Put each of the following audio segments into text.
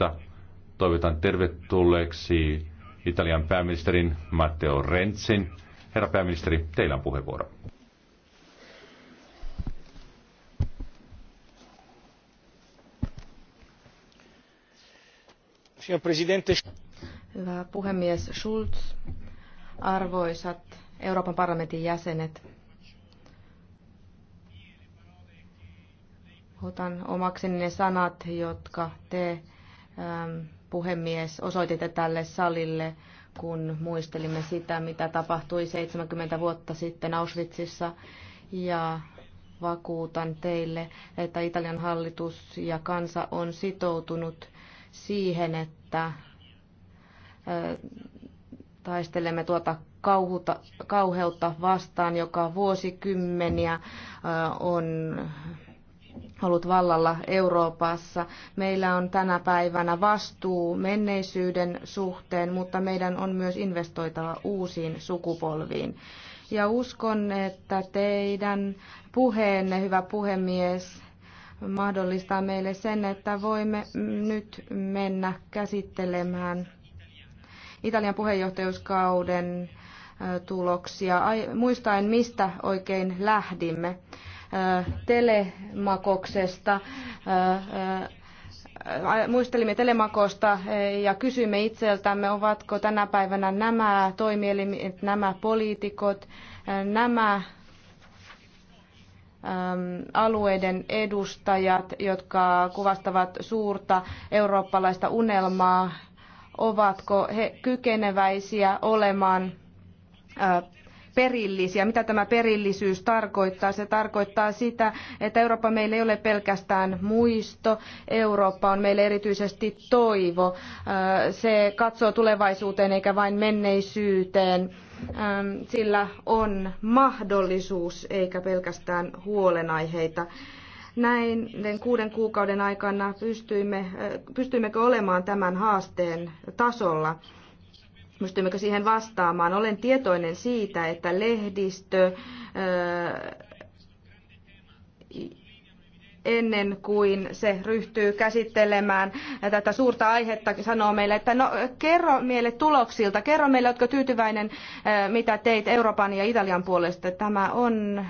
Italiasta. Toivotan tervetulleeksi Italian pääministerin Matteo Renzin. Herra pääministeri, teillä on puheenvuoro. Hyvä puhemies Schulz, arvoisat Euroopan parlamentin jäsenet. Otan omakseni ne sanat, jotka te Ähm, puhemies osoititte tälle salille, kun muistelimme sitä, mitä tapahtui 70 vuotta sitten Auschwitzissa. Ja vakuutan teille, että Italian hallitus ja kansa on sitoutunut siihen, että taistelemme tuota kauhuta, kauheutta vastaan, joka vuosikymmeniä on ollut vallalla Euroopassa. Meillä on tänä päivänä vastuu menneisyyden suhteen, mutta meidän on myös investoitava uusiin sukupolviin. Ja uskon, että teidän puheenne, hyvä puhemies, mahdollistaa meille sen, että voimme nyt mennä käsittelemään Italian puheenjohtajuuskauden tuloksia, muistaen mistä oikein lähdimme telemakoksesta. Muistelimme telemakosta e, ja kysyimme itseltämme, ovatko tänä päivänä nämä toimielimet, nämä poliitikot, nämä alueiden edustajat, jotka kuvastavat suurta eurooppalaista unelmaa, ovatko he kykeneväisiä olemaan perillisiä. Mitä tämä perillisyys tarkoittaa? Se tarkoittaa sitä, että Eurooppa meille ei ole pelkästään muisto, Eurooppa on meille erityisesti toivo. Äh, se katsoo tulevaisuuteen eikä vain menneisyyteen. Ähm, sillä on mahdollisuus eikä pelkästään huolenaiheita näiden kuuden kuukauden aikana pystyimme, äh, pystyimmekö olemaan tämän haasteen tasolla pystymmekö siihen vastaamaan. Olen tietoinen siitä, että lehdistö ennen kuin se ryhtyy käsittelemään tätä suurta aihetta, sanoo meille, että no, kerro meille tuloksilta, kerro meille, oletko tyytyväinen, mitä teit Euroopan ja Italian puolesta. Tämä on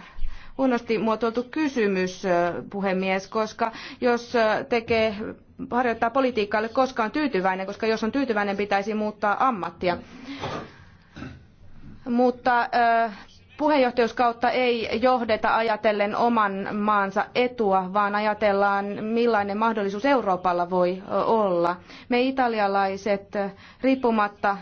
huonosti muotoiltu kysymys, puhemies, koska jos tekee harjoittaa politiikkaa ei ole koskaan tyytyväinen, koska jos on tyytyväinen, pitäisi muuttaa ammattia. Mutta puheenjohtajuuskautta ei johdeta ajatellen oman maansa etua, vaan ajatellaan millainen mahdollisuus Euroopalla voi olla. Me italialaiset, riippumatta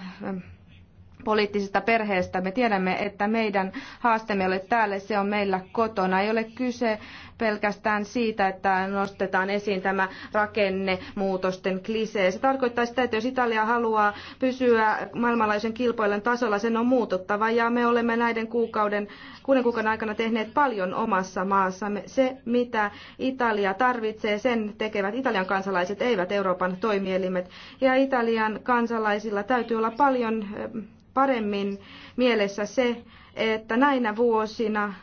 poliittisesta perheestä, me tiedämme, että meidän haasteemme ei ole täällä, se on meillä kotona. Ei ole kyse pelkästään siitä, että nostetaan esiin tämä rakennemuutosten klisee. Se tarkoittaa sitä, että jos Italia haluaa pysyä maailmanlaisen kilpailun tasolla, sen on muututtava ja me olemme näiden kuukauden, kuuden kuukauden aikana tehneet paljon omassa maassamme. Se, mitä Italia tarvitsee, sen tekevät Italian kansalaiset, eivät Euroopan toimielimet. Ja Italian kansalaisilla täytyy olla paljon eh, paremmin mielessä se, että näinä vuosina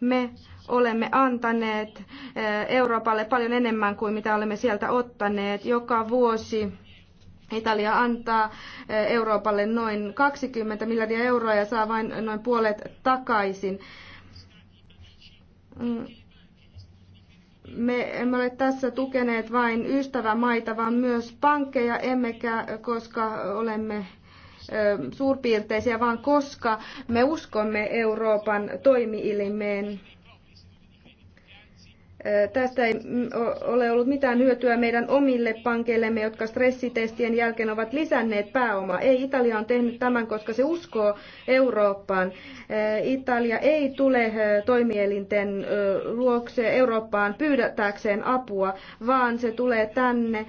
me olemme antaneet eh, Euroopalle paljon enemmän kuin mitä olemme sieltä ottaneet. Joka vuosi Italia antaa eh, Euroopalle noin 20 miljardia euroa ja saa vain noin puolet takaisin. Mm. Me emme ole tässä tukeneet vain ystävämaita, vaan myös pankkeja, emmekä koska olemme eh, suurpiirteisiä, vaan koska me uskomme Euroopan toimielimeen Tästä ei ole ollut mitään hyötyä meidän omille pankeillemme, jotka stressitestien jälkeen ovat lisänneet pääomaa. Ei, Italia on tehnyt tämän, koska se uskoo Eurooppaan. Italia ei tule toimielinten luokse Eurooppaan pyydätäkseen apua, vaan se tulee tänne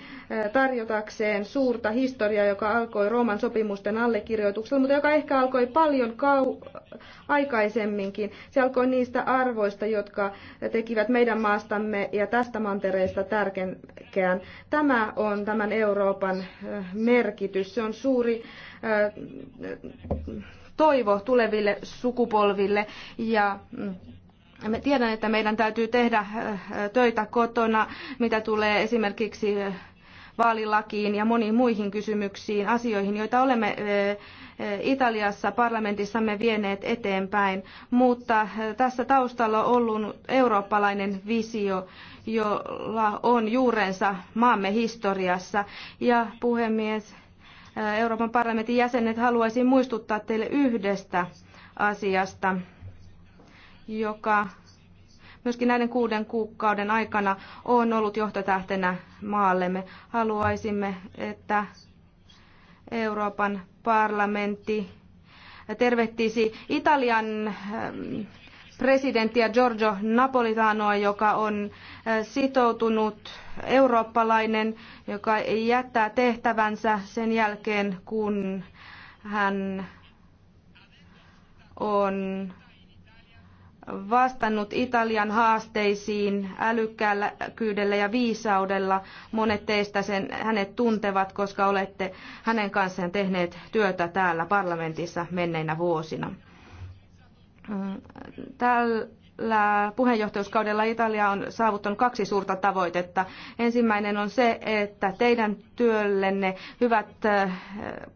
tarjotakseen suurta historiaa, joka alkoi Rooman sopimusten allekirjoituksella, mutta joka ehkä alkoi paljon kau- aikaisemminkin. Se alkoi niistä arvoista, jotka tekivät meidän maan maastamme ja tästä mantereesta tärkeään. Tämä on tämän Euroopan äh, merkitys. Se on suuri äh, toivo tuleville sukupolville ja mm, me tiedän, että meidän täytyy tehdä äh, töitä kotona, mitä tulee esimerkiksi vaalilakiin ja moniin muihin kysymyksiin, asioihin, joita olemme Italiassa parlamentissamme vieneet eteenpäin. Mutta tässä taustalla on ollut eurooppalainen visio, jolla on juurensa maamme historiassa. Ja puhemies, Euroopan parlamentin jäsenet, haluaisin muistuttaa teille yhdestä asiasta, joka myöskin näiden kuuden kuukauden aikana on ollut johtotähtenä maallemme. Haluaisimme, että Euroopan parlamentti tervehtisi Italian ähm, presidenttiä Giorgio Napolitanoa, joka on äh, sitoutunut eurooppalainen, joka jättää tehtävänsä sen jälkeen, kun hän on vastannut Italian haasteisiin älykkyydellä ja viisaudella. Monet teistä sen, hänet tuntevat, koska olette hänen kanssaan tehneet työtä täällä parlamentissa menneinä vuosina. Mm, Tällä tällä puheenjohtajuuskaudella Italia on saavuttanut kaksi suurta tavoitetta. Ensimmäinen on se, että teidän työllenne, hyvät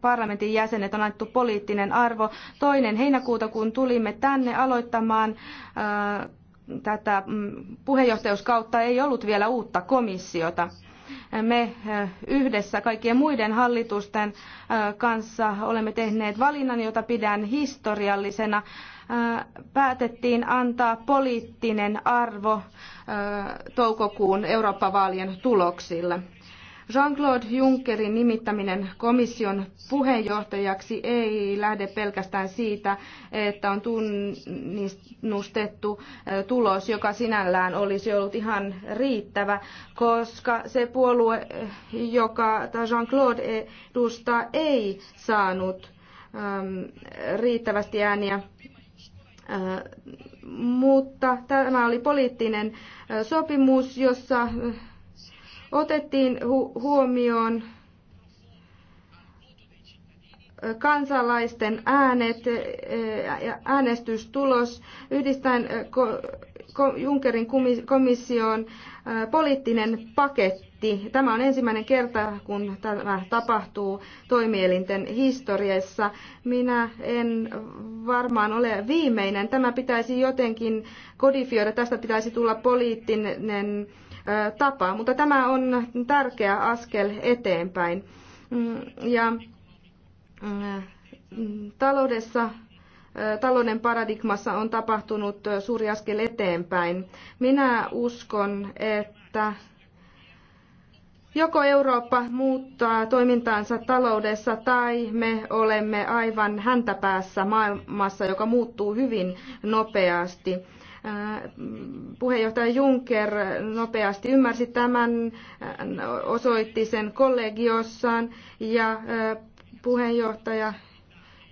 parlamentin jäsenet, on annettu poliittinen arvo. Toinen heinäkuuta, kun tulimme tänne aloittamaan tätä mm, puheenjohtajuuskautta, ei ollut vielä uutta komissiota me yhdessä kaikkien muiden hallitusten kanssa olemme tehneet valinnan, jota pidän historiallisena päätettiin antaa poliittinen arvo toukokuun Eurooppa-vaalien tuloksille. Jean-Claude Junckerin nimittäminen komission puheenjohtajaksi ei lähde pelkästään siitä, että on tunnustettu tulos, joka sinällään olisi ollut ihan riittävä, koska se puolue, joka Jean-Claude edustaa, ei saanut riittävästi ääniä mutta tämä oli poliittinen sopimus, jossa otettiin huomioon kansalaisten äänet, ja äänestystulos yhdistään. Junckerin komission poliittinen paketti. Tämä on ensimmäinen kerta, kun tämä tapahtuu toimielinten historiassa. Minä en varmaan ole viimeinen. Tämä pitäisi jotenkin kodifioida. Tästä pitäisi tulla poliittinen tapa, mutta tämä on tärkeä askel eteenpäin. Mm, ja mm, taloudessa talouden paradigmassa on tapahtunut suuri askel eteenpäin. Minä uskon, että Joko Eurooppa muuttaa toimintaansa taloudessa tai me olemme aivan häntäpäässä maailmassa, joka muuttuu hyvin nopeasti. Äh, puheenjohtaja Juncker nopeasti ymmärsi tämän, äh, osoitti sen kollegiossaan ja äh, puheenjohtaja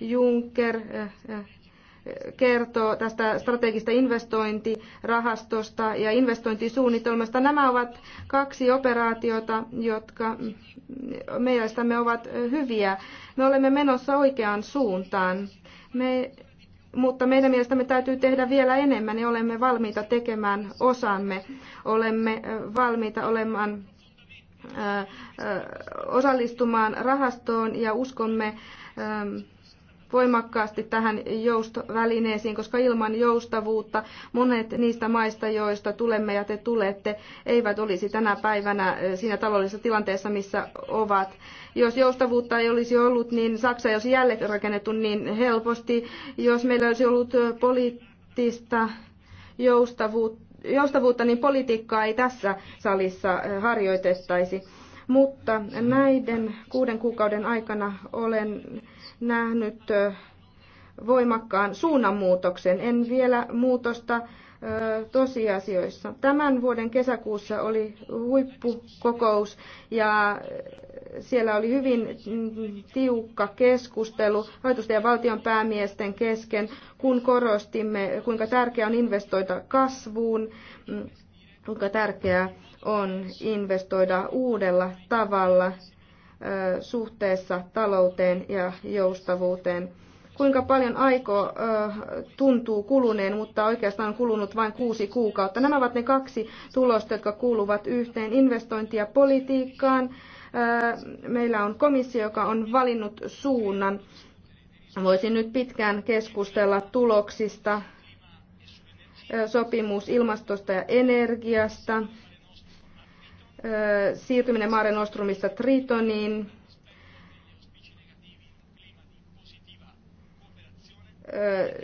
Juncker eh, eh, kertoo tästä strategista investointirahastosta ja investointisuunnitelmasta. Nämä ovat kaksi operaatiota, jotka mielestämme ovat hyviä. Me olemme menossa oikeaan suuntaan. Me, mutta meidän mielestämme täytyy tehdä vielä enemmän ja olemme valmiita tekemään osamme. Olemme eh, valmiita olemaan osallistumaan rahastoon ja uskomme voimakkaasti tähän joustovälineisiin, koska ilman joustavuutta monet niistä maista, joista tulemme ja te tulette, eivät olisi tänä päivänä siinä taloudellisessa tilanteessa, missä ovat. Jos joustavuutta ei olisi ollut, niin Saksa ei olisi jälleenrakennettu niin helposti. Jos meillä olisi ollut poliittista joustavuutta, joustavuutta, niin politiikkaa ei tässä salissa harjoitettaisi. Mutta näiden kuuden kuukauden aikana olen nähnyt voimakkaan suunnanmuutoksen, en vielä muutosta tosiasioissa. Tämän vuoden kesäkuussa oli huippukokous ja siellä oli hyvin mm, tiukka keskustelu hallitusten ja valtion päämiesten kesken, kun korostimme, kuinka tärkeää on investoida kasvuun, mm, kuinka tärkeää on investoida uudella tavalla suhteessa talouteen ja joustavuuteen. Kuinka paljon aiko tuntuu kuluneen, mutta oikeastaan on kulunut vain kuusi kuukautta. Nämä ovat ne kaksi tulosta, jotka kuuluvat yhteen investointia politiikkaan. Meillä on komissio, joka on valinnut suunnan. Voisin nyt pitkään keskustella tuloksista, sopimus ilmastosta ja energiasta, siirtyminen Mare Nostrumista Tritoniin,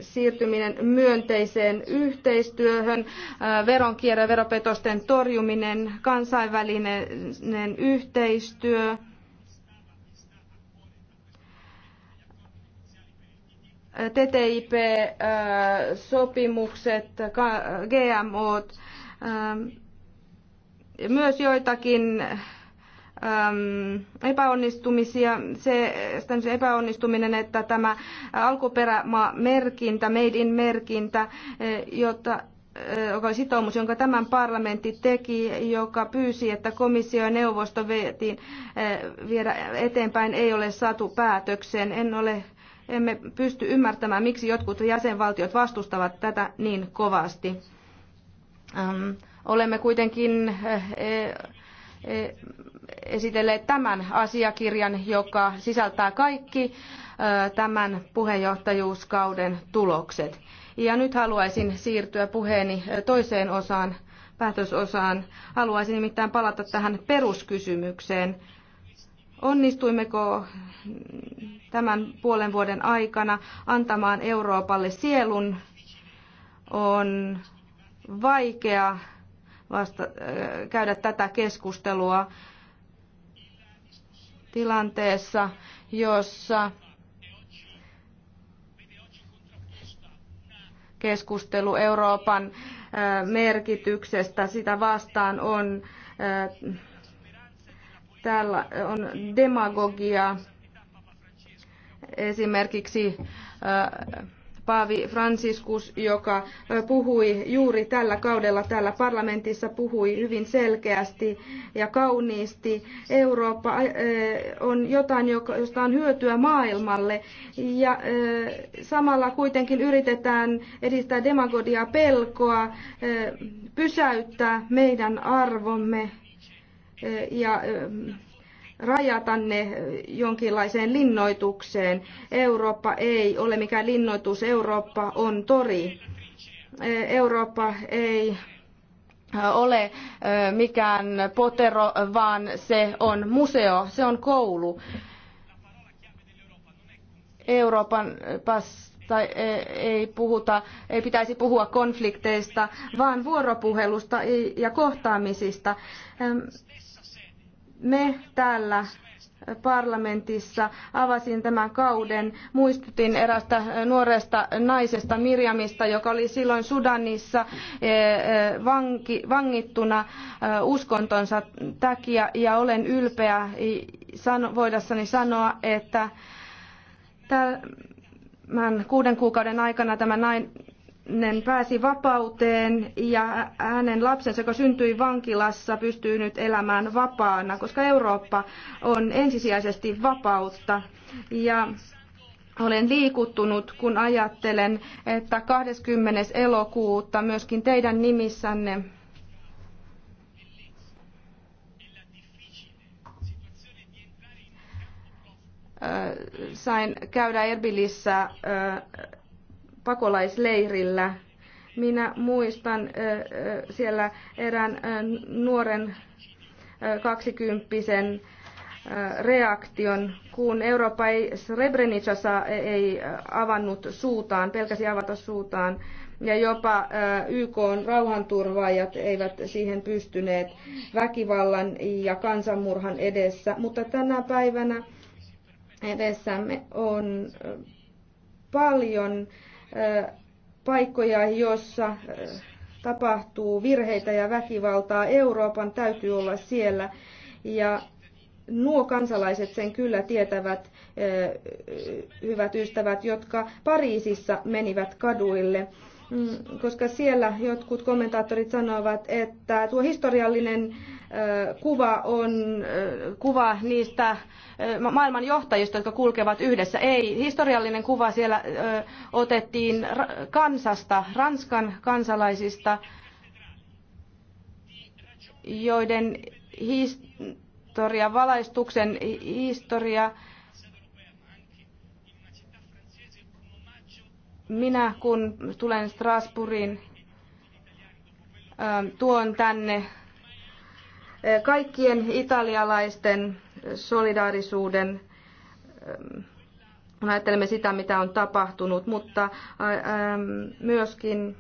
siirtyminen myönteiseen yhteistyöhön, veronkierre ja veropetosten torjuminen, kansainvälinen yhteistyö, TTIP-sopimukset, GMO, myös joitakin äm, epäonnistumisia. Se, se epäonnistuminen, että tämä alkuperäma merkintä made eh, in-merkintä, jota eh, joka oli sitoumus, jonka tämän parlamentti teki, joka pyysi, että komissio ja neuvosto vietiin, eh, viedä eteenpäin, ei ole saatu päätökseen. En ole, emme pysty ymmärtämään, miksi jotkut jäsenvaltiot vastustavat tätä niin kovasti. Ähm Olemme kuitenkin eh, eh, eh, esitelleet tämän asiakirjan, joka sisältää kaikki tämän puheenjohtajuuskauden tulokset. Ja nyt haluaisin siirtyä puheeni toiseen osaan, päätösosaan. Haluaisin nimittäin palata tähän peruskysymykseen. Onnistuimmeko tämän puolen vuoden aikana antamaan Euroopalle sielun? On vaikea vasta, äh, käydä tätä keskustelua tilanteessa, jossa keskustelu Euroopan äh, merkityksestä sitä vastaan on, äh, täällä on demagogia esimerkiksi Paavi Franciscus, joka puhui juuri tällä kaudella täällä parlamentissa, puhui hyvin selkeästi ja kauniisti. Eurooppa on jotain, josta on hyötyä maailmalle ja samalla kuitenkin yritetään edistää demagogiaa, pelkoa, pysäyttää meidän arvomme ja rajata ne jonkinlaiseen linnoitukseen. Eurooppa ei ole mikään linnoitus, Eurooppa on tori. Eurooppa ei ole mikään potero, vaan se on museo, se on koulu. Euroopan tai e, ei, puhuta, ei pitäisi puhua konflikteista, vaan vuoropuhelusta ja kohtaamisista me täällä parlamentissa avasin tämän kauden. Muistutin erästä nuoresta naisesta Mirjamista, joka oli silloin Sudanissa eh, eh, vanki, vangittuna eh, uskontonsa takia ja olen ylpeä voidessani sanoa, että tämän kuuden kuukauden aikana tämä nainen hänen pääsi vapauteen ja hänen lapsensa, joka syntyi vankilassa, pystyy nyt elämään vapaana, koska Eurooppa on ensisijaisesti vapautta. Ja olen liikuttunut, kun ajattelen, että 20. elokuuta myöskin teidän nimissänne sain käydä Erbilissä pakolaisleirillä. Minä muistan siellä erään nuoren kaksikymppisen reaktion, kun Eurooppa ei Srebrenicassa ei avannut suutaan, pelkäsi avata suutaan, ja jopa YK on rauhanturvaajat eivät siihen pystyneet väkivallan ja kansanmurhan edessä. Mutta tänä päivänä edessämme on paljon paikkoja, joissa tapahtuu virheitä ja väkivaltaa. Euroopan täytyy olla siellä. Ja nuo kansalaiset sen kyllä tietävät, hyvät ystävät, jotka Pariisissa menivät kaduille. Mm, koska siellä jotkut kommentaattorit sanovat, että tuo historiallinen kuva on kuva niistä maailman johtajista, jotka kulkevat yhdessä. Ei, historiallinen kuva siellä otettiin kansasta, Ranskan kansalaisista, joiden historia, valaistuksen historia, minä kun tulen Strasbourgin, tuon tänne kaikkien italialaisten solidaarisuuden, kun ähm, ajattelemme sitä, mitä on tapahtunut, mutta ähm, myöskin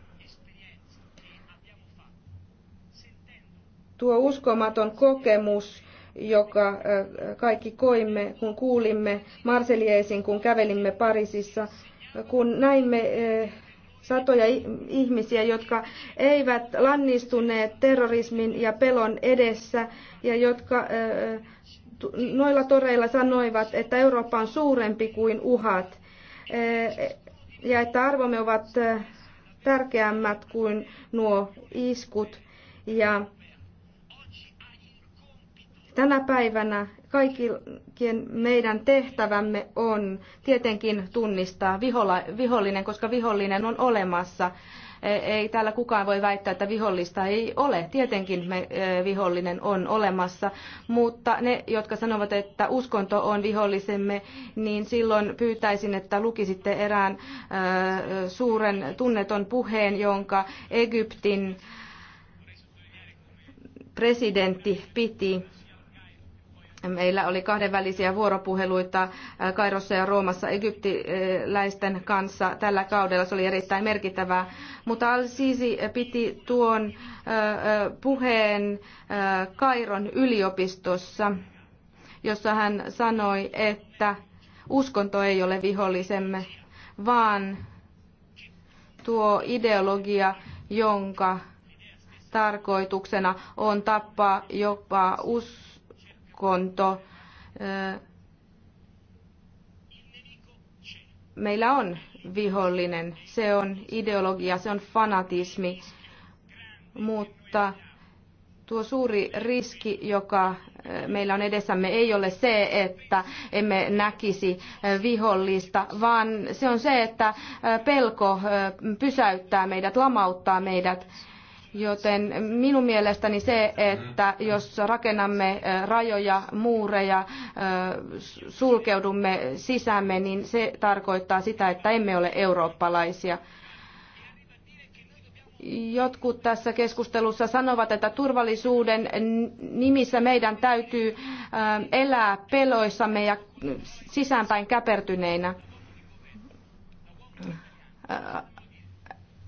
tuo uskomaton kokemus, joka äh, kaikki koimme, kun kuulimme Marseliesin, kun kävelimme Pariisissa, kun näimme äh, satoja ihmisiä, jotka eivät lannistuneet terrorismin ja pelon edessä ja jotka noilla toreilla sanoivat, että Eurooppa on suurempi kuin uhat ja että arvomme ovat tärkeämmät kuin nuo iskut. Ja Tänä päivänä kaikkien meidän tehtävämme on tietenkin tunnistaa vihollinen, koska vihollinen on olemassa. E, ei täällä kukaan voi väittää, että vihollista ei ole. Tietenkin me, e, vihollinen on olemassa, mutta ne, jotka sanovat, että uskonto on vihollisemme, niin silloin pyytäisin, että lukisitte erään e, suuren tunneton puheen, jonka Egyptin presidentti piti Meillä oli kahdenvälisiä vuoropuheluita äh, Kairossa ja Roomassa egyptiläisten kanssa tällä kaudella. Se oli erittäin merkittävää. Mutta Al-Sisi piti tuon äh, äh, puheen Kairon yliopistossa, jossa hän sanoi, että uskonto ei ole vihollisemme, vaan tuo ideologia, jonka tarkoituksena on tappaa jopa uskonto uskonto. Meillä on vihollinen, se on ideologia, se on fanatismi, mutta tuo suuri riski, joka meillä on edessämme, ei ole se, että emme näkisi vihollista, vaan se on se, että pelko pysäyttää meidät, lamauttaa meidät. Joten minun mielestäni se, että jos rakennamme rajoja, muureja, sulkeudumme sisämme, niin se tarkoittaa sitä, että emme ole eurooppalaisia. Jotkut tässä keskustelussa sanovat, että turvallisuuden nimissä meidän täytyy elää peloissamme ja sisäänpäin käpertyneinä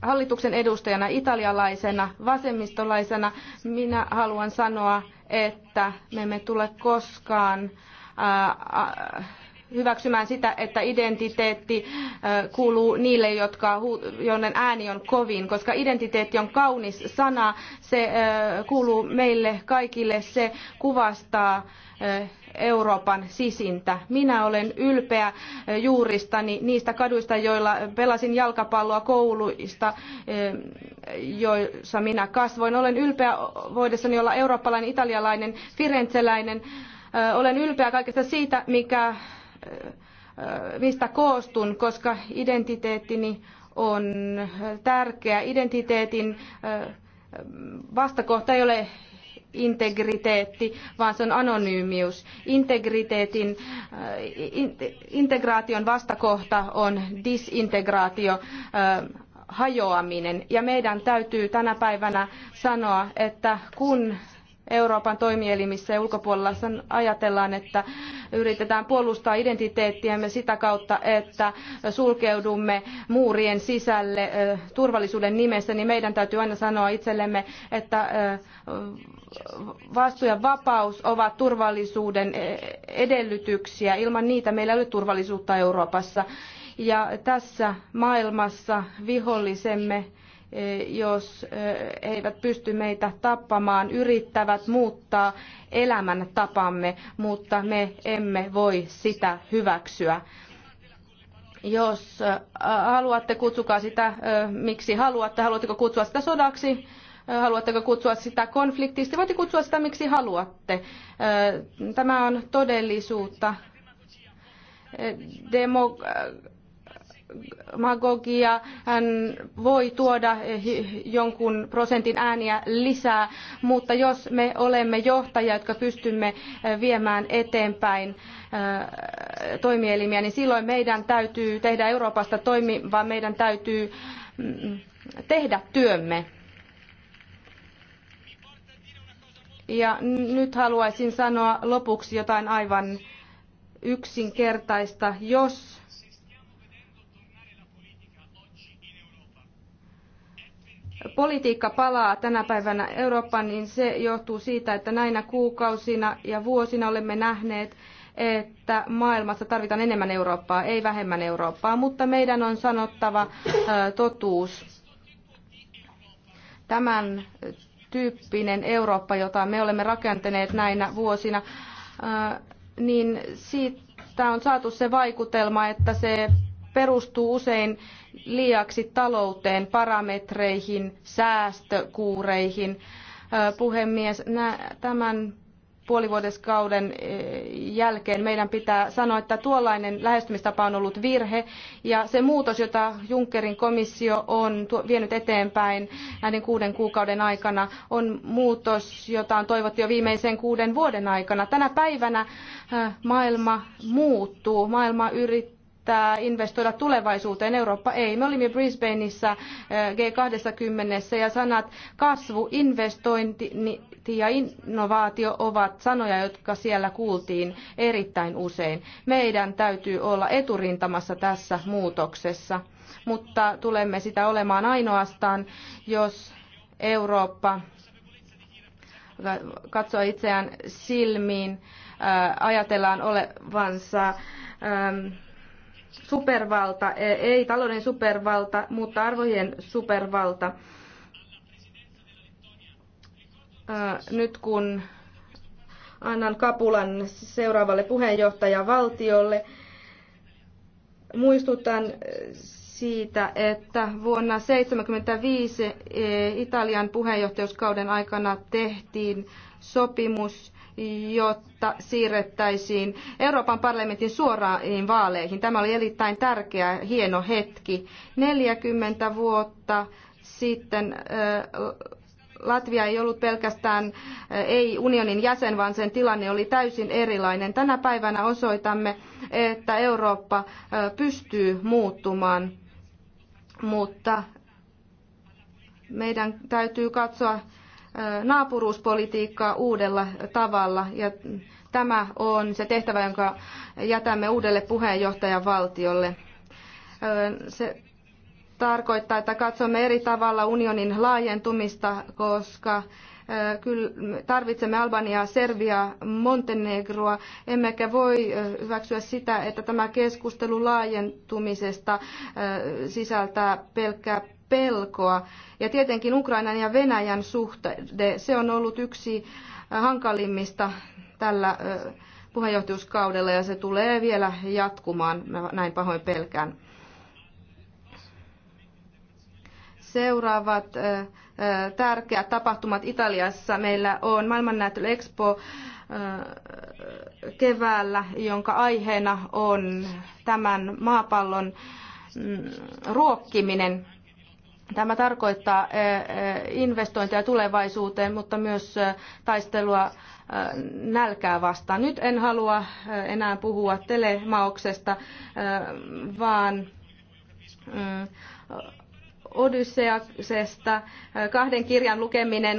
hallituksen edustajana, italialaisena, vasemmistolaisena, minä haluan sanoa, että me emme tule koskaan hyväksymään sitä, että identiteetti kuuluu niille, jotka, joiden ääni on kovin, koska identiteetti on kaunis sana, se kuuluu meille kaikille, se kuvastaa Euroopan sisintä. Minä olen ylpeä eh, juuristani niistä kaduista, joilla pelasin jalkapalloa kouluista, eh, joissa minä kasvoin. Olen ylpeä voidessani olla eurooppalainen, italialainen, firenzeläinen. Eh, olen ylpeä kaikesta siitä, mikä, mistä koostun, koska identiteettini on tärkeä. Identiteetin vastakohta ei ole integriteetti, vaan se on anonyymius. Integriteetin, äh, integraation vastakohta on disintegraatio, äh, hajoaminen. Ja meidän täytyy tänä päivänä sanoa, että kun Euroopan toimielimissä ja ulkopuolella ajatellaan, että yritetään puolustaa identiteettiämme sitä kautta, että sulkeudumme muurien sisälle turvallisuuden nimessä, niin meidän täytyy aina sanoa itsellemme, että vastuu ja vapaus ovat turvallisuuden edellytyksiä. Ilman niitä meillä ei ole turvallisuutta Euroopassa. Ja tässä maailmassa vihollisemme Eh, jos he eh, eivät pysty meitä tappamaan, yrittävät muuttaa tapamme, mutta me emme voi sitä hyväksyä. Jos eh, haluatte, kutsukaa sitä, miksi haluatte. Haluatteko kutsua sitä sodaksi? Haluatteko kutsua sitä konfliktista? Voitte kutsua sitä, miksi haluatte. Tämä on todellisuutta. Demo- demagogia, hän voi tuoda jonkun prosentin ääniä lisää, mutta jos me olemme johtajia, jotka pystymme eh, viemään eteenpäin eh, toimielimiä, niin silloin meidän täytyy tehdä Euroopasta toimiva, meidän täytyy mm, tehdä työmme. Ja nyt haluaisin sanoa lopuksi jotain aivan yksinkertaista. Jos politiikka palaa tänä päivänä Eurooppaan, niin se johtuu siitä, että näinä kuukausina ja vuosina olemme nähneet, että maailmassa tarvitaan enemmän Eurooppaa, ei vähemmän Eurooppaa, mutta meidän on sanottava totuus. Tämän tyyppinen Eurooppa, jota me olemme rakentaneet näinä vuosina, niin siitä on saatu se vaikutelma, että se perustuu usein liiaksi talouteen, parametreihin, säästökuureihin. Puhemies, tämän puolivuodeskauden e, jälkeen meidän pitää sanoa, että tuollainen lähestymistapa on ollut virhe ja se muutos, jota Junckerin komissio on vienyt eteenpäin näiden kuuden kuukauden aikana, on muutos, jota on toivottu jo viimeisen kuuden vuoden aikana. Tänä päivänä maailma muuttuu, maailma yrittää pitää investoida tulevaisuuteen. Eurooppa ei. Me olimme Brisbaneissa eh, G20 ja sanat kasvu, investointi ja innovaatio ovat sanoja, jotka siellä kuultiin erittäin usein. Meidän täytyy olla eturintamassa tässä muutoksessa, mutta tulemme sitä olemaan ainoastaan, jos Eurooppa katsoo itseään silmiin, eh, ajatellaan olevansa ehm, supervalta, e, ei talouden supervalta, mutta arvojen supervalta. Nyt kun annan kapulan seuraavalle puheenjohtajavaltiolle, muistutan siitä, että vuonna 1975 e, Italian puheenjohtajuuskauden aikana tehtiin sopimus jotta siirrettäisiin Euroopan parlamentin suoraan vaaleihin. Tämä oli erittäin tärkeä, hieno hetki. 40 vuotta sitten Latvia ei ollut pelkästään ei unionin jäsen, vaan sen tilanne oli täysin erilainen. Tänä päivänä osoitamme, että Eurooppa pystyy muuttumaan, mutta meidän täytyy katsoa naapuruuspolitiikkaa uudella tavalla ja tämä on se tehtävä, jonka jätämme uudelle puheenjohtajavaltiolle. Se tarkoittaa, että katsomme eri tavalla unionin laajentumista, koska kyllä tarvitsemme Albaniaa, Serbiaa, Montenegroa, emmekä voi hyväksyä sitä, että tämä keskustelu laajentumisesta sisältää pelkkää pelkoa. Ja tietenkin Ukrainan ja Venäjän suhde, se on ollut yksi äh, hankalimmista tällä äh, puheenjohtajuuskaudella ja se tulee vielä jatkumaan, näin pahoin pelkään. Seuraavat äh, tärkeät tapahtumat Italiassa. Meillä on maailmannäyttely Expo keväällä, jonka aiheena on tämän maapallon mm, ruokkiminen. Tämä tarkoittaa eh, eh, investointeja tulevaisuuteen, mutta myös eh, taistelua nälkää vastaan. Nyt en halua enää puhua telemaoksesta, vaan Odysseaksesta. Kahden kirjan lukeminen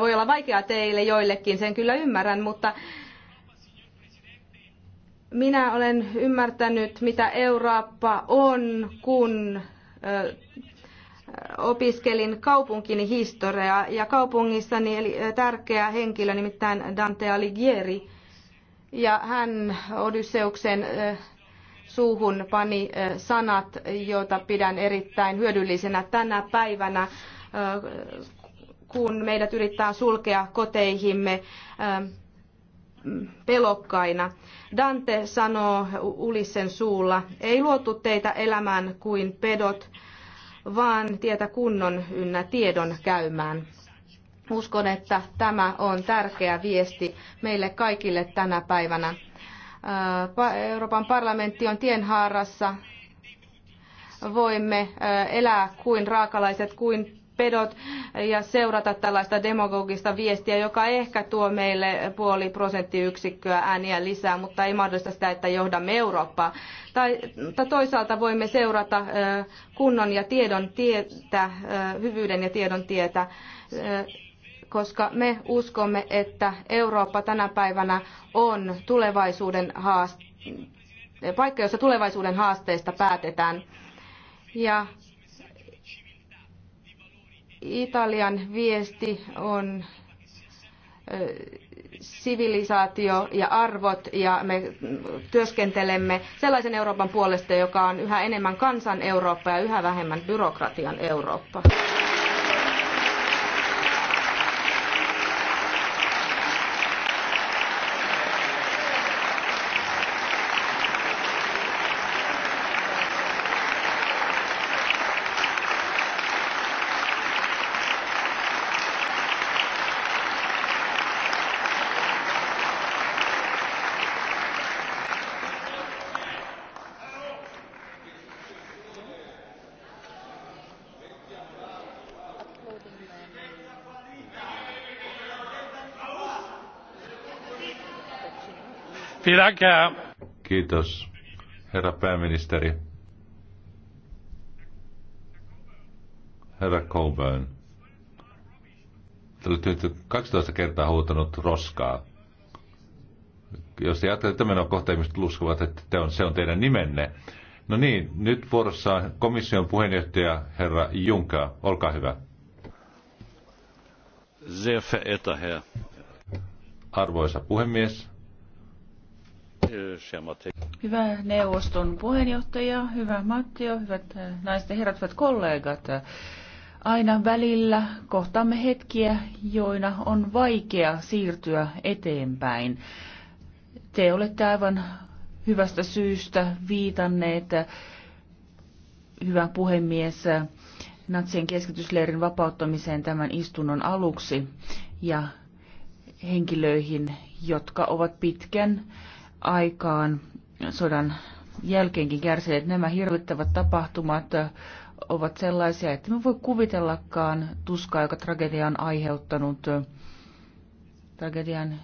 voi olla vaikeaa teille joillekin, sen kyllä ymmärrän, mutta minä olen ymmärtänyt, mitä Eurooppa on, kun opiskelin kaupunkini historiaa ja kaupungissani eli tärkeä henkilö nimittäin Dante Alighieri. Ja hän Odysseuksen suuhun pani sanat, joita pidän erittäin hyödyllisenä tänä päivänä, kun meidät yrittää sulkea koteihimme pelokkaina. Dante sanoo Ulissen suulla, ei luotu teitä elämään kuin pedot, vaan tietä kunnon ynnä tiedon käymään. Uskon, että tämä on tärkeä viesti meille kaikille tänä päivänä. Euroopan parlamentti on tienhaarassa. Voimme elää kuin raakalaiset, kuin pedot ja seurata tällaista demagogista viestiä, joka ehkä tuo meille puoli prosenttiyksikköä ääniä lisää, mutta ei mahdollista sitä, että johdamme Eurooppaa. Tai, tai toisaalta voimme seurata kunnon ja tiedon tietä, hyvyyden ja tiedon tietä koska me uskomme, että Eurooppa tänä päivänä on tulevaisuuden haaste, paikka, jossa tulevaisuuden haasteista päätetään. Ja Italian viesti on sivilisaatio ja arvot ja me työskentelemme sellaisen Euroopan puolesta, joka on yhä enemmän kansan Eurooppa ja yhä vähemmän byrokratian Eurooppa. Kiitos, herra pääministeri. Herra Coburn. Te olette 12 kertaa huutanut roskaa. Jos te ajattelette, että menoa kohta ihmiset uskovat, että te on, se on teidän nimenne. No niin, nyt vuorossa on komission puheenjohtaja herra Juncker. Olkaa hyvä. Sehr verehrter Herr. Arvoisa puhemies, Hyvä neuvoston puheenjohtaja, hyvä Mattio, hyvät äh, naiset ja herrat, hyvät kollegat. Aina välillä kohtaamme hetkiä, joina on vaikea siirtyä eteenpäin. Te olette aivan hyvästä syystä viitanneet, äh, hyvä puhemies, äh, natsien keskitysleirin vapauttamiseen tämän istunnon aluksi ja henkilöihin, jotka ovat pitkän aikaan sodan jälkeenkin kärsineet. Nämä hirvittävät tapahtumat ovat sellaisia, että me voi kuvitellakaan tuskaa, joka tragedia on aiheuttanut. Tragedian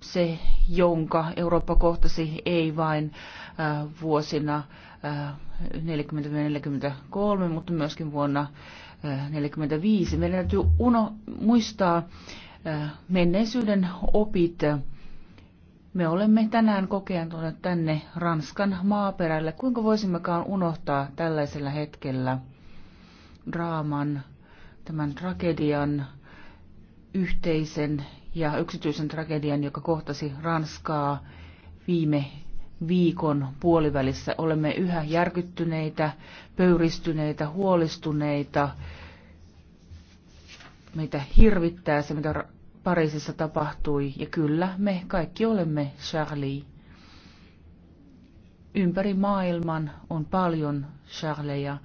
se, jonka Eurooppa kohtasi ei vain äh, vuosina äh, 40-43, mutta myöskin vuonna äh, 45. Meidän täytyy uno, muistaa äh, menneisyyden opit. Äh, me olemme tänään kokeantuneet tänne Ranskan maaperälle. Kuinka voisimmekaan unohtaa tällaisella hetkellä draaman, tämän tragedian, yhteisen ja yksityisen tragedian, joka kohtasi Ranskaa viime viikon puolivälissä. Olemme yhä järkyttyneitä, pöyristyneitä, huolistuneita, Meitä hirvittää se, mitä Pariisissa tapahtui. Ja kyllä, me kaikki olemme Charlie. Ympäri maailman on paljon Charleja.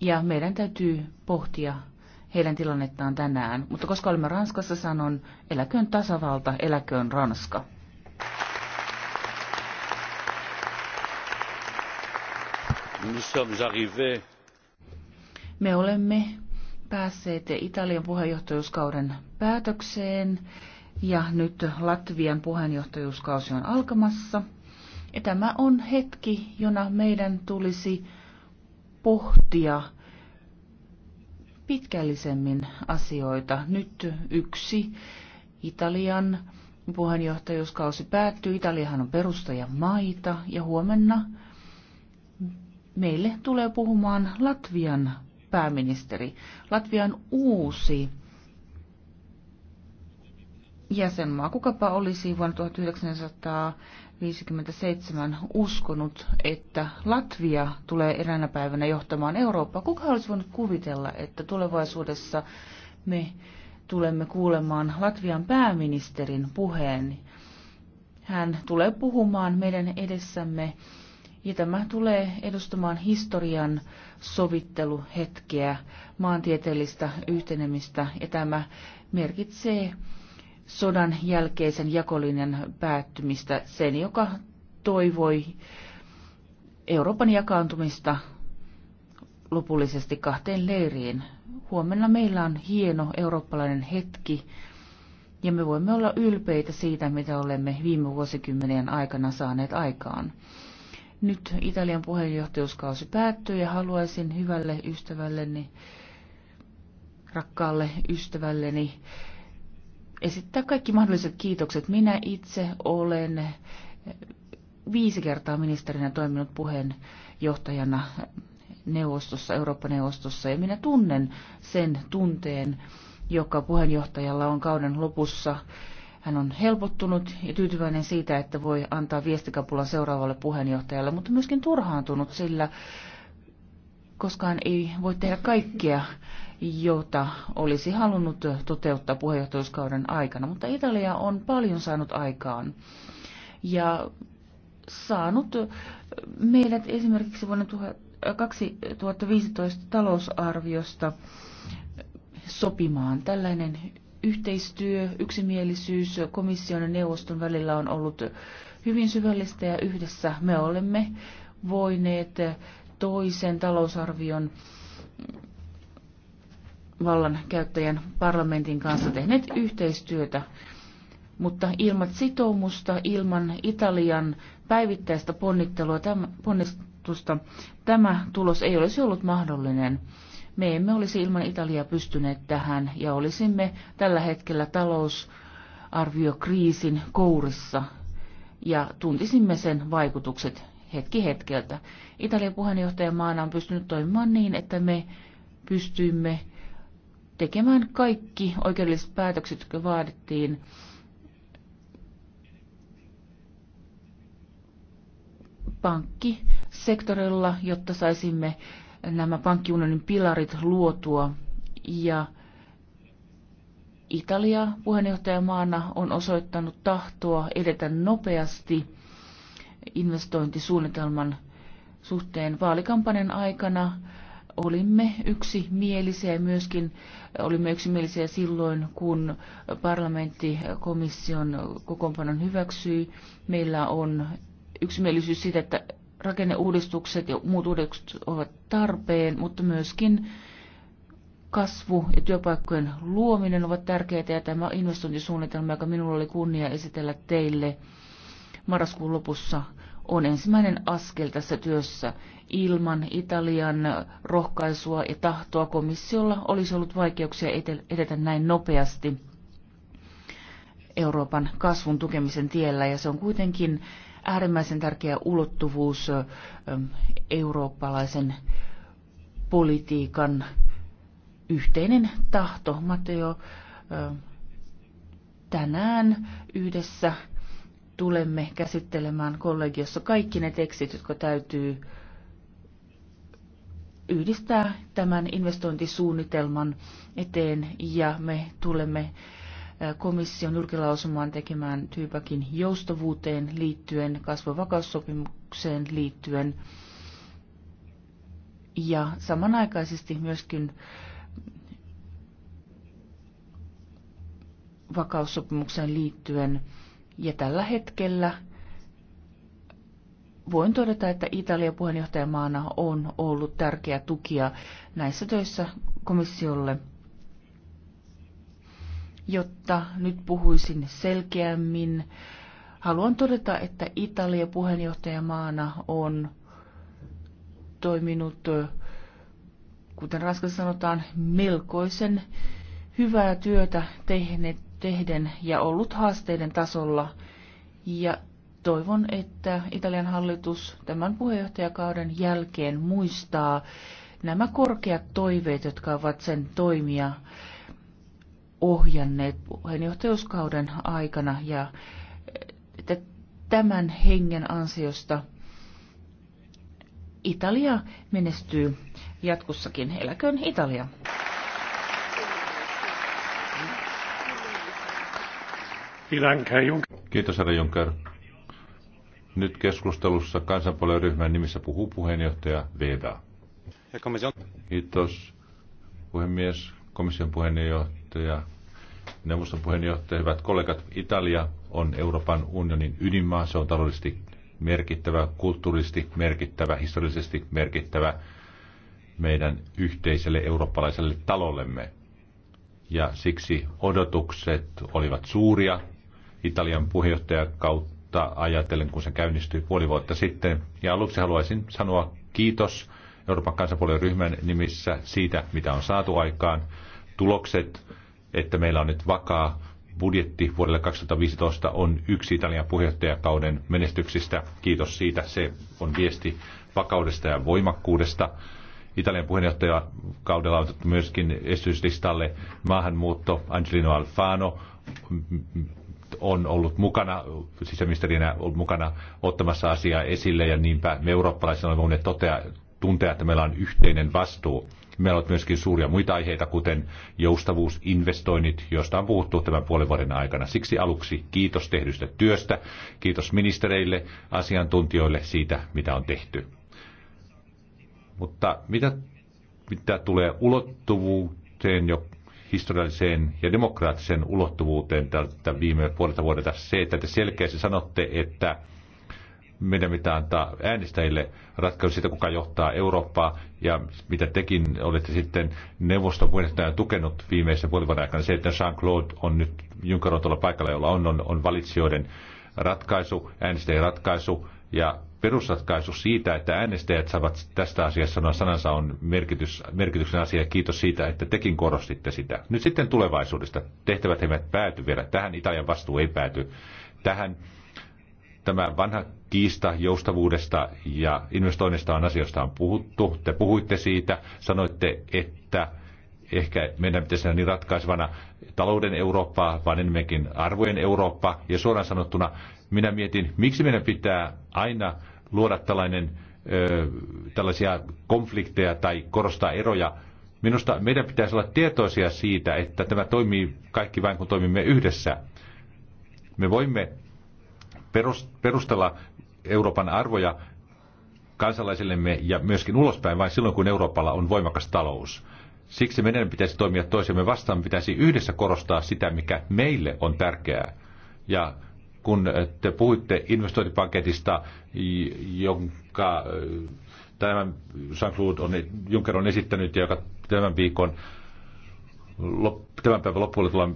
Ja meidän täytyy pohtia heidän tilannettaan tänään. Mutta koska olemme Ranskassa, sanon, eläköön tasavalta, eläköön Ranska. Me olemme päässeet Italian puheenjohtajuuskauden päätökseen ja nyt Latvian puheenjohtajuuskausi on alkamassa. Ja tämä on hetki, jona meidän tulisi pohtia pitkällisemmin asioita. Nyt yksi Italian puheenjohtajuuskausi päättyy. Italiahan on maita ja huomenna meille tulee puhumaan Latvian pääministeri. Latvian uusi jäsenmaa. Kukapa olisi vuonna 1957 uskonut, että Latvia tulee eräänä päivänä johtamaan Eurooppaa? Kuka olisi voinut kuvitella, että tulevaisuudessa me tulemme kuulemaan Latvian pääministerin puheen? Hän tulee puhumaan meidän edessämme ja tämä tulee edustamaan historian sovitteluhetkeä, maantieteellistä yhtenemistä ja tämä merkitsee sodan jälkeisen jakolinjan päättymistä sen, joka toivoi Euroopan jakaantumista lopullisesti kahteen leiriin. Huomenna meillä on hieno eurooppalainen hetki ja me voimme olla ylpeitä siitä, mitä olemme viime vuosikymmenien aikana saaneet aikaan. Nyt Italian puheenjohtajuuskausi päättyy ja haluaisin hyvälle ystävälleni, rakkaalle ystävälleni, esittää kaikki mahdolliset kiitokset. Minä itse olen viisi kertaa ministerinä toiminut puheenjohtajana neuvostossa, Eurooppa-neuvostossa, ja minä tunnen sen tunteen, joka puheenjohtajalla on kauden lopussa. Hän on helpottunut ja tyytyväinen siitä, että voi antaa viestikapulan seuraavalle puheenjohtajalle, mutta myöskin turhaantunut sillä, koskaan ei voi tehdä kaikkea jota olisi halunnut toteuttaa puheenjohtajuuskauden aikana, mutta Italia on paljon saanut aikaan ja saanut meidät esimerkiksi vuonna äh, 2015 talousarviosta sopimaan. Tällainen yhteistyö, yksimielisyys komission ja neuvoston välillä on ollut hyvin syvällistä ja yhdessä me olemme voineet toisen talousarvion vallan käyttäjän parlamentin kanssa tehneet yhteistyötä, mutta ilman sitoumusta, ilman Italian päivittäistä ponnittelua, täm, ponnistusta, tämä tulos ei olisi ollut mahdollinen. Me emme olisi ilman Italiaa pystyneet tähän ja olisimme tällä hetkellä talousarviokriisin kourissa ja tuntisimme sen vaikutukset hetki hetkeltä. Italian puheenjohtajamaana on pystynyt toimimaan niin, että me pystyimme tekemään kaikki oikeudelliset päätökset, jotka vaadittiin pankkisektorilla, jotta saisimme nämä pankkiunionin pilarit luotua. Ja Italia puheenjohtajamaana on osoittanut tahtoa edetä nopeasti investointisuunnitelman suhteen vaalikampanjan aikana olimme yksimielisiä ja myöskin olimme yksimielisiä silloin, kun parlamentti komission kokoonpanon hyväksyi. Meillä on yksimielisyys siitä, että rakenneuudistukset ja muut uudistukset ovat tarpeen, mutta myöskin kasvu ja työpaikkojen luominen ovat tärkeitä ja tämä investointisuunnitelma, joka minulla oli kunnia esitellä teille marraskuun lopussa on ensimmäinen askel tässä työssä. Ilman Italian rohkaisua ja tahtoa komissiolla olisi ollut vaikeuksia edetä näin nopeasti Euroopan kasvun tukemisen tiellä, ja se on kuitenkin äärimmäisen tärkeä ulottuvuus eurooppalaisen politiikan yhteinen tahto. Matteo, tänään yhdessä tulemme käsittelemään kollegiossa kaikki ne tekstit, jotka täytyy yhdistää tämän investointisuunnitelman eteen ja me tulemme komission julkilausumaan tekemään Tyypäkin joustavuuteen liittyen, kasvavakaussopimukseen liittyen ja samanaikaisesti myöskin vakaussopimukseen liittyen – ja tällä hetkellä voin todeta, että Italia puheenjohtajamaana on ollut tärkeä tukia näissä töissä komissiolle, jotta nyt puhuisin selkeämmin. Haluan todeta, että Italia puheenjohtajamaana on toiminut, kuten Ranskassa sanotaan, melkoisen hyvää työtä tehnyt tehden ja ollut haasteiden tasolla. Ja toivon, että Italian hallitus tämän puheenjohtajakauden jälkeen muistaa nämä korkeat toiveet, jotka ovat sen toimia ohjanneet puheenjohtajuuskauden aikana ja että tämän hengen ansiosta Italia menestyy jatkossakin. Eläköön Italia! Kiitos, herra Juncker. Nyt keskustelussa kansanpuolen ryhmän nimissä puhuu puheenjohtaja Veda. Kiitos, puhemies, komission puheenjohtaja, neuvoston puheenjohtaja, hyvät kollegat. Italia on Euroopan unionin ydinmaa. Se on taloudellisesti merkittävä, kulttuurisesti merkittävä, historiallisesti merkittävä meidän yhteiselle eurooppalaiselle talollemme. Ja siksi odotukset olivat suuria Italian puheenjohtajakautta ajatellen, kun se käynnistyi puoli vuotta sitten. Ja aluksi haluaisin sanoa kiitos Euroopan kansanpuolen ryhmän nimissä siitä, mitä on saatu aikaan. Tulokset, että meillä on nyt vakaa budjetti vuodelle 2015 on yksi Italian puheenjohtajakauden menestyksistä. Kiitos siitä. Se on viesti vakaudesta ja voimakkuudesta. Italian puheenjohtajakaudella on otettu myöskin esityslistalle maahanmuutto Angelino Alfano, on ollut mukana, sisäministerinä ollut mukana ottamassa asiaa esille ja niinpä me eurooppalaiset olemme voineet totea, tuntea, että meillä on yhteinen vastuu. Meillä on myöskin suuria muita aiheita, kuten joustavuus, investoinnit, joista on puhuttu tämän puolen vuoden aikana. Siksi aluksi kiitos tehdystä työstä, kiitos ministereille, asiantuntijoille siitä, mitä on tehty. Mutta mitä, mitä tulee ulottuvuuteen, joka historialliseen ja demokraattiseen ulottuvuuteen tältä viime puolelta vuodelta se, että te selkeästi sanotte, että meidän pitää antaa äänestäjille ratkaisu siitä, kuka johtaa Eurooppaa ja mitä tekin olette sitten neuvoston puheenjohtajan tukenut viimeisen puolen vuoden aikana. Se, että Jean-Claude on nyt Juncker on tuolla paikalla, jolla on, on, on valitsijoiden ratkaisu, äänestäjien ratkaisu ja perusratkaisu siitä, että äänestäjät saavat tästä asiassa sanoa sanansa on merkitys, merkityksen asia. Kiitos siitä, että tekin korostitte sitä. Nyt sitten tulevaisuudesta. Tehtävät eivät pääty vielä. Tähän Italian vastuu ei pääty. Tähän tämä vanha kiista joustavuudesta ja investoinnista on asioista on puhuttu. Te puhuitte siitä, sanoitte, että ehkä meidän pitäisi olla niin ratkaisevana talouden Eurooppaa, vaan enemmänkin arvojen Eurooppa. Ja suoraan sanottuna minä mietin, miksi meidän pitää aina luoda tällainen, ö, tällaisia konflikteja tai korostaa eroja. Minusta meidän pitäisi olla tietoisia siitä, että tämä toimii kaikki vain kun toimimme yhdessä. Me voimme perustella Euroopan arvoja kansalaisillemme ja myöskin ulospäin vain silloin, kun Euroopalla on voimakas talous. Siksi meidän pitäisi toimia toisemme vastaan, pitäisi yhdessä korostaa sitä, mikä meille on tärkeää. Ja kun te puhuitte investointipaketista, jonka äh, tämän Jean-Claude on, Juncker on esittänyt ja joka tämän viikon tämän päivän loppuun tullaan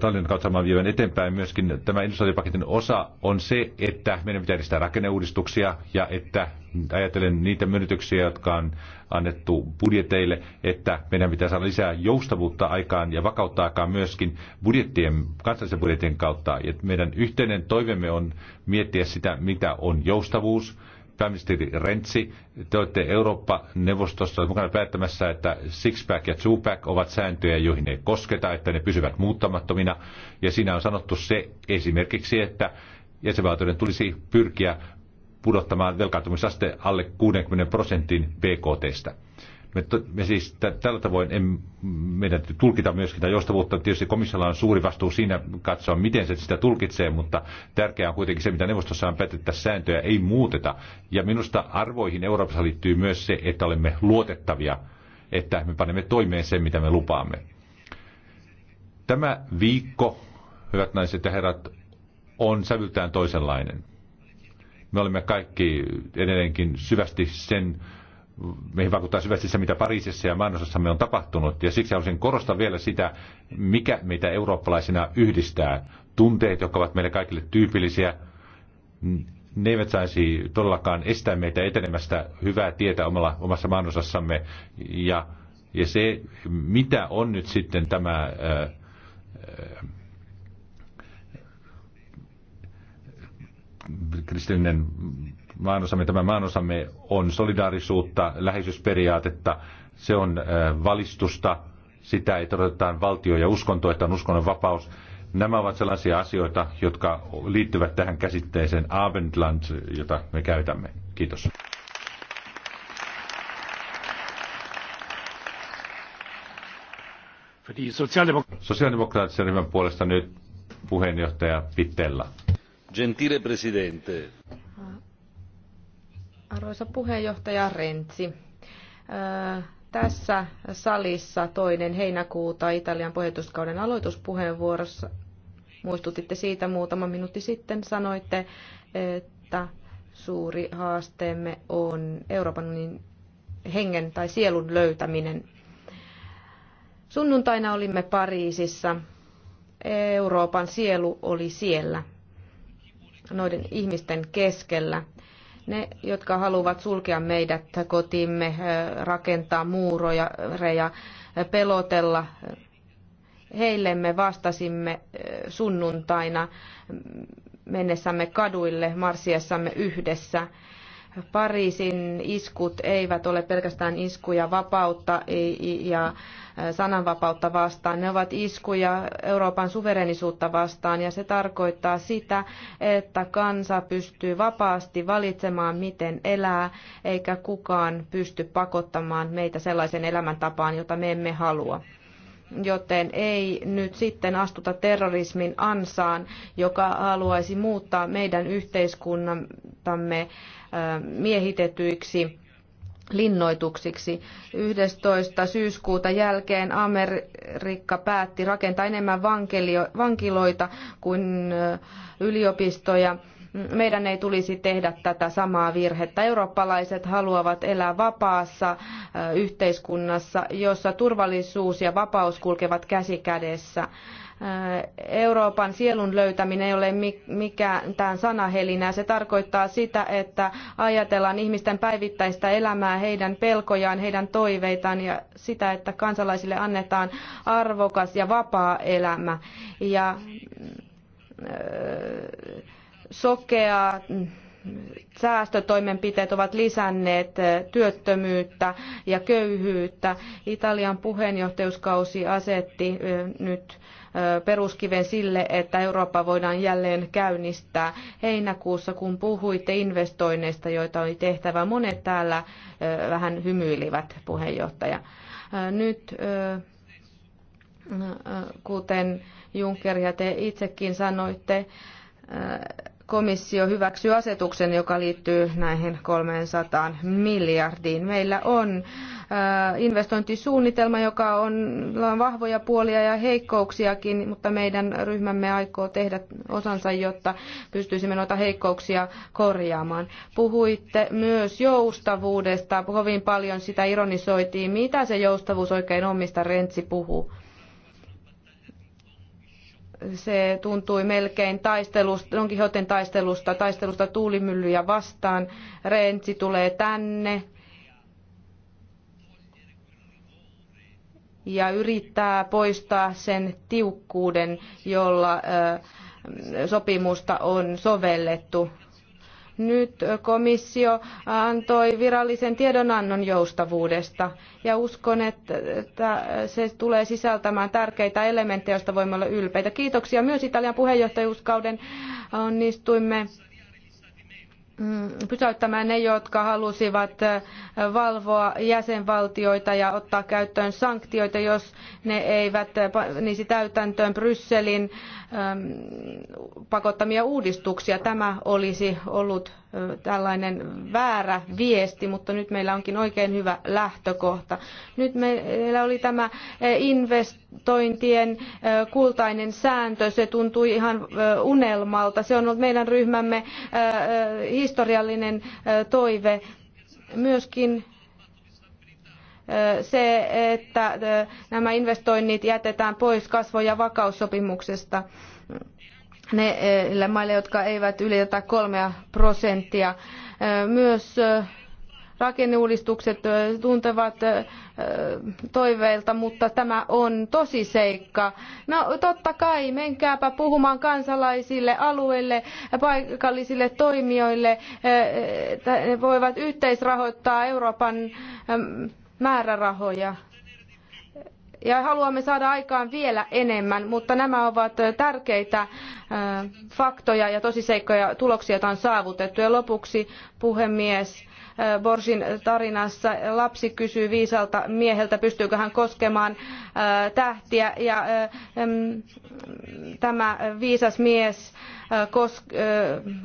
Tallinnan kautta vievän eteenpäin myöskin tämä investointipaketin osa on se, että meidän pitää edistää rakenneuudistuksia ja että ajatellen niitä myönnytyksiä, jotka on annettu budjeteille, että meidän pitää saada lisää joustavuutta aikaan ja vakautta aikaan myöskin budjettien, kansallisen budjettien kautta. Ja meidän yhteinen toivemme on miettiä sitä, mitä on joustavuus, Pääministeri Rentsi, te olette Eurooppa-neuvostossa mukana päättämässä, että six-pack ja two-pack ovat sääntöjä, joihin ei kosketa, että ne pysyvät muuttamattomina. Ja siinä on sanottu se esimerkiksi, että jäsenvaltioiden tulisi pyrkiä pudottamaan velkaantumisaste alle 60 prosentin BKTstä. Me, me siis tällä tavoin en, meidän tulkita myöskin tätä joustavuutta. Tietysti komissiolla on suuri vastuu siinä katsoa, miten se sitä tulkitsee, mutta tärkeää on kuitenkin se, mitä neuvostossa on päätetty, että sääntöjä ei muuteta. Ja minusta arvoihin Euroopassa liittyy myös se, että olemme luotettavia, että me panemme toimeen sen, mitä me lupaamme. Tämä viikko, hyvät naiset ja herrat, on sävyltään toisenlainen. Me olemme kaikki edelleenkin syvästi sen meihin vaikuttaa syvästi se, mitä Pariisissa ja me on tapahtunut. Ja siksi haluaisin korostaa vielä sitä, mikä meitä eurooppalaisina yhdistää. Tunteet, jotka ovat meille kaikille tyypillisiä, ne eivät saisi todellakaan estää meitä etenemästä hyvää tietä omalla, omassa maanosassamme. Ja, ja se, mitä on nyt sitten tämä... Ää, ää, kristillinen maanosamme. Tämä maanosamme on solidaarisuutta, läheisyysperiaatetta, se on äh, valistusta, sitä ei toteutetaan valtio ja uskonto, että on uskonnon vapaus. Nämä ovat sellaisia asioita, jotka liittyvät tähän käsitteeseen Abendland, jota me käytämme. Kiitos. Sosiaalidemokraattisen ryhmän puolesta nyt puheenjohtaja Pitella. Gentile presidente. Ah, Arvoisa puheenjohtaja Rentsi, tässä salissa toinen heinäkuuta Italian puheenjohtajuuskauden aloituspuheenvuorossa muistutitte siitä muutama minuutti sitten, sanoitte, että suuri haasteemme on Euroopan unionin hengen tai sielun löytäminen. Sunnuntaina olimme Pariisissa. Euroopan sielu oli siellä, noiden ihmisten keskellä. Ne, jotka haluavat sulkea meidät kotimme, rakentaa muuroja, pelotella, heille me vastasimme sunnuntaina mennessämme kaduille, marssiessamme yhdessä. Pariisin iskut eivät ole pelkästään iskuja vapautta ja sananvapautta vastaan. Ne ovat iskuja Euroopan suverenisuutta vastaan ja se tarkoittaa sitä, että kansa pystyy vapaasti valitsemaan, miten elää, eikä kukaan pysty pakottamaan meitä sellaisen elämäntapaan, jota me emme halua joten ei nyt sitten astuta terrorismin ansaan, joka haluaisi muuttaa meidän yhteiskuntamme miehitetyiksi linnoituksiksi. 11. syyskuuta jälkeen Amerikka päätti rakentaa enemmän vankiloita kuin yliopistoja. Meidän ei tulisi tehdä tätä samaa virhettä. Eurooppalaiset haluavat elää vapaassa yhteiskunnassa, jossa turvallisuus ja vapaus kulkevat käsi kädessä. Euroopan sielun löytäminen ei ole mikään tämän sanahelinää. Se tarkoittaa sitä, että ajatellaan ihmisten päivittäistä elämää, heidän pelkojaan, heidän toiveitaan ja sitä, että kansalaisille annetaan arvokas ja vapaa elämä. Ja sokea säästötoimenpiteet ovat lisänneet työttömyyttä ja köyhyyttä. Italian puheenjohtajuuskausi asetti nyt peruskiven sille, että Eurooppa voidaan jälleen käynnistää. Heinäkuussa, kun puhuitte investoinneista, joita oli tehtävä, monet täällä vähän hymyilivät, puheenjohtaja. Nyt kuten Juncker ja te itsekin sanoitte, komissio hyväksyy asetuksen, joka liittyy näihin 300 miljardiin. Meillä on äh, investointisuunnitelma, joka on, on vahvoja puolia ja heikkouksiakin, mutta meidän ryhmämme aikoo tehdä osansa, jotta pystyisimme noita heikkouksia korjaamaan. Puhuitte myös joustavuudesta. Kovin paljon sitä ironisoitiin. Mitä se joustavuus oikein on, mistä Rentsi puhuu? se tuntui melkein taistelusta, Don Quixoten taistelusta, taistelusta tuulimyllyjä vastaan. Renzi tulee tänne ja yrittää poistaa sen tiukkuuden, jolla sopimusta on sovellettu nyt komissio antoi virallisen tiedonannon joustavuudesta ja uskon, että se tulee sisältämään tärkeitä elementtejä, joista voimme olla ylpeitä. Kiitoksia myös Italian puheenjohtajuuskauden onnistuimme Mm, pysäyttämään ne, jotka halusivat äh, valvoa jäsenvaltioita ja ottaa käyttöön sanktioita, jos ne eivät äh, panisi täytäntöön Brysselin ähm, pakottamia uudistuksia. Tämä olisi ollut äh, tällainen väärä viesti, mutta nyt meillä onkin oikein hyvä lähtökohta. Nyt meillä oli tämä investointien kultainen sääntö, se tuntui ihan unelmalta. Se on ollut meidän ryhmämme historia historiallinen toive. Myöskin se, että nämä investoinnit jätetään pois kasvu- ja vakaussopimuksesta niille maille, jotka eivät ylitä kolmea prosenttia. Myös rakenneuudistukset tuntevat toiveilta, mutta tämä on tosi seikka. No totta kai, menkääpä puhumaan kansalaisille, alueille, paikallisille toimijoille. Ne voivat yhteisrahoittaa Euroopan määrärahoja ja haluamme saada aikaan vielä enemmän, mutta nämä ovat tärkeitä faktoja ja tosiseikkoja tuloksia, joita on saavutettu. Ja lopuksi, puhemies, Borsin tarinassa lapsi kysyy viisalta mieheltä, pystyykö hän koskemaan tähtiä ja tämä viisas mies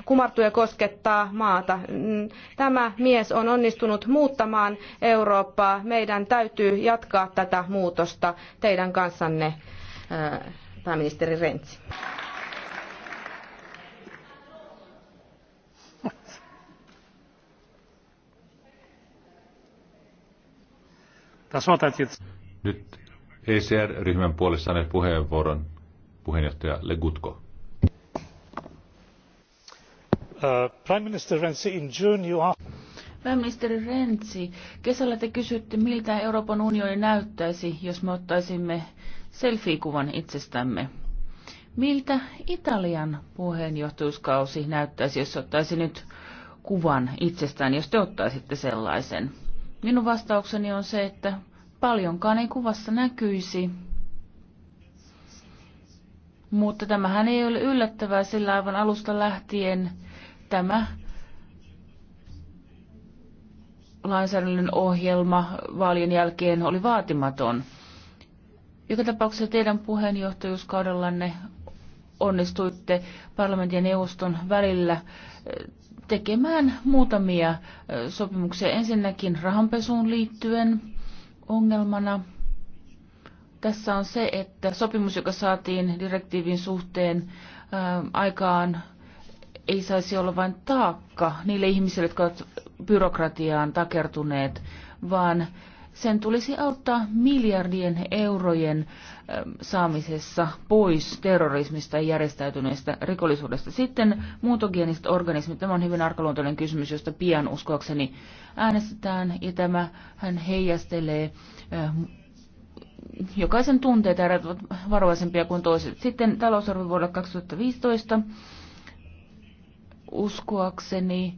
kumartuu ja koskettaa maata. Mm, tämä mies on onnistunut muuttamaan Eurooppaa. Meidän täytyy jatkaa tätä muutosta teidän kanssanne, pääministeri Rentsi. Nyt ECR-ryhmän puolesta saaneet puheenvuoron puheenjohtaja Legutko. Uh, Pääministeri Renzi, kesällä te kysytte, miltä Euroopan unioni näyttäisi, jos me ottaisimme selfie-kuvan itsestämme. Miltä Italian puheenjohtajuuskausi näyttäisi, jos ottaisi nyt kuvan itsestään, jos te ottaisitte sellaisen? Minun vastaukseni on se, että paljonkaan ei kuvassa näkyisi. Mutta tämähän ei ole yllättävää, sillä aivan alusta lähtien tämä lainsäädännön ohjelma vaalien jälkeen oli vaatimaton. Joka tapauksessa teidän puheenjohtajuuskaudellanne onnistuitte parlamentin ja neuvoston välillä tekemään muutamia sopimuksia. Ensinnäkin rahanpesuun liittyen ongelmana tässä on se, että sopimus, joka saatiin direktiivin suhteen aikaan, ei saisi olla vain taakka niille ihmisille, jotka ovat byrokratiaan takertuneet, vaan sen tulisi auttaa miljardien eurojen saamisessa pois terrorismista ja järjestäytyneestä rikollisuudesta. Sitten muutogeeniset organismit. Tämä on hyvin arkaluontoinen kysymys, josta pian uskoakseni äänestetään. Ja tämä hän heijastelee jokaisen tunteita, ja ovat varovaisempia kuin toiset. Sitten talousarvio vuodelle 2015. Uskoakseni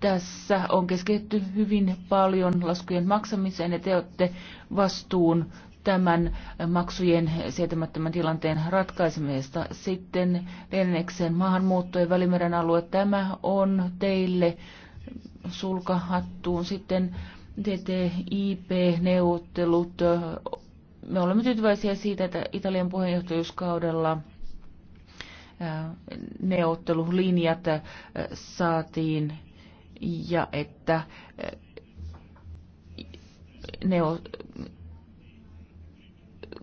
tässä on keskitytty hyvin paljon laskujen maksamiseen ja te olette vastuun tämän maksujen sietämättömän tilanteen ratkaisemista. Sitten neljännekseen maahanmuutto ja välimeren alue, tämä on teille sulkahattuun. Sitten TTIP-neuvottelut, me olemme tyytyväisiä siitä, että Italian puheenjohtajuuskaudella neuvottelulinjat saatiin ja että eh, ne on,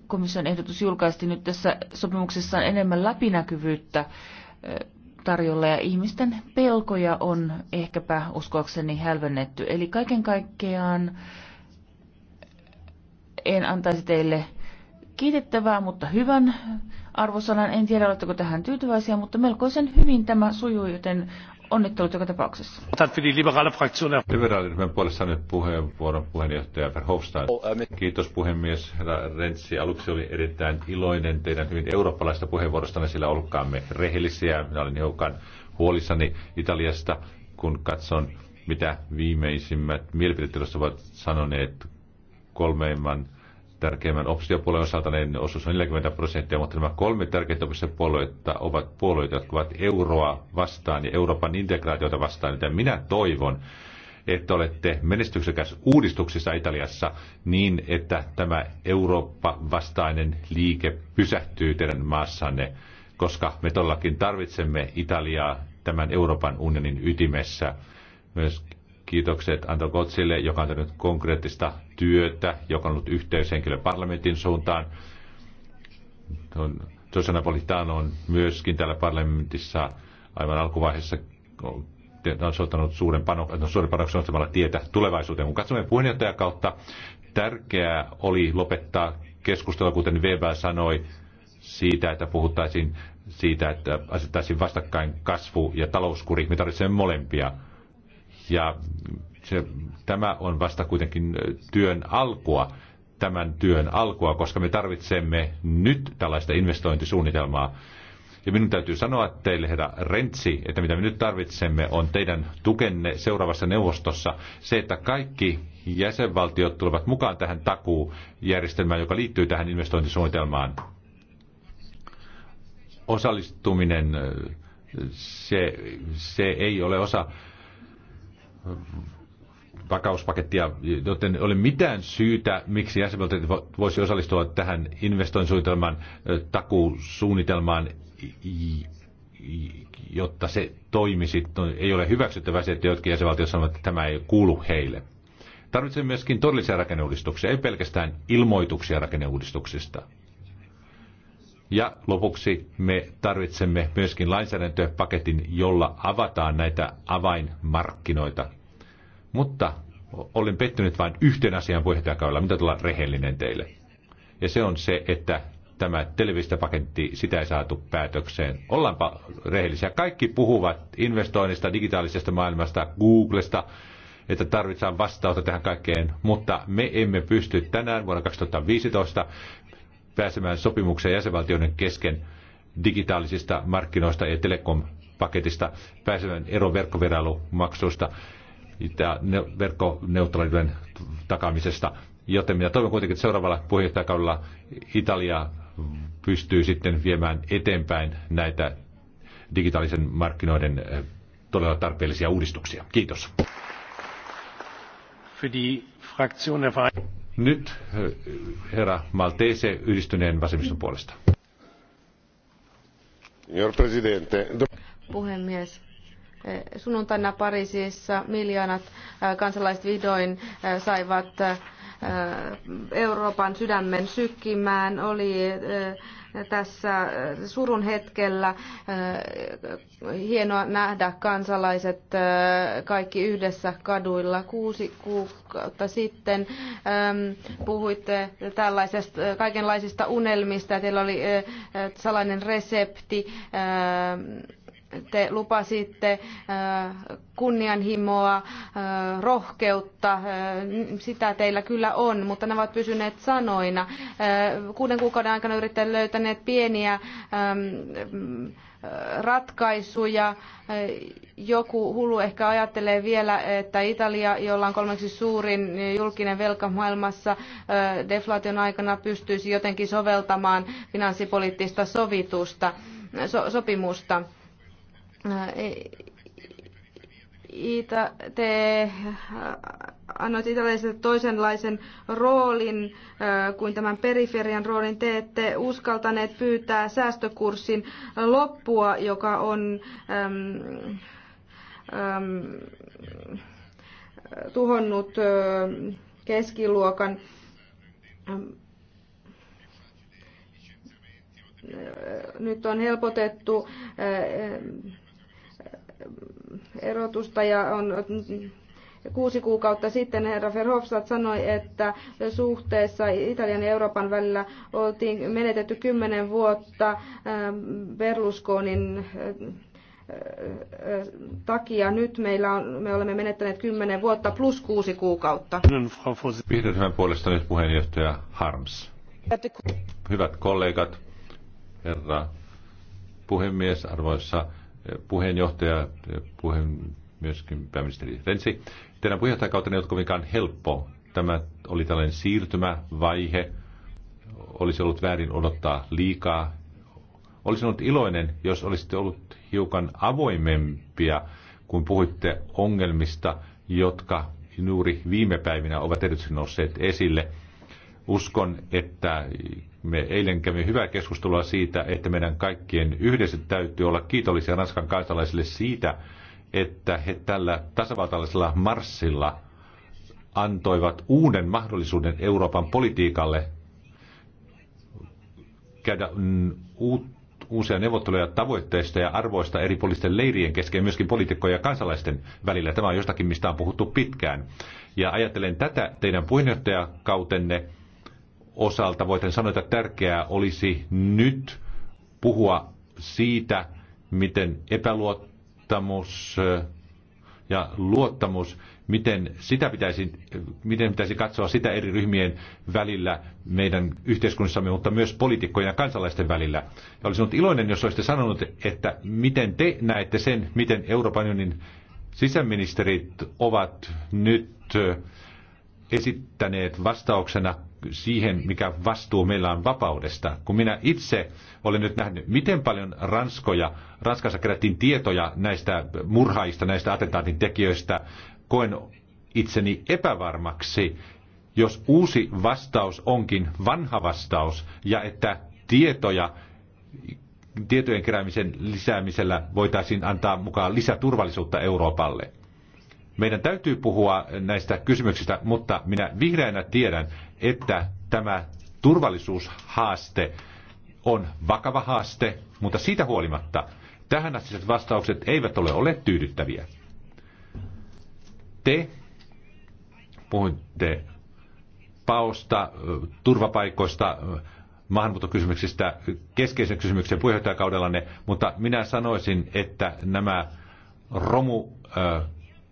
komission ehdotus julkaistiin nyt tässä sopimuksessa enemmän läpinäkyvyyttä eh, tarjolla ja ihmisten pelkoja on ehkäpä uskoakseni hälvennetty. Eli kaiken kaikkiaan eh, en antaisi teille kiitettävää, mutta hyvän arvosanan. En tiedä, oletteko tähän tyytyväisiä, mutta melkoisen hyvin tämä sujuu, joten onnittelut joka tapauksessa. Liberaaliryhmän puolesta nyt puheenvuoron puheenjohtaja Verhofstadt. Kiitos puhemies. Herra Rentsi, aluksi oli erittäin iloinen teidän hyvin eurooppalaista puheenvuorostanne, sillä olkaamme rehellisiä. Minä olin hiukan huolissani Italiasta, kun katson, mitä viimeisimmät mielipidetilossa ovat sanoneet kolmeimman tärkeimmän oppositiopuolueen osalta niin osuus on 40 prosenttia, mutta nämä kolme tärkeintä oppositiopuoluetta ovat puolueita, jotka ovat euroa vastaan ja Euroopan integraatiota vastaan, joten minä toivon, että olette menestyksekäs uudistuksissa Italiassa niin, että tämä Eurooppa-vastainen liike pysähtyy teidän maassanne, koska me todellakin tarvitsemme Italiaa tämän Euroopan unionin ytimessä myös Kiitokset Anto Kotsille, joka on tehnyt konkreettista työtä, joka on ollut yhteyshenkilö parlamentin suuntaan. Tuossa Napolitano on myöskin täällä parlamentissa aivan alkuvaiheessa on soittanut suuren, panoksen no, suuren panoksen nostamalla tietä tulevaisuuteen. Kun katsomme puheenjohtajan kautta, tärkeää oli lopettaa keskustelua, kuten Weber sanoi, siitä, että puhuttaisiin siitä, että asettaisiin vastakkain kasvu ja talouskuri. Me tarvitsemme molempia ja se, tämä on vasta kuitenkin työn alkua, tämän työn alkua, koska me tarvitsemme nyt tällaista investointisuunnitelmaa. Ja minun täytyy sanoa teille, herra Rentsi, että mitä me nyt tarvitsemme on teidän tukenne seuraavassa neuvostossa. Se, että kaikki jäsenvaltiot tulevat mukaan tähän takuujärjestelmään, joka liittyy tähän investointisuunnitelmaan. Osallistuminen, se, se ei ole osa vakauspakettia, joten ei ole mitään syytä, miksi jäsenvaltiot voisi osallistua tähän investointisuunnitelman takuusuunnitelmaan, jotta se toimisi. No, ei ole hyväksyttävä se, että jotkin jäsenvaltiot sanovat, että tämä ei kuulu heille. Tarvitsemme myöskin todellisia rakenneuudistuksia, ei pelkästään ilmoituksia rakenneuudistuksista. Ja lopuksi me tarvitsemme myöskin lainsäädäntöpaketin, jolla avataan näitä avainmarkkinoita. Mutta olen pettynyt vain yhteen asian puheenjohtajakaudella, mitä tulla rehellinen teille. Ja se on se, että tämä televisiopaketti, sitä ei saatu päätökseen. Ollaanpa rehellisiä. Kaikki puhuvat investoinnista, digitaalisesta maailmasta, Googlesta, että tarvitaan vastausta tähän kaikkeen, mutta me emme pysty tänään vuonna 2015 pääsemään sopimukseen jäsenvaltioiden kesken digitaalisista markkinoista ja telekom-paketista, pääsemään eron verkkoveralumaksuista ja verkkoneutraalinen takaamisesta. Joten minä toivon kuitenkin, että seuraavalla puheenjohtajakaudella Italia pystyy sitten viemään eteenpäin näitä digitaalisen markkinoiden todella tarpeellisia uudistuksia. Kiitos. Für die Fraktion der nyt herra Maltese yhdistyneen vasemmiston puolesta. Puhemies, Eh, sunnuntaina Pariisissa miljoonat eh, kansalaiset vihdoin eh, saivat Euroopan sydämen sykkimään. Oli tässä surun hetkellä hienoa nähdä kansalaiset kaikki yhdessä kaduilla. Kuusi kuukautta sitten ehm, puhuitte tällaisesta kaikenlaisista unelmista. Teillä oli salainen resepti ehm, te lupasitte äh, kunnianhimoa, äh, rohkeutta, äh, sitä teillä kyllä on, mutta ne ovat pysyneet sanoina. Kuuden kuukauden aikana yrittäjät löytäneet pieniä ähm, ratkaisuja. Joku hulu ehkä ajattelee vielä, että Italia, jolla on kolmeksi suurin julkinen velka maailmassa, deflaation aikana pystyisi jotenkin soveltamaan finanssipoliittista sovitusta, so, sopimusta E- Ita, te annoit italialaisille toisenlaisen roolin kuin tämän periferian roolin. Te ette uskaltaneet pyytää säästökurssin loppua, joka on äm, äm, tuhonnut keskiluokan äm, nyt on helpotettu erotusta ja on kuusi kuukautta sitten herra Verhofstadt sanoi, että suhteessa Italian ja Euroopan välillä oltiin menetetty kymmenen vuotta ähm, Berlusconin äh, äh, takia. Nyt meillä on, me olemme menettäneet kymmenen vuotta plus kuusi kuukautta. Vihreän puolesta nyt puheenjohtaja Harms. Hyvät kollegat, herra puhemies, arvoissa puheenjohtaja, puheen, myöskin pääministeri Rensi. Teidän kautta ei ollut kovinkaan helppo. Tämä oli tällainen siirtymävaihe. Olisi ollut väärin odottaa liikaa. Olisin ollut iloinen, jos olisitte ollut hiukan avoimempia, kun puhuitte ongelmista, jotka juuri viime päivinä ovat erityisesti nousseet esille. Uskon, että me eilen kävimme hyvää keskustelua siitä, että meidän kaikkien yhdessä täytyy olla kiitollisia Ranskan kansalaisille siitä, että he tällä tasavaltaisella marssilla antoivat uuden mahdollisuuden Euroopan politiikalle käydä uusia neuvotteluja tavoitteista ja arvoista eri poliittisten leirien kesken, myöskin poliitikkojen ja kansalaisten välillä. Tämä on jostakin, mistä on puhuttu pitkään. Ja ajattelen tätä teidän puheenjohtajakautenne osalta voitan sanoa, että tärkeää olisi nyt puhua siitä, miten epäluottamus äh, ja luottamus, miten, sitä pitäisi, miten pitäisi katsoa sitä eri ryhmien välillä meidän yhteiskunnassamme, mutta myös poliitikkojen ja kansalaisten välillä. Ja olisin ollut iloinen, jos olisitte sanonut, että miten te näette sen, miten Euroopan unionin sisäministerit ovat nyt äh, esittäneet vastauksena siihen, mikä vastuu meillä on vapaudesta. Kun minä itse olen nyt nähnyt, miten paljon Ranskoja, Ranskassa kerättiin tietoja näistä murhaista, näistä attentaatin tekijöistä, koen itseni epävarmaksi, jos uusi vastaus onkin vanha vastaus ja että tietoja tietojen keräämisen lisäämisellä voitaisiin antaa mukaan lisäturvallisuutta Euroopalle. Meidän täytyy puhua näistä kysymyksistä, mutta minä vihreänä tiedän, että tämä turvallisuushaaste on vakava haaste, mutta siitä huolimatta tähän astiset vastaukset eivät ole olleet tyydyttäviä. Te puhuitte paosta, turvapaikoista, maahanmuuttokysymyksistä keskeisen kysymyksen puheenjohtajakaudellanne, mutta minä sanoisin, että nämä romu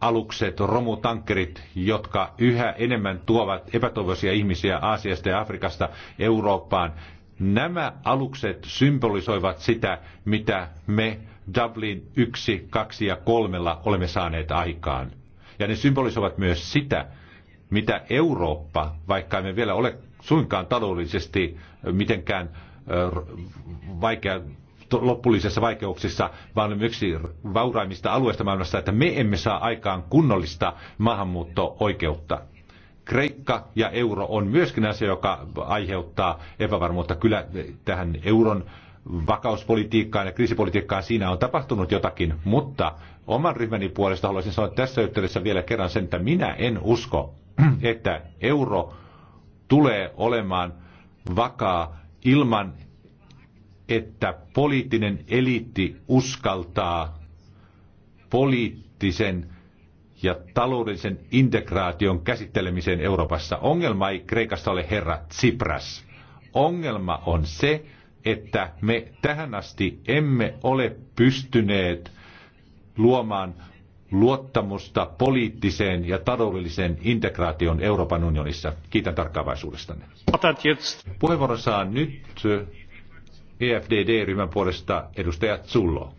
alukset, romutankkerit, jotka yhä enemmän tuovat epätoivoisia ihmisiä Aasiasta ja Afrikasta Eurooppaan. Nämä alukset symbolisoivat sitä, mitä me Dublin 1, 2 ja 3 olemme saaneet aikaan. Ja ne symbolisoivat myös sitä, mitä Eurooppa, vaikka emme vielä ole suinkaan taloudellisesti mitenkään vaikea loppullisissa vaikeuksissa, vaan olemme yksi vauraimmista alueista maailmassa, että me emme saa aikaan kunnollista maahanmuutto-oikeutta. Kreikka ja euro on myöskin asia, joka aiheuttaa epävarmuutta. Kyllä tähän euron vakauspolitiikkaan ja kriisipolitiikkaan siinä on tapahtunut jotakin, mutta oman ryhmäni puolesta haluaisin sanoa tässä yhteydessä vielä kerran sen, että minä en usko, että euro tulee olemaan vakaa ilman, että poliittinen eliitti uskaltaa poliittisen ja taloudellisen integraation käsittelemiseen Euroopassa. Ongelma ei Kreikassa ole herra Tsipras. Ongelma on se, että me tähän asti emme ole pystyneet luomaan luottamusta poliittiseen ja taloudelliseen integraation Euroopan unionissa. Kiitän tarkkaavaisuudestanne. Puheenvuoro saa nyt EFDD-ryhmän puolesta edustaja Zullo.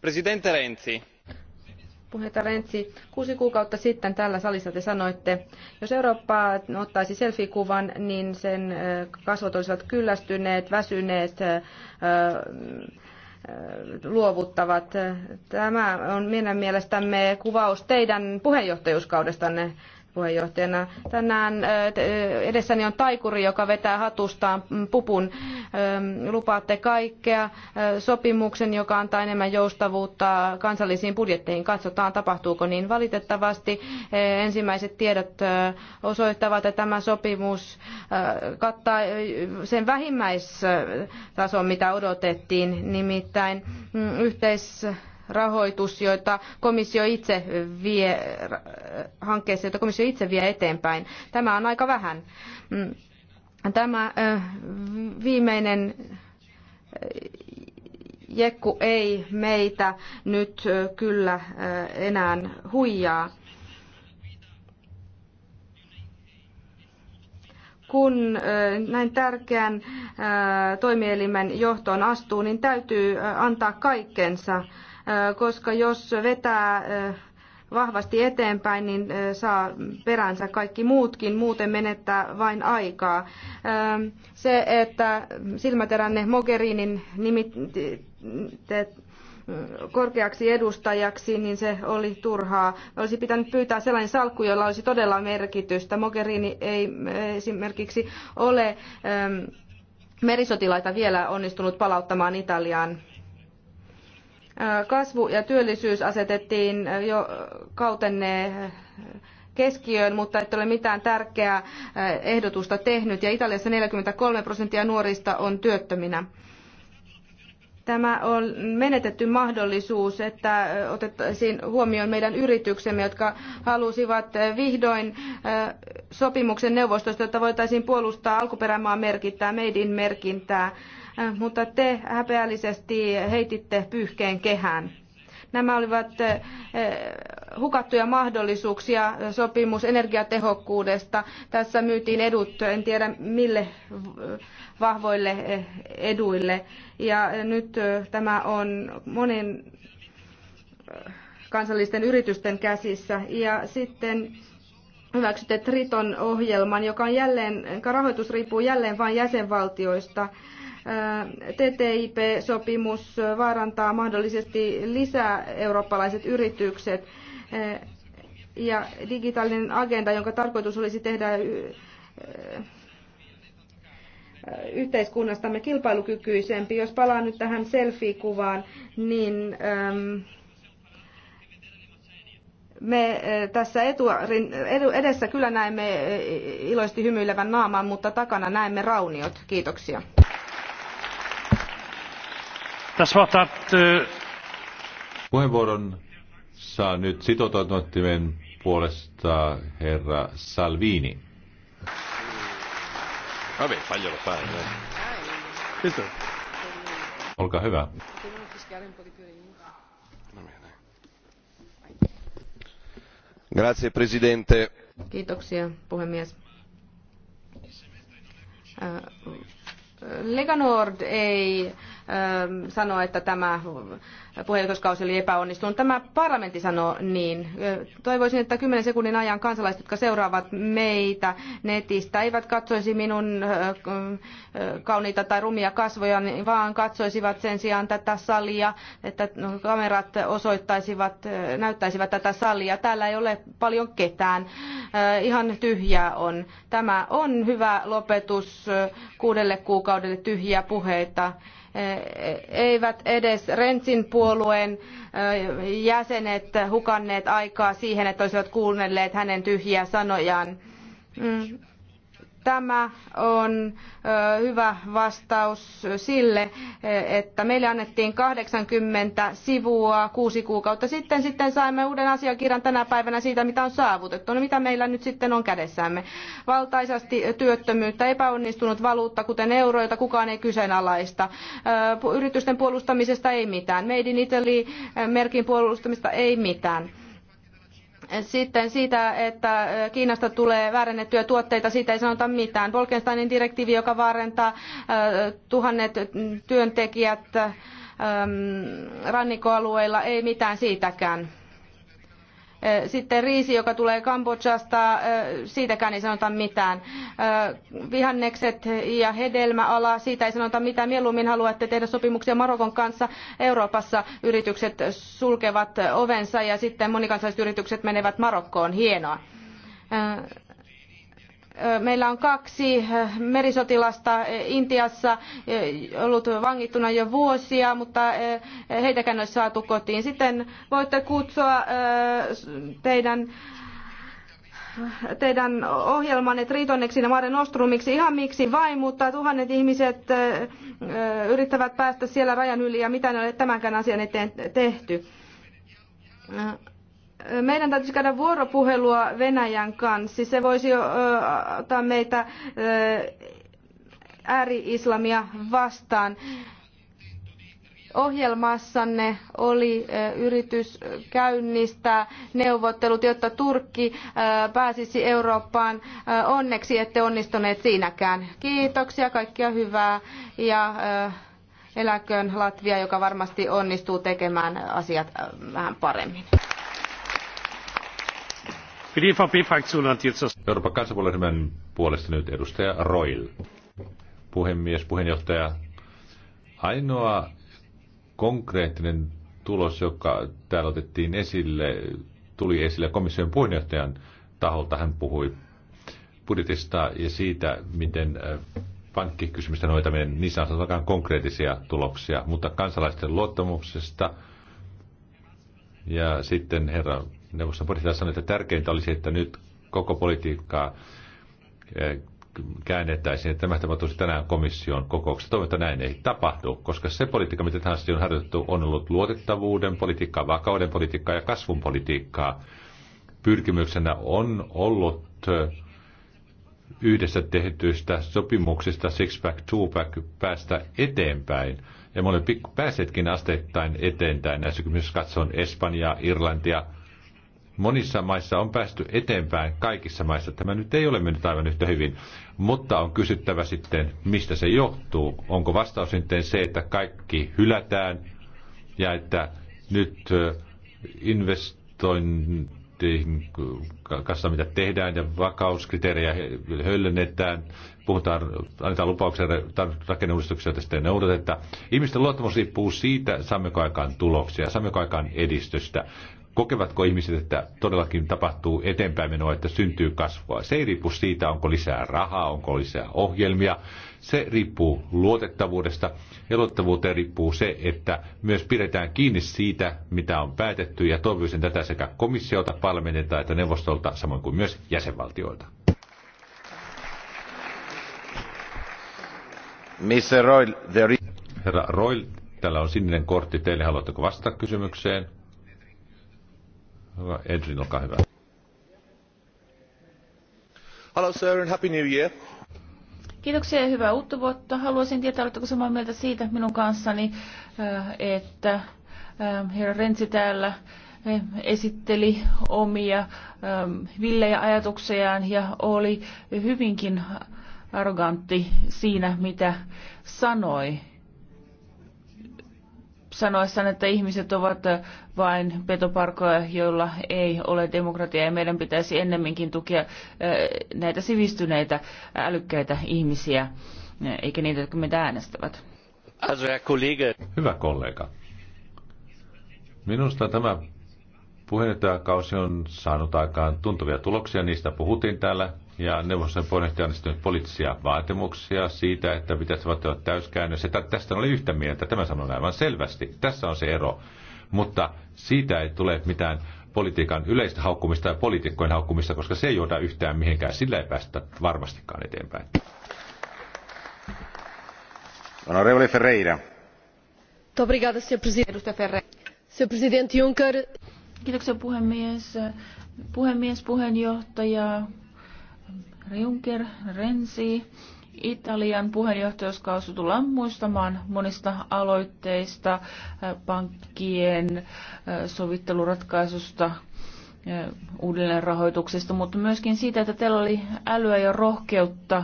Presidente Renzi. Puheenjohtaja Renzi, kuusi kuukautta sitten tällä salissa te sanoitte, jos Eurooppa ottaisi selfikuvan, niin sen kasvot olisivat kyllästyneet, väsyneet, luovuttavat. Tämä on meidän mielestämme kuvaus teidän puheenjohtajuuskaudestanne puheenjohtajana. Tänään edessäni on taikuri, joka vetää hatustaan mm, pupun. Lupaatte kaikkea. Sopimuksen, joka antaa enemmän joustavuutta kansallisiin budjetteihin. Katsotaan, tapahtuuko niin. Valitettavasti ensimmäiset tiedot osoittavat, että tämä sopimus kattaa sen vähimmäistason, mitä odotettiin, nimittäin mm, yhteis rahoitus, joita komissio itse vie, hankkeessa, joita komissio itse vie eteenpäin. Tämä on aika vähän. Mm. Tämä viimeinen jekku ei meitä nyt kyllä enää huijaa. kun näin tärkeän toimielimen johtoon astuu, niin täytyy antaa kaikkensa koska jos vetää vahvasti eteenpäin, niin saa peränsä kaikki muutkin, muuten menettää vain aikaa. Se, että silmäteränne Mogherinin nimitteet korkeaksi edustajaksi, niin se oli turhaa. Olisi pitänyt pyytää sellainen salkku, jolla olisi todella merkitystä. Mogherini ei esimerkiksi ole merisotilaita vielä onnistunut palauttamaan Italiaan. Kasvu ja työllisyys asetettiin jo kautenne keskiöön, mutta ette ole mitään tärkeää ehdotusta tehnyt. Ja Italiassa 43 prosenttia nuorista on työttöminä. Tämä on menetetty mahdollisuus, että otettaisiin huomioon meidän yrityksemme, jotka halusivat vihdoin sopimuksen neuvostosta, että voitaisiin puolustaa alkuperämaa merkintää, Made in merkintää Äh, mutta te häpeällisesti heititte pyyhkeen kehään. Nämä olivat äh, hukattuja mahdollisuuksia sopimus energiatehokkuudesta. Tässä myytiin edut, en tiedä mille vahvoille äh, eduille. Ja nyt tämä on monen kansallisten yritysten käsissä. Ja sitten hyväksytte Triton ohjelman, joka on jälleen, rahoitus riippuu jälleen vain jäsenvaltioista TTIP-sopimus vaarantaa mahdollisesti lisää eurooppalaiset yritykset ja digitaalinen agenda, jonka tarkoitus olisi tehdä yhteiskunnastamme kilpailukykyisempi. Jos palaan nyt tähän selfie-kuvaan, niin me tässä etuarin, edessä kyllä näemme iloisesti hymyilevän naaman, mutta takana näemme rauniot. Kiitoksia. Puheenvuoron saa nyt sitoutumattomien puolesta herra Salvini. Vabbè, faglielo fare. Questo. Olkaa hyvä. Grazie, presidente. Kiitoksia, puhemies. Äh, Lega Nord ei Ähm, sanoo, että tämä puheenjohtajuuskausi oli epäonnistunut. Tämä parlamentti sanoo niin. Toivoisin, että kymmenen sekunnin ajan kansalaiset, jotka seuraavat meitä netistä, eivät katsoisi minun kauniita tai rumia kasvoja, niin vaan katsoisivat sen sijaan tätä salia, että kamerat osoittaisivat, näyttäisivät tätä salia. Täällä ei ole paljon ketään. Ihan tyhjää on. Tämä on hyvä lopetus kuudelle kuukaudelle tyhjiä puheita eivät edes Rensin puolueen jäsenet hukanneet aikaa siihen, että olisivat kuunnelleet hänen tyhjiä sanojaan. Mm. Tämä on hyvä vastaus sille, e, että meille annettiin 80 sivua kuusi kuukautta sitten. Sitten saimme uuden asiakirjan tänä päivänä siitä, mitä on saavutettu. No, mitä meillä nyt sitten on kädessämme? Valtaisasti työttömyyttä, epäonnistunut valuutta, kuten euro, jota kukaan ei kyseenalaista. Yritysten puolustamisesta ei mitään. Made in Italy-merkin puolustamista ei mitään. Sitten siitä, että Kiinasta tulee väärennettyjä tuotteita, siitä ei sanota mitään. Wolkensteinin direktiivi, joka vaarentaa tuhannet työntekijät rannikkoalueilla, ei mitään siitäkään. Sitten riisi, joka tulee Kambodžasta, siitäkään ei sanota mitään. Vihannekset ja hedelmäala, siitä ei sanota mitään. Mieluummin haluatte tehdä sopimuksia Marokon kanssa. Euroopassa yritykset sulkevat ovensa ja sitten monikansalliset yritykset menevät Marokkoon. Hienoa meillä on kaksi merisotilasta Intiassa ollut vangittuna jo vuosia, mutta heitäkään olisi saatu kotiin. Sitten voitte kutsua teidän teidän ohjelmanne Tritonneksi ja Mare Nostrumiksi ihan miksi vain, mutta tuhannet ihmiset yrittävät päästä siellä rajan yli ja mitä ne ole tämänkään asian eteen tehty meidän täytyisi käydä vuoropuhelua Venäjän kanssa. Se voisi ottaa meitä ääri-islamia vastaan. Ohjelmassanne oli yritys käynnistää neuvottelut, jotta Turkki pääsisi Eurooppaan. Onneksi ette onnistuneet siinäkään. Kiitoksia, kaikkia hyvää ja eläköön Latvia, joka varmasti onnistuu tekemään asiat vähän paremmin. Euroopan kansanpuolueen puolesta nyt edustaja reul Puhemies, puheenjohtaja. Ainoa konkreettinen tulos, joka täällä otettiin esille, tuli esille komission puheenjohtajan taholta. Hän puhui budjetista ja siitä, miten äh, pankkikysymysten hoitaminen, niissä on saatu konkreettisia tuloksia, mutta kansalaisten luottamuksesta ja sitten herra neuvoston puheenjohtaja sanoi, että tärkeintä olisi, että nyt koko politiikkaa eh, käännettäisiin. Tämä tulisi tänään komission kokouksessa. Toivon, että näin ei tapahdu, koska se politiikka, mitä tähän asti on harjoitettu, on ollut luotettavuuden politiikkaa, vakauden politiikkaa ja kasvun politiikkaa. Pyrkimyksenä on ollut eh, yhdessä tehtyistä sopimuksista Sixpack, pack päästä eteenpäin. Ja me olemme pääsetkin asteittain eteenpäin näissä kysymyksissä. Katson Espanjaa, Irlantia, Monissa maissa on päästy eteenpäin, kaikissa maissa tämä nyt ei ole mennyt aivan yhtä hyvin, mutta on kysyttävä sitten, mistä se johtuu. Onko vastaus sitten se, että kaikki hylätään ja että nyt investointiin kanssa, mitä tehdään ja vakauskriteerejä höllennetään, puhutaan, annetaan lupauksia rakenneuudistuksia, joita sitten noudatetaan. Ihmisten luottamus riippuu siitä, saammeko aikaan tuloksia, saammeko aikaan edistystä kokevatko ihmiset, että todellakin tapahtuu eteenpäin menoa, että syntyy kasvua. Se ei riippu siitä, onko lisää rahaa, onko lisää ohjelmia. Se riippuu luotettavuudesta. Ja luotettavuuteen riippuu se, että myös pidetään kiinni siitä, mitä on päätetty. Ja toivoisin tätä sekä komissiolta, parlamentilta että neuvostolta, samoin kuin myös jäsenvaltioilta. Mr. there... Herra Royl, täällä on sininen kortti teille. Haluatteko vastata kysymykseen? Edrin, olkaa hyvä. Hello sir and happy new year. Kiitoksia ja hyvää uutta vuotta. Haluaisin tietää, oletteko samaa mieltä siitä minun kanssani, äh, että äh, herra Rensi täällä äh, esitteli omia ähm, villejä ajatuksiaan ja oli hyvinkin arrogantti siinä, mitä sanoi sanoessaan, että ihmiset ovat vain petoparkoja, joilla ei ole demokratiaa ja meidän pitäisi ennemminkin tukea näitä sivistyneitä, älykkäitä ihmisiä, eikä niitä, jotka meitä äänestävät. Hyvä kollega. Minusta tämä puheenjohtajakausi on saanut aikaan tuntuvia tuloksia, niistä puhuttiin täällä ja neuvoston puheenjohtaja on esittänyt poliittisia vaatimuksia siitä, että pitäisi olla täyskäännös. Ja tästä oli yhtä mieltä, tämä sanon aivan selvästi. Tässä on se ero. Mutta siitä ei tule mitään politiikan yleistä haukkumista ja poliitikkojen haukkumista, koska se ei johda yhtään mihinkään. Sillä ei päästä varmastikaan eteenpäin. Onorevole Ferreira. Obrigada, Presidente. Presidente Juncker. Kiitoksia puhemies. Puhemies, puheenjohtaja, Juncker, Renzi. Italian puheenjohtajuuskausi tullaan muistamaan monista aloitteista, pankkien sovitteluratkaisusta, uudelleenrahoituksesta, mutta myöskin siitä, että teillä oli älyä ja rohkeutta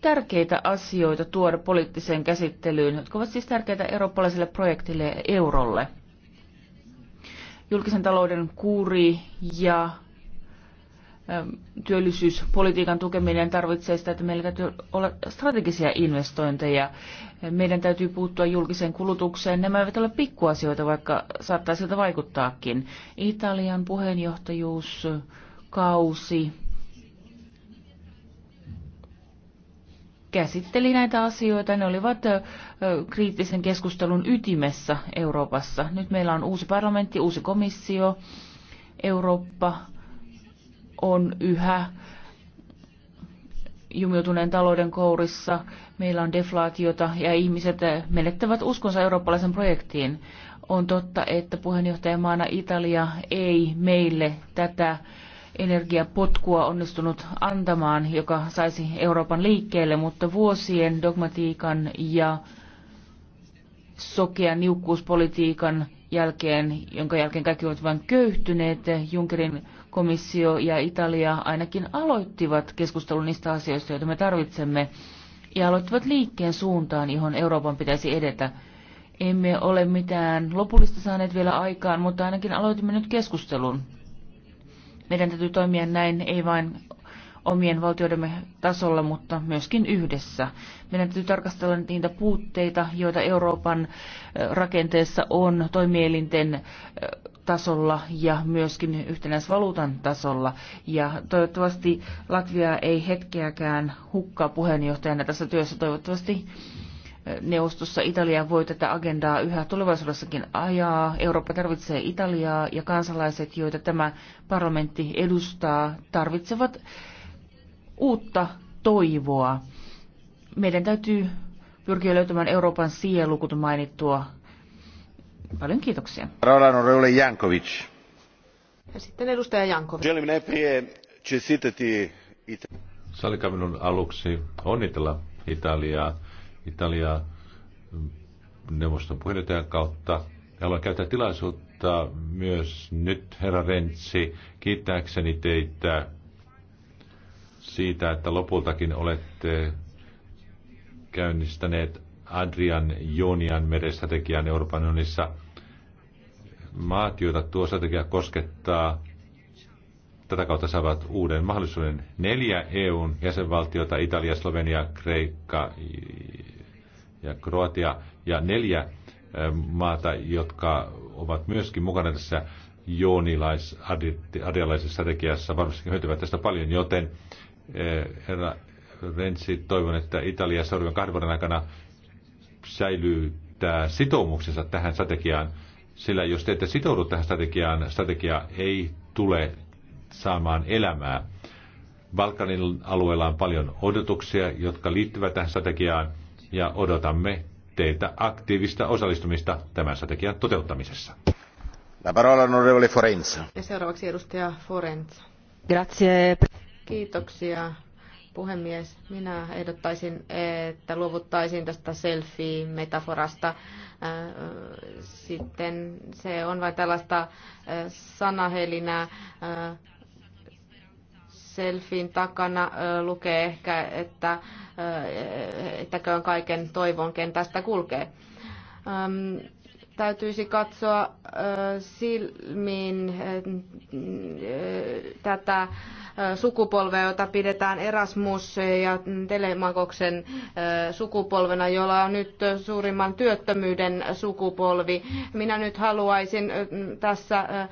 tärkeitä asioita tuoda poliittiseen käsittelyyn, jotka ovat siis tärkeitä eurooppalaiselle projektille ja eurolle. Julkisen talouden kuuri ja Ähm, työllisyyspolitiikan tukeminen tarvitsee sitä, että meillä täytyy olla strategisia investointeja. Meidän täytyy puuttua julkiseen kulutukseen. Nämä eivät ole pikkuasioita, vaikka saattaa siltä vaikuttaakin. Italian kausi, käsitteli näitä asioita. Ne olivat kriittisen keskustelun ytimessä Euroopassa. Nyt meillä on uusi parlamentti, uusi komissio, Eurooppa on yhä jumiutuneen talouden kourissa. Meillä on deflaatiota ja ihmiset menettävät uskonsa eurooppalaisen projektiin. On totta, että puheenjohtajamaana Italia ei meille tätä energiapotkua onnistunut antamaan, joka saisi Euroopan liikkeelle, mutta vuosien dogmatiikan ja sokean niukkuuspolitiikan jälkeen, jonka jälkeen kaikki ovat vain köyhtyneet. Junckerin komissio ja Italia ainakin aloittivat keskustelun niistä asioista, joita me tarvitsemme, ja aloittivat liikkeen suuntaan, johon Euroopan pitäisi edetä. Emme ole mitään lopullista saaneet vielä aikaan, mutta ainakin aloitimme nyt keskustelun. Meidän täytyy toimia näin ei vain omien valtioidemme tasolla, mutta myöskin yhdessä. Meidän täytyy tarkastella niitä puutteita, joita Euroopan rakenteessa on toimielinten tasolla ja myöskin yhtenäisvaluutan tasolla. Ja toivottavasti Latvia ei hetkeäkään hukkaa puheenjohtajana tässä työssä. Toivottavasti neuvostossa Italia voi tätä agendaa yhä tulevaisuudessakin ajaa. Eurooppa tarvitsee Italiaa ja kansalaiset, joita tämä parlamentti edustaa, tarvitsevat uutta toivoa. Meidän täytyy pyrkiä löytämään Euroopan sielu, kuten mainittua. Paljon kiitoksia. Jankovic. Ja sitten edustaja Jankovic. Salika minun aluksi onnitella Italiaa, Italiaa mm, neuvoston puheenjohtajan kautta. Haluan käyttää tilaisuutta myös nyt, herra Rentsi, kiittääkseni teitä siitä, että lopultakin olette käynnistäneet Adrian Jonian merestrategian Euroopan unionissa. Maat, joita tuo strategia koskettaa, tätä kautta saavat uuden mahdollisuuden. Neljä EUn jäsenvaltiota, Italia, Slovenia, Kreikka ja Kroatia, ja neljä maata, jotka ovat myöskin mukana tässä joonilais adialaisessa strategiassa, varmasti hyötyvät tästä paljon, joten Eh, herra Renzi, toivon, että Italia seuraavan kahden vuoden aikana säilyy tämä sitoumuksensa tähän strategiaan, sillä jos te ette sitoudu tähän strategiaan, strategia ei tule saamaan elämää. Balkanin alueella on paljon odotuksia, jotka liittyvät tähän strategiaan, ja odotamme teiltä aktiivista osallistumista tämän strategian toteuttamisessa. La parola onorevole Forenza. Ja seuraavaksi edustaja Forenza. Grazie. Kiitoksia puhemies. Minä ehdottaisin, että luovuttaisiin tästä selfie-metaforasta. Äh, sitten se on vain tällaista äh, sanahelinää. Äh, Selfin takana lukee ehkä, että että kaiken toivon, kentästä tästä kulkee täytyisi katsoa silmiin tätä sukupolvea, jota pidetään Erasmus ja Telemakoksen sukupolvena, jolla on nyt suurimman työttömyyden sukupolvi. Minä nyt haluaisin tässä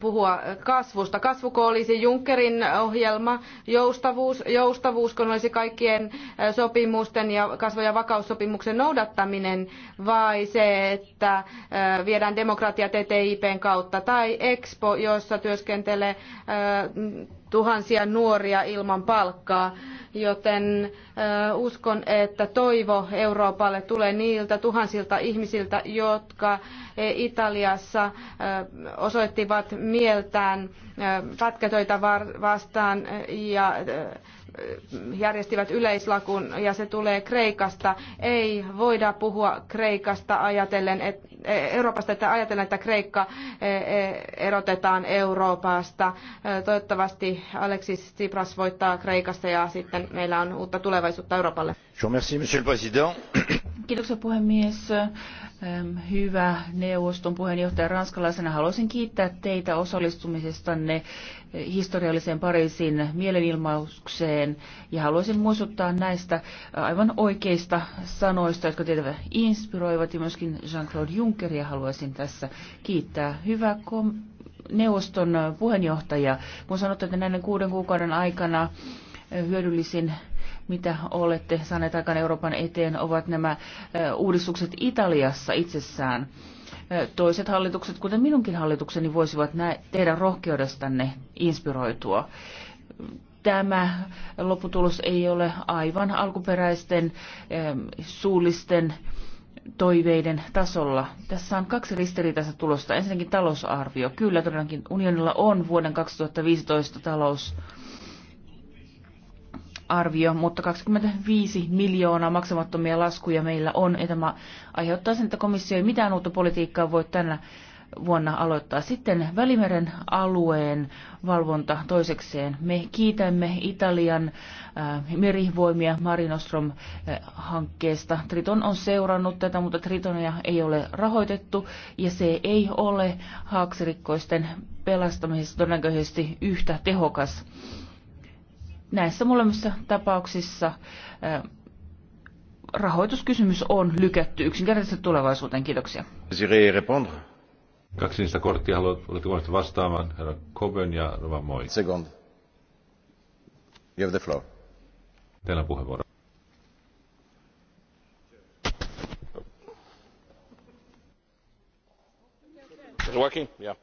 puhua kasvusta. Kasvuko olisi Junckerin ohjelma, joustavuus, joustavuus kun olisi kaikkien sopimusten ja kasvu- ja vakaussopimuksen noudattaminen, vai se, että viedään demokratia TTIPn kautta, tai Expo, jossa työskentelee tuhansia nuoria ilman palkkaa, joten uskon, että toivo Euroopalle tulee niiltä tuhansilta ihmisiltä, jotka e, Italiassa osoittivat mieltään pätkätöitä vastaan ja järjestivät yleislakun ja se tulee Kreikasta. Ei voida puhua Kreikasta ajatellen, et, e, Euroopasta, että ajatellen, että Kreikka e, e, erotetaan Euroopasta. Toivottavasti Alexis Tsipras voittaa Kreikassa ja sitten meillä on uutta tulevaisuutta Euroopalle. monsieur le président. Kiitoksia puhemies. Hyvä neuvoston puheenjohtaja ranskalaisena. Haluaisin kiittää teitä osallistumisestanne historialliseen Pariisin mielenilmaukseen ja haluaisin muistuttaa näistä aivan oikeista sanoista, jotka teitä inspiroivat ja myöskin Jean-Claude Junckeria haluaisin tässä kiittää. Hyvä kom- neuvoston puheenjohtaja, kun sanotte, että näiden kuuden kuukauden aikana hyödyllisin mitä olette saaneet aikaan Euroopan eteen, ovat nämä uudistukset Italiassa itsessään. Toiset hallitukset, kuten minunkin hallitukseni, voisivat nä- teidän rohkeudestanne inspiroitua. Tämä lopputulos ei ole aivan alkuperäisten suullisten toiveiden tasolla. Tässä on kaksi ristiriitaista tulosta. Ensinnäkin talousarvio. Kyllä todellakin unionilla on vuoden 2015 talous arvio, mutta 25 miljoonaa maksamattomia laskuja meillä on, ja tämä aiheuttaa sen, että komissio ei mitään uutta politiikkaa voi tänä vuonna aloittaa. Sitten Välimeren alueen valvonta toisekseen. Me kiitämme Italian äh, merivoimia Marinostrom äh, Triton on seurannut tätä, mutta Tritonia ei ole rahoitettu ja se ei ole haaksirikkoisten pelastamisessa todennäköisesti yhtä tehokas. Äh, näissä molemmissa tapauksissa rahoituskysymys on lykätty yksinkertaisesti tulevaisuuteen. Kiitoksia. Kaksi niistä korttia haluat, oletko vastaamaan, herra Coburn ja Rova Moi. Second. You have the floor. Teillä on puheenvuoro. it working? Yeah.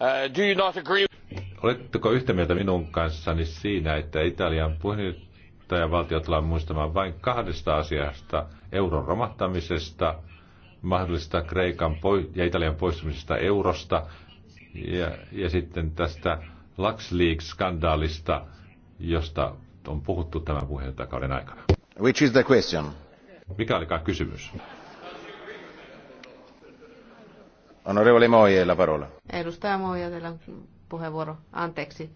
Uh, do you not agree? Oletteko yhtä mieltä minun kanssani siinä, että Italian puheenjohtajavaltio tullaan muistamaan vain kahdesta asiasta, euron romahtamisesta, mahdollista Kreikan ja Italian poistumisesta eurosta ja, ja sitten tästä LuxLeaks-skandaalista, josta on puhuttu tämän puheenjohtajakauden aikana. Which is the question? Mikä olikaan kysymys? Onorevole Moje, la parola. Edustaja Moje, teillä on puheenvuoro, anteeksi.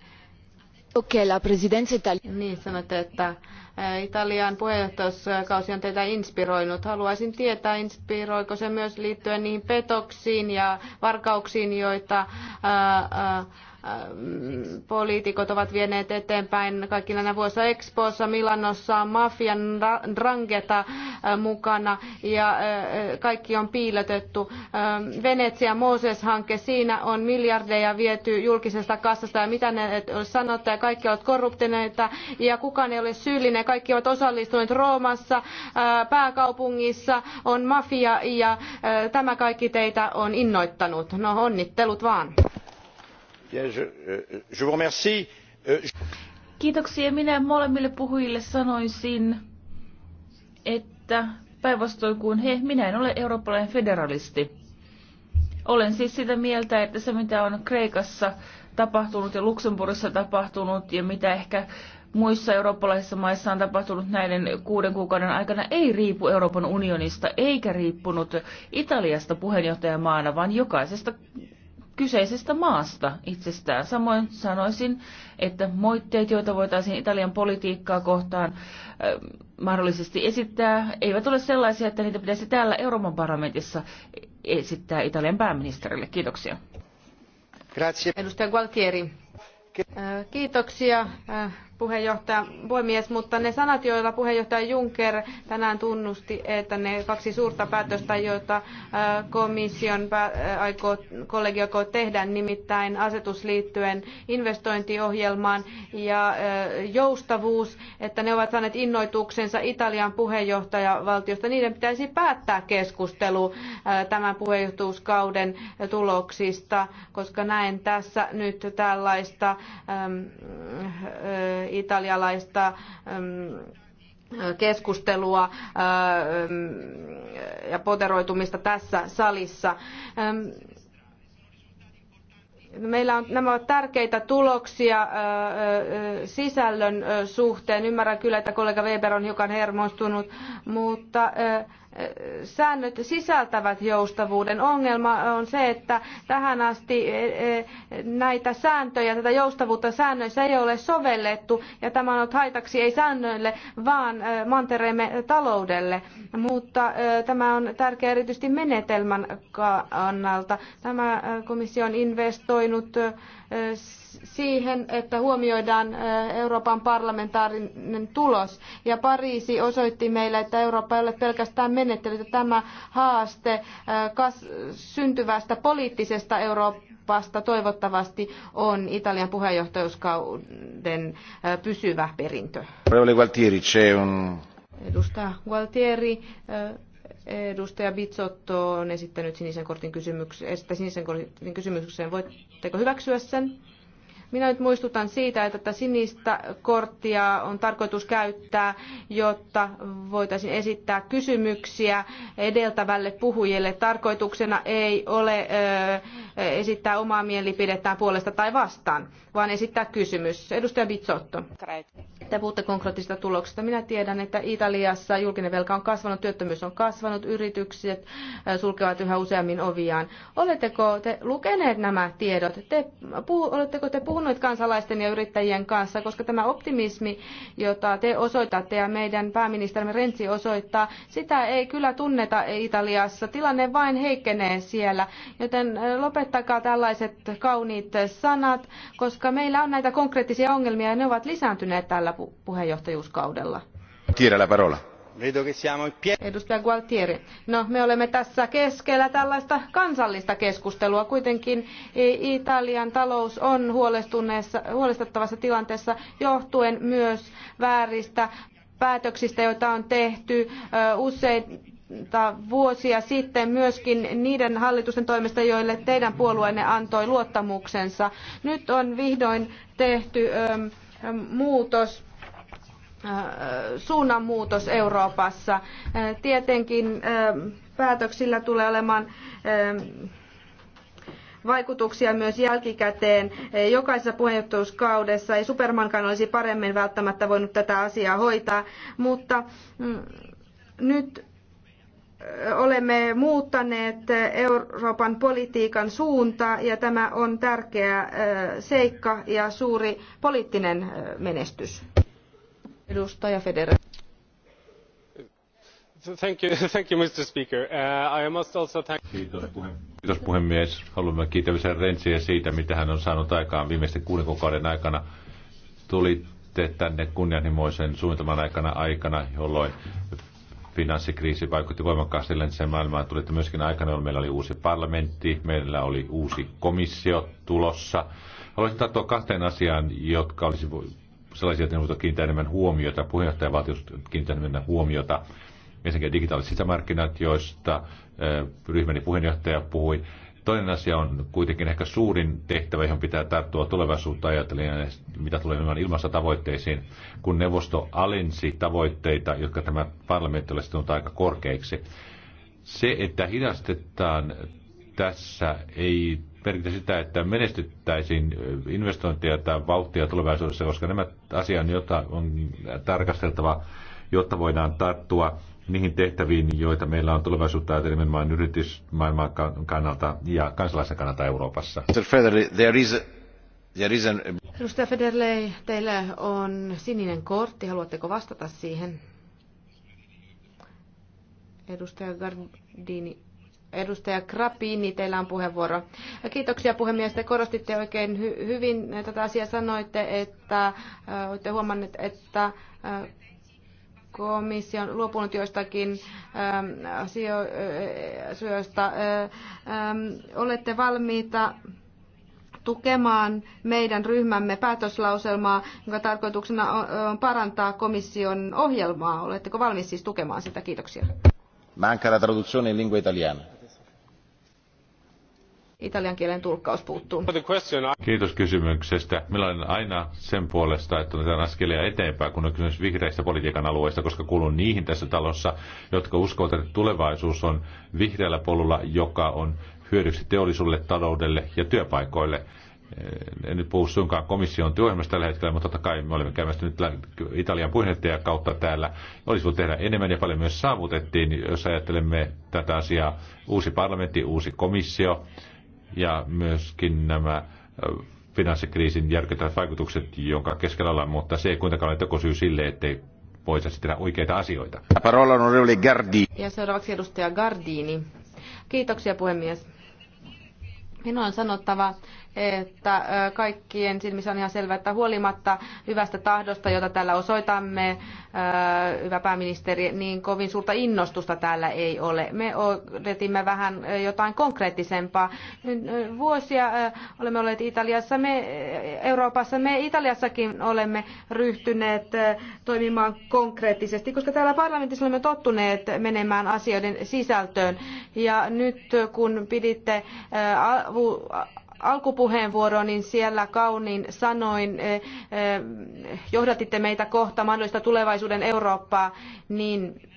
Okei, la presidenza italiana. Niin sanotte, että eh, Italian puheenjohtajakausi on teitä inspiroinut. Haluaisin tietää, inspiroiko se myös liittyen niihin petoksiin ja varkauksiin, joita ää, eh, ää, eh, poliitikot ovat vieneet eteenpäin kaikilla näinä vuosina Expoossa, Milanossa, mafian drangeta äh, mukana ja äh, kaikki on piilotettu. Venetsia Moses-hanke, siinä on miljardeja viety julkisesta kassasta ja mitä ne sanotte ja kaikki ovat korruptineita ja kukaan ei ole syyllinen. Kaikki ovat osallistuneet Roomassa, äh, pääkaupungissa on mafia ja tämä kaikki teitä on innoittanut. No onnittelut vaan. Euh, euh, Kiitoksia. Minä molemmille puhujille sanoisin, että päinvastoin kuin he, minä en ole eurooppalainen federalisti. Olen siis sitä mieltä, että se mitä on Kreikassa tapahtunut ja Luxemburgissa tapahtunut ja mitä ehkä muissa eurooppalaisissa maissa on tapahtunut näiden kuuden kuukauden aikana, ei riipu Euroopan unionista eikä riippunut Italiasta puheenjohtajamaana, vaan jokaisesta kyseisestä maasta itsestään. Samoin sanoisin, että moitteet, joita voitaisiin Italian politiikkaa kohtaan mahdollisesti esittää, eivät ole sellaisia, että niitä pitäisi täällä Euroopan parlamentissa esittää Italian pääministerille. Kiitoksia. Grazie. Edustaja Gualtieri. Kiitoksia puheenjohtaja, puhemies, mutta ne sanat, joilla puheenjohtaja Juncker tänään tunnusti, että ne kaksi suurta päätöstä, joita komission aikoo, kollegio aikoo tehdä, nimittäin asetus liittyen investointiohjelmaan ja joustavuus, että ne ovat saaneet innoituksensa Italian puheenjohtajavaltiosta. Niiden pitäisi päättää keskustelu tämän puheenjohtajuuskauden tuloksista, koska näen tässä nyt tällaista italialaista ähm, keskustelua ähm, ja poteroitumista tässä salissa. Ähm, meillä on, nämä ovat tärkeitä tuloksia äh, äh, sisällön äh, suhteen. Ymmärrän kyllä, että kollega Weber on hiukan hermostunut, mutta säännöt sisältävät joustavuuden. Ongelma on se, että tähän asti e, e, näitä sääntöjä, tätä joustavuutta säännöissä ei ole sovellettu ja tämä on ollut haitaksi ei säännöille, vaan e, mantereemme taloudelle. Mutta tämä on tärkeä erityisesti menetelmän kannalta. Tämä komissio on investoinut siihen, että huomioidaan Euroopan parlamentaarinen tulos. Ja Pariisi osoitti meille, että Eurooppa ei ole pelkästään menettelytä. Tämä haaste syntyvästä poliittisesta Euroopasta toivottavasti on Italian puheenjohtajuuskauden pysyvä perintö. Edustaja Gualtieri, Edustaja Bitsotto on esittänyt sinisen kortin kysymykseen. sinisen kortin kysymykseen. Voitteko hyväksyä sen? Minä nyt muistutan siitä, että tätä sinistä korttia on tarkoitus käyttää, jotta voitaisiin esittää kysymyksiä edeltävälle puhujalle. Tarkoituksena ei ole esittää omaa mielipidettään puolesta tai vastaan, vaan esittää kysymys. Edustaja Bizzotto, te puhutte konkreettisista tuloksista. Minä tiedän, että Italiassa julkinen velka on kasvanut, työttömyys on kasvanut, yritykset äh, sulkevat yhä useammin oviaan. Oletteko te lukeneet nämä tiedot? Te, oletteko te puhuneet kansalaisten ja yrittäjien kanssa, koska tämä optimismi, jota te osoitatte ja meidän pääministerimme Renzi osoittaa, sitä ei kyllä tunneta Italiassa. Tilanne vain heikkenee siellä, joten äh, lopet lopettakaa tällaiset kauniit sanat, koska meillä on näitä konkreettisia ongelmia ja ne ovat lisääntyneet tällä puheenjohtajuuskaudella. Tiedellä parola. Edustaja Gualtieri, no me olemme tässä keskellä tällaista kansallista keskustelua. Kuitenkin Italian talous on huolestuttavassa tilanteessa johtuen myös vääristä päätöksistä, joita on tehty usein vuosia sitten myöskin niiden hallitusten toimesta, joille teidän puolueenne antoi luottamuksensa. Nyt on vihdoin tehty ähm, ähm, muutos äh, suunnanmuutos Euroopassa. Äh, tietenkin ähm, päätöksillä tulee olemaan vaikutuksia myös jälkikäteen. Jokaisessa puheenjohtajuuskaudessa ei Supermankaan olisi paremmin välttämättä voinut tätä asiaa hoitaa, mutta mm, nyt olemme muuttaneet Euroopan politiikan suuntaa ja tämä on tärkeä seikka ja suuri poliittinen menestys. Edustaja Federer. Thank you, thank you, Mr. Speaker. Uh, I must also thank... Kiitos, puhe- Kiitos puhemies. Haluamme kiitellä Rensiä siitä, mitä hän on saanut aikaan viimeisten kuuden kuukauden aikana. Tuli tänne kunnianhimoisen suunnitelman aikana, aikana jolloin finanssikriisi vaikutti voimakkaasti läntiseen maailmaan. Tuli, että myöskin aikana meillä oli uusi parlamentti, meillä oli uusi komissio tulossa. Haluaisin tarttua kahteen asiaan, jotka olisi sellaisia, että ne voisivat kiinnittää enemmän huomiota, puheenjohtajavaltiot kiinnittää enemmän huomiota. Ensinnäkin digitaaliset sisämarkkinat, joista ryhmäni puheenjohtaja puhui. Toinen asia on kuitenkin ehkä suurin tehtävä, johon pitää tarttua tulevaisuutta ajatellen, mitä tulee nimenomaan ilmastotavoitteisiin, kun neuvosto alensi tavoitteita, jotka tämä parlamentti oli sitonut aika korkeiksi. Se, että hidastetaan tässä, ei merkitä sitä, että menestyttäisiin investointeja tai vauhtia tulevaisuudessa, koska nämä asiat, joita on tarkasteltava, jotta voidaan tarttua niihin tehtäviin, joita meillä on tulevaisuutta ajatellen nimenomaan yritysmaailman kannalta ja kansalaisen kannalta Euroopassa. Edustaja Federley, teillä on sininen kortti. Haluatteko vastata siihen? Edustaja Gardini. Edustaja Krapini, teillä on puheenvuoro. Kiitoksia puhemies, te korostitte oikein hy- hyvin tätä asiaa. Sanoitte, että olette huomanneet, että komissio on luopunut joistakin ähm, äh, asioista. Äh, ähm, olette valmiita tukemaan meidän ryhmämme päätöslauselmaa, jonka tarkoituksena on parantaa komission ohjelmaa. Oletteko valmis siis tukemaan sitä? Kiitoksia. Manca la traduzione in lingua italiana italian kielen tulkkaus puuttuu. Kiitos kysymyksestä. Minä olen aina sen puolesta, että otetaan askelia eteenpäin, kun on kysymys vihreistä politiikan alueista, koska kuulun niihin tässä talossa, jotka uskovat, että tulevaisuus on vihreällä polulla, joka on hyödyksi teollisuudelle, taloudelle ja työpaikoille en nyt puhu suinkaan komission työohjelmasta tällä hetkellä, mutta totta kai me olemme käymässä nyt Italian puheenjohtaja kautta täällä. Olisi voinut tehdä enemmän ja paljon myös saavutettiin, jos ajattelemme tätä asiaa. Uusi parlamentti, uusi komissio, ja myöskin nämä finanssikriisin järkyttävät vaikutukset, jonka keskellä ollaan, mutta se ei kuitenkaan ole tekosyy sille, ettei voitaisiin tehdä oikeita asioita. Parola on Gardini. Ja seuraavaksi edustaja Gardini. Kiitoksia puhemies. Minun on sanottava, että kaikkien silmissä on ihan selvää, että huolimatta hyvästä tahdosta, jota täällä osoitamme, hyvä pääministeri, niin kovin suurta innostusta täällä ei ole. Me odotimme vähän jotain konkreettisempaa. Vuosia olemme olleet Italiassa, me Euroopassa, me Italiassakin olemme ryhtyneet toimimaan konkreettisesti, koska täällä parlamentissa olemme tottuneet menemään asioiden sisältöön. Ja nyt kun piditte alkupuheenvuoroon, niin siellä kauniin sanoin eh, eh, johdatitte meitä kohta mahdollista tulevaisuuden Eurooppaa, niin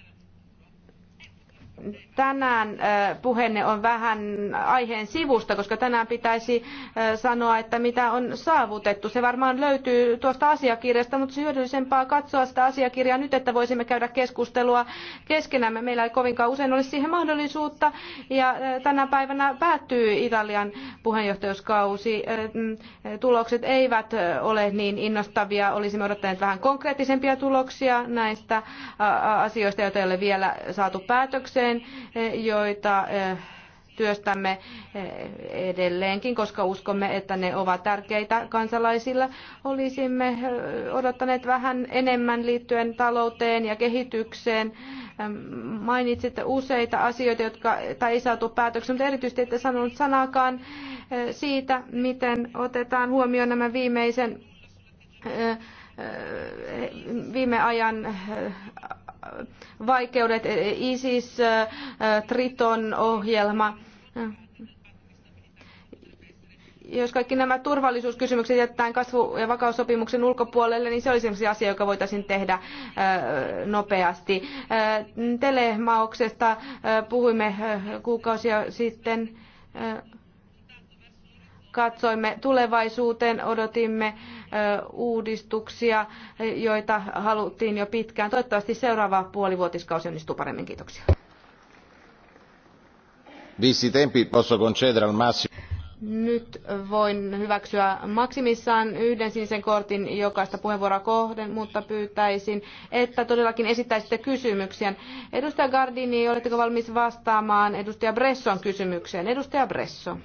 tänään puheenne on vähän aiheen sivusta, koska tänään pitäisi sanoa, että mitä on saavutettu. Se varmaan löytyy tuosta asiakirjasta, mutta hyödyllisempää katsoa sitä asiakirjaa nyt, että voisimme käydä keskustelua keskenämme. Meillä ei kovinkaan usein ole siihen mahdollisuutta ja tänä päivänä päättyy Italian puheenjohtajuuskausi. Tulokset eivät ole niin innostavia. Olisimme odottaneet vähän konkreettisempia tuloksia näistä asioista, joita ei ole vielä saatu päätökseen ehdotukseen, eh, joita eh, työstämme eh, edelleenkin, koska uskomme, että ne ovat tärkeitä kansalaisilla. Olisimme odottaneet vähän enemmän liittyen talouteen ja kehitykseen. Mainitsitte useita asioita, jotka tai ei saatu päätöksen, mutta erityisesti ette sanonut sanakaan siitä, miten otetaan huomioon nämä viimeisen viime ajan vaikeudet, ISIS, äh, Triton ohjelma. Jos kaikki nämä turvallisuuskysymykset jätetään kasvu- ja vakaussopimuksen ulkopuolelle, niin se olisi sellaisia asia, joka voitaisiin tehdä äh, nopeasti. Äh, telemauksesta puhuimme kuukausia sitten katsoimme tulevaisuuteen, odotimme uudistuksia, joita haluttiin jo pitkään. Toivottavasti seuraava puolivuotiskausi onnistuu paremmin. Kiitoksia. tempi, posso concedere al massimo. Nyt voin hyväksyä maksimissaan yhden sinisen kortin jokaista puheenvuoroa kohden, mutta pyytäisin, että todellakin esittäisitte kysymyksiä. Edustaja Gardini, oletteko valmis vastaamaan edustaja Bresson kysymykseen? Edustaja Bresson.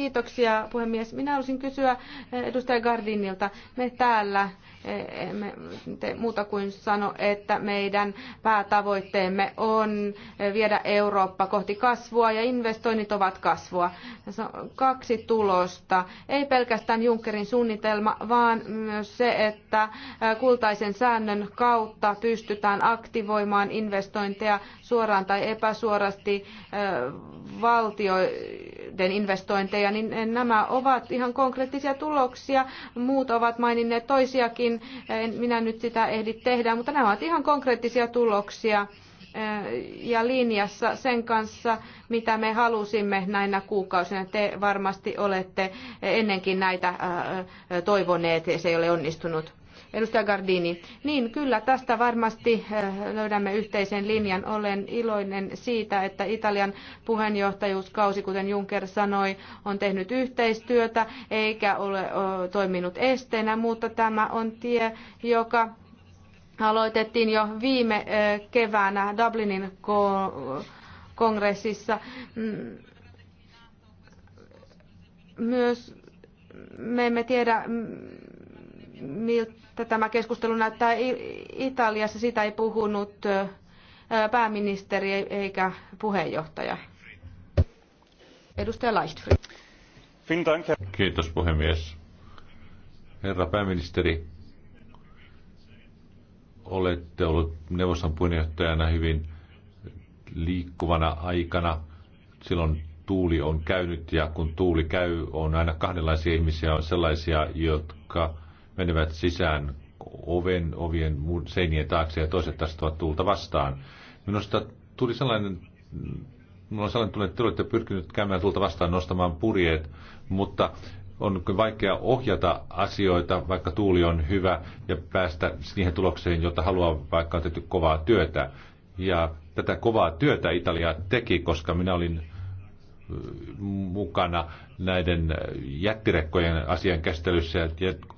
Kiitoksia puhemies. Minä haluaisin kysyä eh, edustaja Gardinilta. Me täällä E, emme te muuta kuin sano, että meidän päätavoitteemme on viedä Eurooppa kohti kasvua ja investoinnit ovat kasvua. Tässä on kaksi tulosta. Ei pelkästään Junckerin suunnitelma, vaan myös se, että kultaisen säännön kautta pystytään aktivoimaan investointeja suoraan tai epäsuorasti valtioiden investointeja, niin nämä ovat ihan konkreettisia tuloksia. Muut ovat maininneet toisiakin niin eh, en minä nyt sitä ehdi tehdä, mutta nämä ovat ihan konkreettisia tuloksia eh, ja linjassa sen kanssa, mitä me halusimme näinä kuukausina. Te varmasti olette ennenkin näitä eh, toivoneet ja se ei ole onnistunut. Edustaja Gardini. Niin, kyllä, tästä varmasti eh, löydämme yhteisen linjan. Olen iloinen siitä, että Italian puheenjohtajuuskausi, kuten Juncker sanoi, on tehnyt yhteistyötä eikä ole toiminut esteenä, mutta tämä on tie, joka aloitettiin jo viime eh, keväänä Dublinin kongressissa. Mm, myös me emme tiedä, mm, miltä tämä keskustelu näyttää Italiassa. Sitä ei puhunut pääministeri eikä puheenjohtaja. Edustaja Leichtfried. Kiitos puhemies. Herra pääministeri, olette ollut neuvoston puheenjohtajana hyvin liikkuvana aikana. Silloin tuuli on käynyt ja kun tuuli käy, on aina kahdenlaisia ihmisiä. On sellaisia, jotka menevät sisään oven, ovien seinien taakse ja toiset taas tuulta vastaan. Minusta tuli sellainen, minulla on sellainen tunne, että te olette pyrkineet käymään tuulta vastaan nostamaan purjeet, mutta on vaikea ohjata asioita, vaikka tuuli on hyvä, ja päästä siihen tulokseen, jota haluaa, vaikka on tehty kovaa työtä. Ja tätä kovaa työtä Italia teki, koska minä olin mukana näiden jättirekkojen asian käsittelyssä.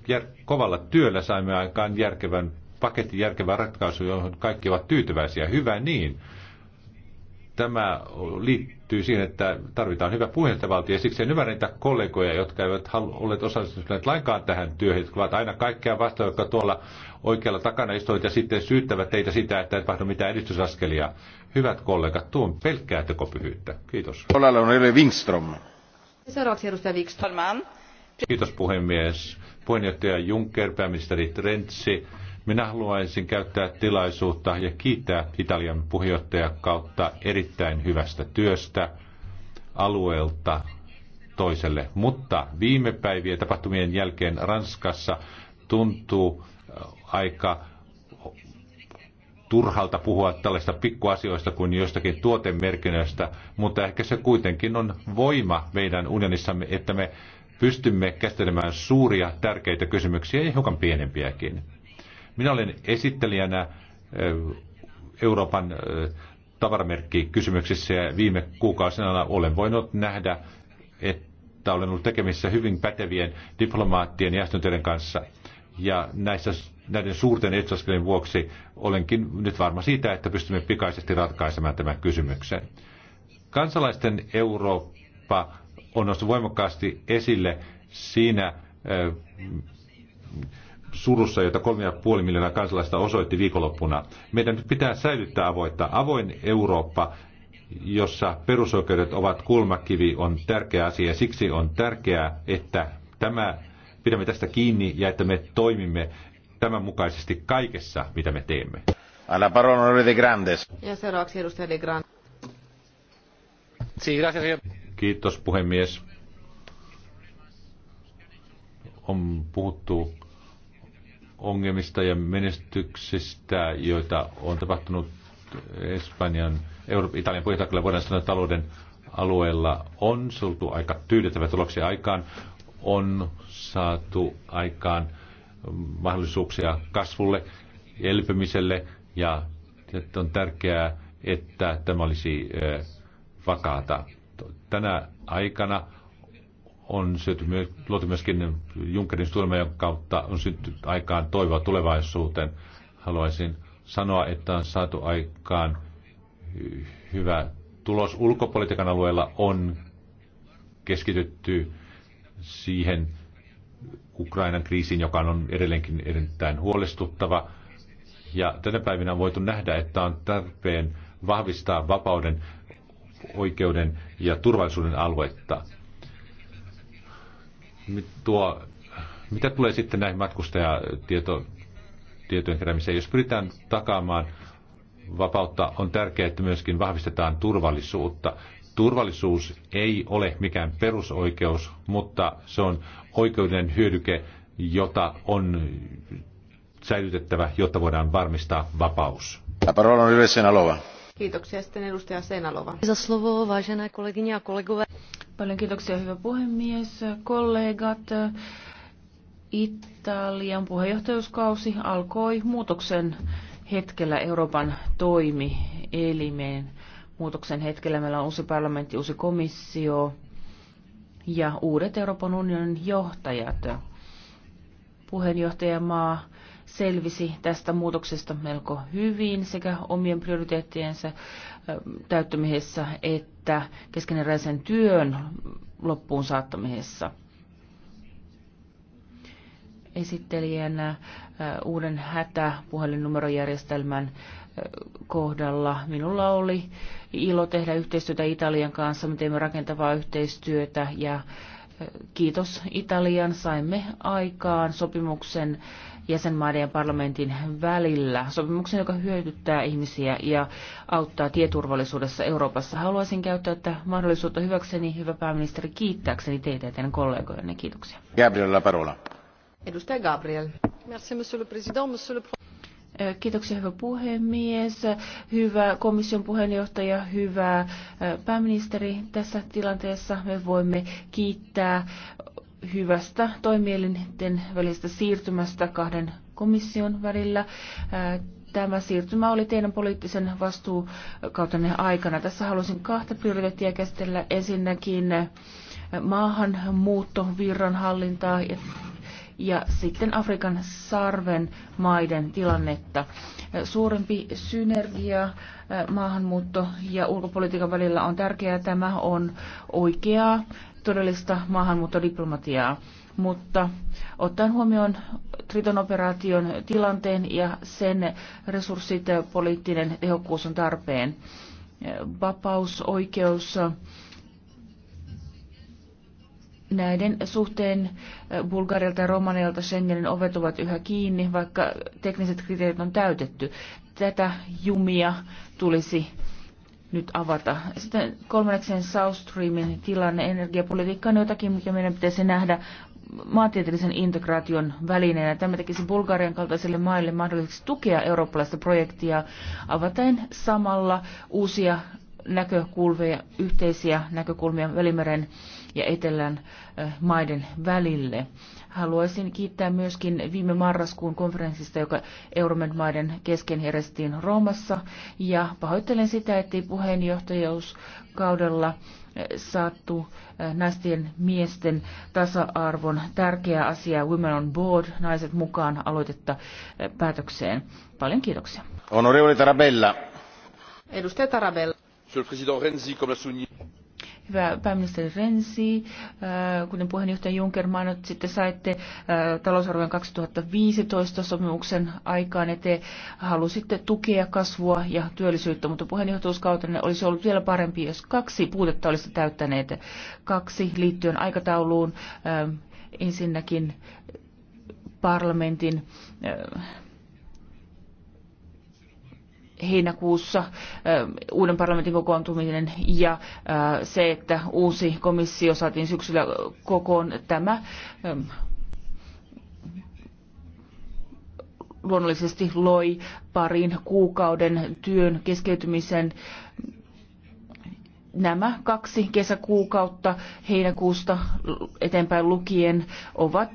Ja kovalla työllä saimme aikaan järkevän paketin, järkevän ratkaisun, johon kaikki ovat tyytyväisiä. Hyvä niin. Tämä liittyy siihen, että tarvitaan hyvä puheenjohtajavaltio. Ja siksi en ymmärrä niitä kollegoja, jotka eivät olleet osallistuneet lainkaan tähän työhön, jotka ovat aina kaikkea vastaan, jotka tuolla oikealla takana istuvat ja sitten syyttävät teitä sitä, että ei tahdo mitään edistysaskelia. Hyvät kollegat, tuon pelkkää tekopyhyyttä. Kiitos. Wingström. Seuraavaksi edustaja Wikström. Kiitos puhemies. Puheenjohtaja Juncker, pääministeri Trentsi. Minä haluaisin käyttää tilaisuutta ja kiittää Italian kautta erittäin hyvästä työstä alueelta toiselle. Mutta viime päivien tapahtumien jälkeen Ranskassa tuntuu aika turhalta puhua tällaista pikkuasioista kuin jostakin tuotemerkinnöistä, mutta ehkä se kuitenkin on voima meidän unionissamme, että me pystymme käsittelemään suuria, tärkeitä kysymyksiä ja hiukan pienempiäkin. Minä olen esittelijänä Euroopan tavaramerkkikysymyksissä ja viime kuukausina olen voinut nähdä, että olen ollut tekemissä hyvin pätevien diplomaattien ja kanssa. Ja näissä näiden suurten etsaskelien vuoksi olenkin nyt varma siitä, että pystymme pikaisesti ratkaisemaan tämän kysymyksen. Kansalaisten Eurooppa on nostu voimakkaasti esille siinä surussa, jota 3,5 miljoonaa kansalaista osoitti viikonloppuna. Meidän nyt pitää säilyttää avoita. Avoin Eurooppa, jossa perusoikeudet ovat kulmakivi, on tärkeä asia. siksi on tärkeää, että tämä pidämme tästä kiinni ja että me toimimme tämän mukaisesti kaikessa, mitä me teemme. Alla parola de Grandes. Ja seuraavaksi edustaja de Kiitos puhemies. On puhuttu ongelmista ja menestyksistä, joita on tapahtunut Espanjan, Euroopan, Italian puheenjohtajalla voidaan sanoa talouden alueella on sultu aika tyydyttäviä tuloksia aikaan. On saatu aikaan mahdollisuuksia kasvulle, elpymiselle ja että on tärkeää, että tämä olisi vakaata. Tänä aikana on syöty myös, luotu myöskin Junckerin jonka kautta on syntynyt aikaan toivoa tulevaisuuteen. Haluaisin sanoa, että on saatu aikaan hyvä tulos. Ulkopolitiikan alueella on keskitytty siihen, Ukrainan kriisiin, joka on edelleenkin erittäin huolestuttava. Ja tänä päivänä on voitu nähdä, että on tarpeen vahvistaa vapauden, oikeuden ja turvallisuuden aluetta. Tuo, mitä tulee sitten näihin matkustajatietojen keräämiseen? Jos pyritään takaamaan vapautta, on tärkeää, että myöskin vahvistetaan turvallisuutta. Turvallisuus ei ole mikään perusoikeus, mutta se on oikeuden hyödyke, jota on säilytettävä, jotta voidaan varmistaa vapaus. La parola on Senalova. Kiitoksia sitten edustaja Senalova. Za slovo, vážené kolegyně a Paljon kiitoksia, hyvä puhemies, kollegat. Italian puheenjohtajuuskausi alkoi muutoksen hetkellä Euroopan toimielimeen muutoksen hetkellä. Meillä on uusi parlamentti, uusi komissio ja uudet Euroopan unionin johtajat. Puheenjohtajamaa selvisi tästä muutoksesta melko hyvin sekä omien prioriteettiensa täyttämisessä että keskeneräisen työn loppuun saattamisessa. Esittelijänä uuden hätäpuhelinnumerojärjestelmän kohdalla. Minulla oli ilo tehdä yhteistyötä Italian kanssa. Me teimme rakentavaa yhteistyötä ja kiitos Italian. Saimme aikaan sopimuksen jäsenmaiden ja parlamentin välillä. Sopimuksen, joka hyödyttää ihmisiä ja auttaa tieturvallisuudessa Euroopassa. Haluaisin käyttää tätä mahdollisuutta hyväkseni, hyvä pääministeri, kiittääkseni teitä ja teidän kollegoidenne. Kiitoksia. Gabriel la parola. Edustaja Gabriel. Merci, monsieur le président, monsieur le... Kiitoksia hyvä puhemies, hyvä komission puheenjohtaja, hyvä pääministeri. Tässä tilanteessa me voimme kiittää hyvästä toimielinten välistä siirtymästä kahden komission välillä. Tämä siirtymä oli teidän poliittisen vastuukautenne aikana. Tässä halusin kahta prioriteettia käsitellä. Ensinnäkin maahanmuuttovirran hallintaa ja ja sitten Afrikan sarven maiden tilannetta. Suurempi synergia maahanmuutto- ja ulkopolitiikan välillä on tärkeää. Tämä on oikeaa todellista maahanmuuttodiplomatiaa mutta ottaen huomioon Triton operaation tilanteen ja sen resurssit, poliittinen tehokkuus on tarpeen. Vapaus, oikeus, näiden suhteen Bulgarilta ja Romanialta Schengenin ovet ovat yhä kiinni, vaikka tekniset kriteerit on täytetty. Tätä jumia tulisi nyt avata. Sitten kolmanneksi South Streamin tilanne, energiapolitiikka on jotakin, mikä meidän pitäisi nähdä maantieteellisen integraation välineenä. Tämä tekisi Bulgarian kaltaisille maille mahdolliseksi tukea eurooppalaista projektia avaten samalla uusia näkökulmia, yhteisiä näkökulmia Välimeren ja etelän maiden välille. Haluaisin kiittää myöskin viime marraskuun konferenssista, joka Euromed-maiden kesken järjestettiin Roomassa, ja pahoittelen sitä, että puheenjohtajuuskaudella saattu naisten miesten tasa-arvon tärkeä asia Women on Board, naiset mukaan aloitetta päätökseen. Paljon kiitoksia. Onorevole Tarabella. Edustaja Tarabella. Monsieur le Président Renzi, comme l'a souligné Hyvä pääministeri Rensi, äh, kuten puheenjohtaja Juncker mainot, sitten saitte äh, talousarvion 2015 sopimuksen aikaan että te halusitte tukea kasvua ja työllisyyttä, mutta puheenjohtajuuskautenne olisi ollut vielä parempi, jos kaksi puutetta olisi täyttäneet. Kaksi liittyen aikatauluun. Äh, ensinnäkin parlamentin heinäkuussa uuden parlamentin kokoontuminen ja se, että uusi komissio saatiin syksyllä kokoon, tämä luonnollisesti loi parin kuukauden työn keskeytymisen nämä kaksi kesäkuukautta heinäkuusta eteenpäin lukien ovat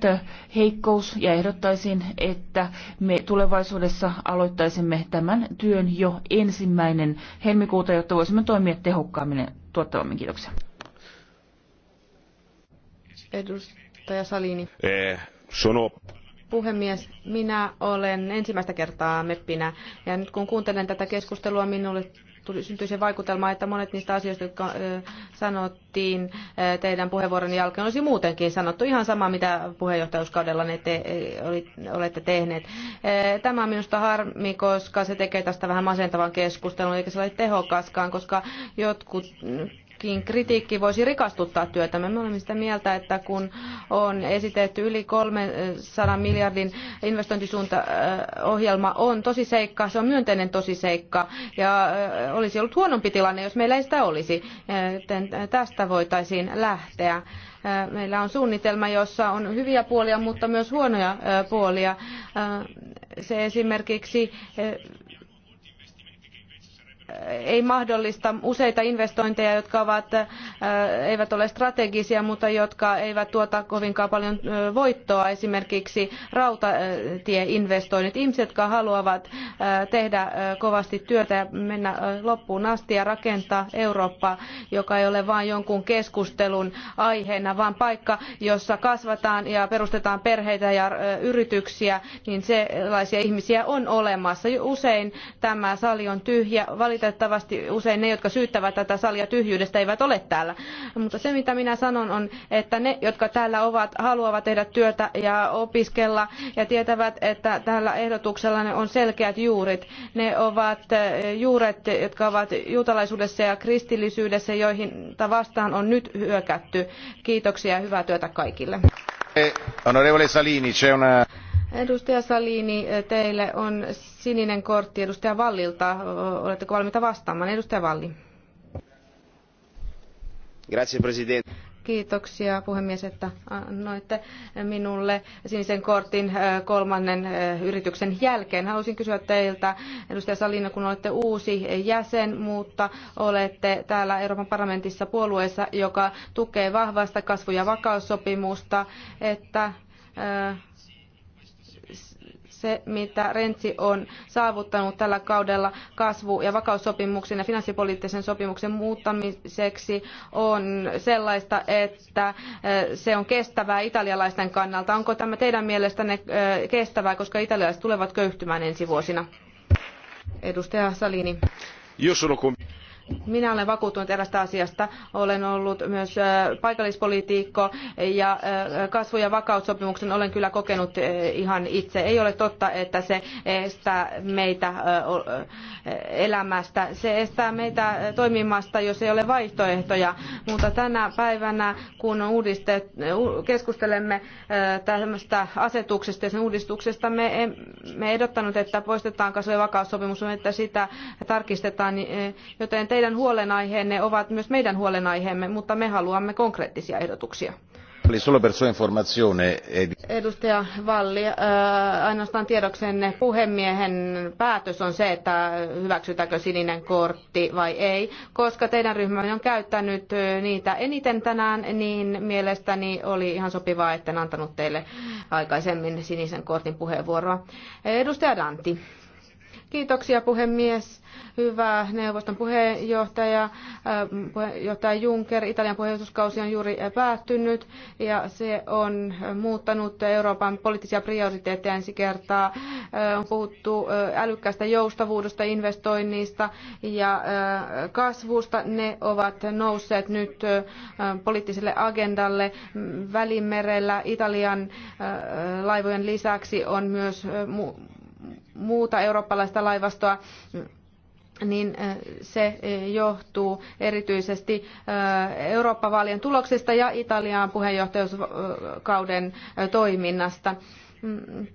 heikkous ja ehdottaisin, että me tulevaisuudessa aloittaisimme tämän työn jo ensimmäinen helmikuuta, jotta voisimme toimia tehokkaammin ja tuottavammin. Kiitoksia. Edustaja Salini. Eh, sono puhemies, minä olen ensimmäistä kertaa meppinä ja nyt kun kuuntelen tätä keskustelua, minulle tuli, syntyi se vaikutelma, että monet niistä asioista, jotka sanottiin teidän puheenvuoron jälkeen, olisi muutenkin sanottu ihan sama, mitä puheenjohtajuuskaudella ne te, olette tehneet. Tämä on minusta harmi, koska se tekee tästä vähän masentavan keskustelun, eikä se ole tehokaskaan, koska jotkut Kuitenkin kritiikki voisi rikastuttaa työtämme. Me olemme sitä mieltä, että kun on esitetty yli 300 miljardin investointisuuntaohjelma, on tosi seikka, se on myönteinen tosi seikka ja olisi ollut huonompi tilanne, jos meillä ei sitä olisi. Joten tästä voitaisiin lähteä. Meillä on suunnitelma, jossa on hyviä puolia, mutta myös huonoja puolia. Se esimerkiksi ei mahdollista useita investointeja, jotka ovat, eivät ole strategisia, mutta jotka eivät tuota kovinkaan paljon voittoa, esimerkiksi rautatieinvestoinnit. Ihmiset, jotka haluavat tehdä kovasti työtä ja mennä loppuun asti ja rakentaa Eurooppaa, joka ei ole vain jonkun keskustelun aiheena, vaan paikka, jossa kasvataan ja perustetaan perheitä ja yrityksiä, niin sellaisia ihmisiä on olemassa. Usein tämä sali on tyhjä. Valitettavasti Valitettavasti usein ne, jotka syyttävät tätä salia tyhjyydestä, eivät ole täällä. Mutta se, mitä minä sanon, on, että ne, jotka täällä ovat, haluavat tehdä työtä ja opiskella ja tietävät, että tällä ehdotuksella ne on selkeät juuret. Ne ovat eh, juuret, jotka ovat juutalaisuudessa ja kristillisyydessä, joihin vastaan on nyt hyökätty. Kiitoksia ja hyvää työtä kaikille. Salini, Edustaja Salini, teille on sininen kortti edustaja Vallilta. Oletteko valmis vastaamaan? Edustaja Valli. Kiitoksia puhemies, että annoitte minulle sinisen kortin kolmannen yrityksen jälkeen. Haluaisin kysyä teiltä, edustaja Salina, kun olette uusi jäsen, mutta olette täällä Euroopan parlamentissa puolueessa, joka tukee vahvasta kasvu- ja vakaussopimusta, että se, mitä Rentsi on saavuttanut tällä kaudella kasvu- ja vakaussopimuksen ja finanssipoliittisen sopimuksen muuttamiseksi, on sellaista, että äh, se on kestävää italialaisten kannalta. Onko tämä teidän mielestänne äh, kestävää, koska italialaiset tulevat köyhtymään ensi vuosina? Edustaja Salini. Minä olen vakuuttunut erästä asiasta. Olen ollut myös paikallispolitiikko ja kasvu- ja vakaussopimuksen olen kyllä kokenut ihan itse. Ei ole totta, että se estää meitä elämästä. Se estää meitä toimimasta, jos ei ole vaihtoehtoja. Mutta tänä päivänä, kun uudistet, keskustelemme tästä asetuksesta ja sen uudistuksesta, me emme ehdottanut, että poistetaan kasvu- ja vakaussopimus, vaan että sitä tarkistetaan, niin, joten te teidän huolenaiheenne ovat myös meidän huolenaiheemme, mutta me haluamme konkreettisia ehdotuksia. Edustaja Valli, äh, ainoastaan tiedoksenne puhemiehen päätös on se, että hyväksytäänkö sininen kortti vai ei. Koska teidän ryhmänne on käyttänyt äh, niitä eniten tänään, niin mielestäni oli ihan sopivaa, etten antanut teille aikaisemmin sinisen kortin puheenvuoroa. Edustaja Danti. Kiitoksia puhemies. Hyvä neuvoston puheenjohtaja, äh, puheenjohtaja Juncker. Italian puheenjohtajuuskausi on juuri päättynyt ja se on muuttanut Euroopan poliittisia prioriteetteja ensi kertaa. Äh, on puhuttu äh, älykkästä joustavuudesta, investoinnista ja kasvusta. Ne ovat nousseet nyt poliittiselle agendalle välimerellä. Italian laivojen lisäksi on myös muuta eurooppalaista laivastoa, niin äh, se äh, johtuu erityisesti äh, Eurooppa-vaalien tuloksista ja Italian puheenjohtajuuskauden toiminnasta mm,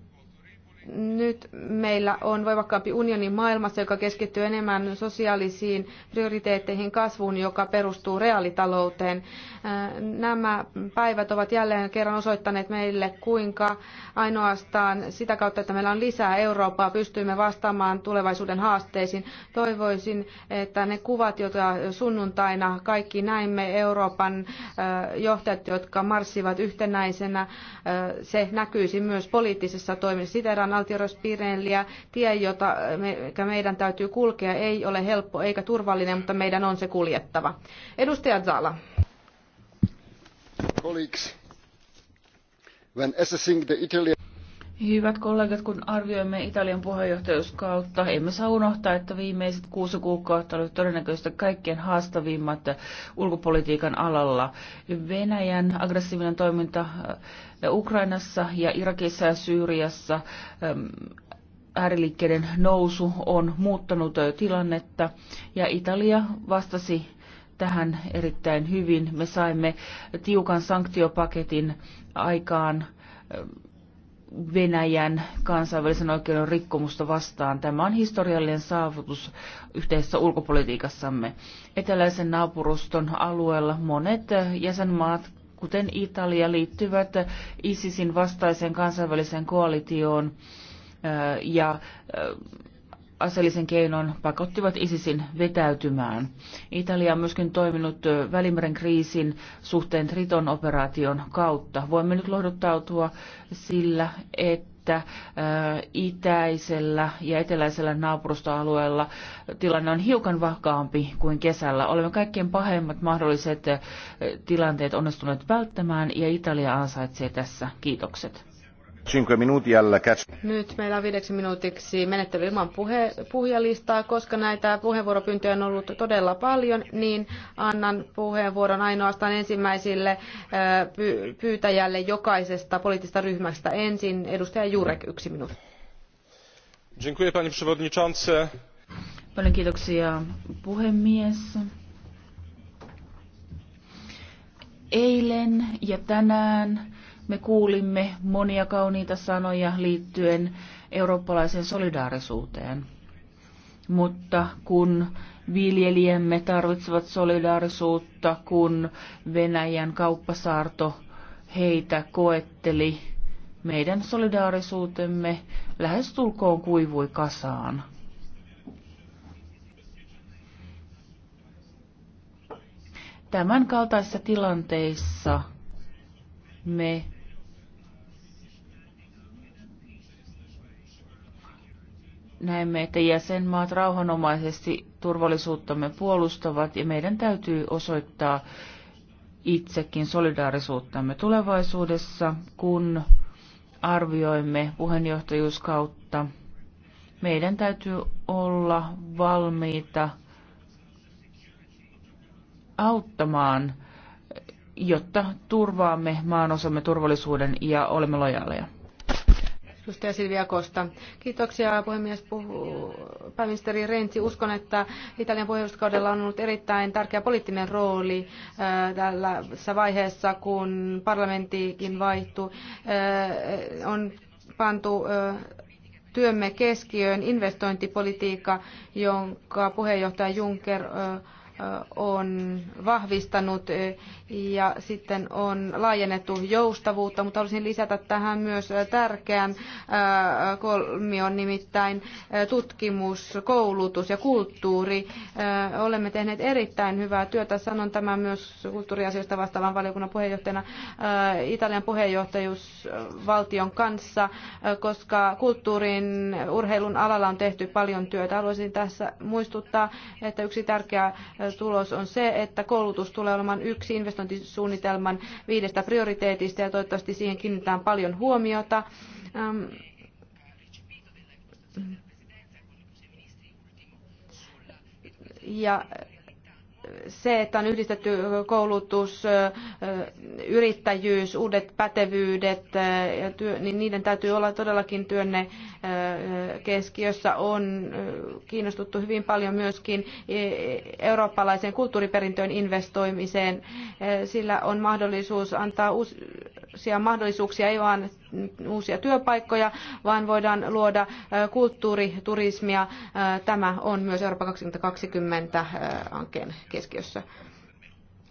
nyt meillä on voimakkaampi unioni maailmassa, joka keskittyy enemmän sosiaalisiin prioriteetteihin kasvuun, joka perustuu reaalitalouteen. Äh, nämä päivät ovat jälleen kerran osoittaneet meille, kuinka ainoastaan sitä kautta, että meillä on lisää Eurooppaa, pystymme vastaamaan tulevaisuuden haasteisiin. Toivoisin, että ne kuvat, joita sunnuntaina kaikki näimme, Euroopan äh, johtajat, jotka marssivat yhtenäisenä, äh, se näkyisi myös poliittisessa toiminnassa on Altiros Tie, jota meidän täytyy kulkea, ei ole helppo eikä turvallinen, mutta meidän on se kuljettava. Edustaja Zala. Colleagues, when assessing the Italian... Hyvät kollegat, kun arvioimme Italian puheenjohtajuuskautta, emme saa unohtaa, että viimeiset kuusi kuukautta olivat todennäköisesti kaikkien haastavimmat ulkopolitiikan alalla. Venäjän aggressiivinen toiminta Ukrainassa ja Irakissa ja Syyriassa ähm, ääriliikkeiden nousu on muuttanut äh, tilannetta ja Italia vastasi tähän erittäin hyvin. Me saimme tiukan sanktiopaketin aikaan äh, Venäjän kansainvälisen oikeuden rikkomusta vastaan. Tämä on historiallinen saavutus yhteisessä ulkopolitiikassamme. Eteläisen naapuruston alueella monet äh, jäsenmaat kuten Italia, liittyvät ISISin vastaisen kansainväliseen koalitioon ja aseellisen keinon pakottivat ISISin vetäytymään. Italia on myöskin toiminut Välimeren kriisin suhteen Triton operaation kautta. Voimme nyt lohduttautua sillä, että että itäisellä ja eteläisellä naapurustoalueella tilanne on hiukan vakaampi kuin kesällä. Olemme kaikkein pahemmat mahdolliset tilanteet onnistuneet välttämään ja Italia ansaitsee tässä kiitokset. Nyt meillä on viideksi minuutiksi menettely ilman puhe, puhujalistaa. Koska näitä puheenvuoropyyntöjä on ollut todella paljon, niin annan puheenvuoron ainoastaan ensimmäisille py, pyytäjälle jokaisesta poliittisesta ryhmästä. Ensin edustaja Jurek, yksi minuutti. Dziękuję, panie przewodniczący. Paljon kiitoksia, puhemies. Eilen ja tänään me kuulimme monia kauniita sanoja liittyen eurooppalaiseen solidaarisuuteen. Mutta kun viljelijämme tarvitsevat solidaarisuutta, kun Venäjän kauppasaarto heitä koetteli, meidän solidaarisuutemme lähestulkoon kuivui kasaan. Tämän kaltaisissa tilanteissa – me näemme, että jäsenmaat rauhanomaisesti turvallisuuttamme puolustavat ja meidän täytyy osoittaa itsekin solidaarisuuttamme tulevaisuudessa, kun arvioimme puheenjohtajuuskautta. Meidän täytyy olla valmiita auttamaan jotta turvaamme maanosamme turvallisuuden ja olemme lojaaleja. Edustaja Silvia Kosta. Kiitoksia puhemies puhu, pääministeri Renzi. Uskon, että Italian puheenjohtajakaudella on ollut erittäin tärkeä poliittinen rooli äh, tällä vaiheessa, kun vaihtui. vaihtuu. Äh, on pantu äh, työmme keskiöön investointipolitiikka, jonka puheenjohtaja Juncker on vahvistanut eh, ja sitten on laajennettu joustavuutta, mutta haluaisin lisätä tähän myös tärkeän eh, kolmion, nimittäin eh, tutkimus, koulutus ja kulttuuri. Olemme tehneet erittäin hyvää työtä, sanon tämän myös kulttuuriasioista vastaavan valiokunnan puheenjohtajana Italian puheenjohtajuusvaltion kanssa, koska kulttuurin, urheilun alalla on tehty paljon työtä. Haluaisin tässä muistuttaa, että yksi tärkeä tulos on se, että koulutus tulee olemaan yksi investointisuunnitelman viidestä prioriteetista ja toivottavasti siihen kiinnitetään paljon huomiota. Ähm, ja se, että on yhdistetty koulutus, yrittäjyys, uudet pätevyydet, ja työ, niin niiden täytyy olla todellakin työnne keskiössä. On kiinnostuttu hyvin paljon myöskin e, eurooppalaiseen kulttuuriperintöön investoimiseen. E, sillä on mahdollisuus antaa uusia mahdollisuuksia, ei vain uusia työpaikkoja, vaan voidaan luoda kulttuuriturismia. Tämä on myös Euroopan 2020 hankkeen keskiössä keskiössä.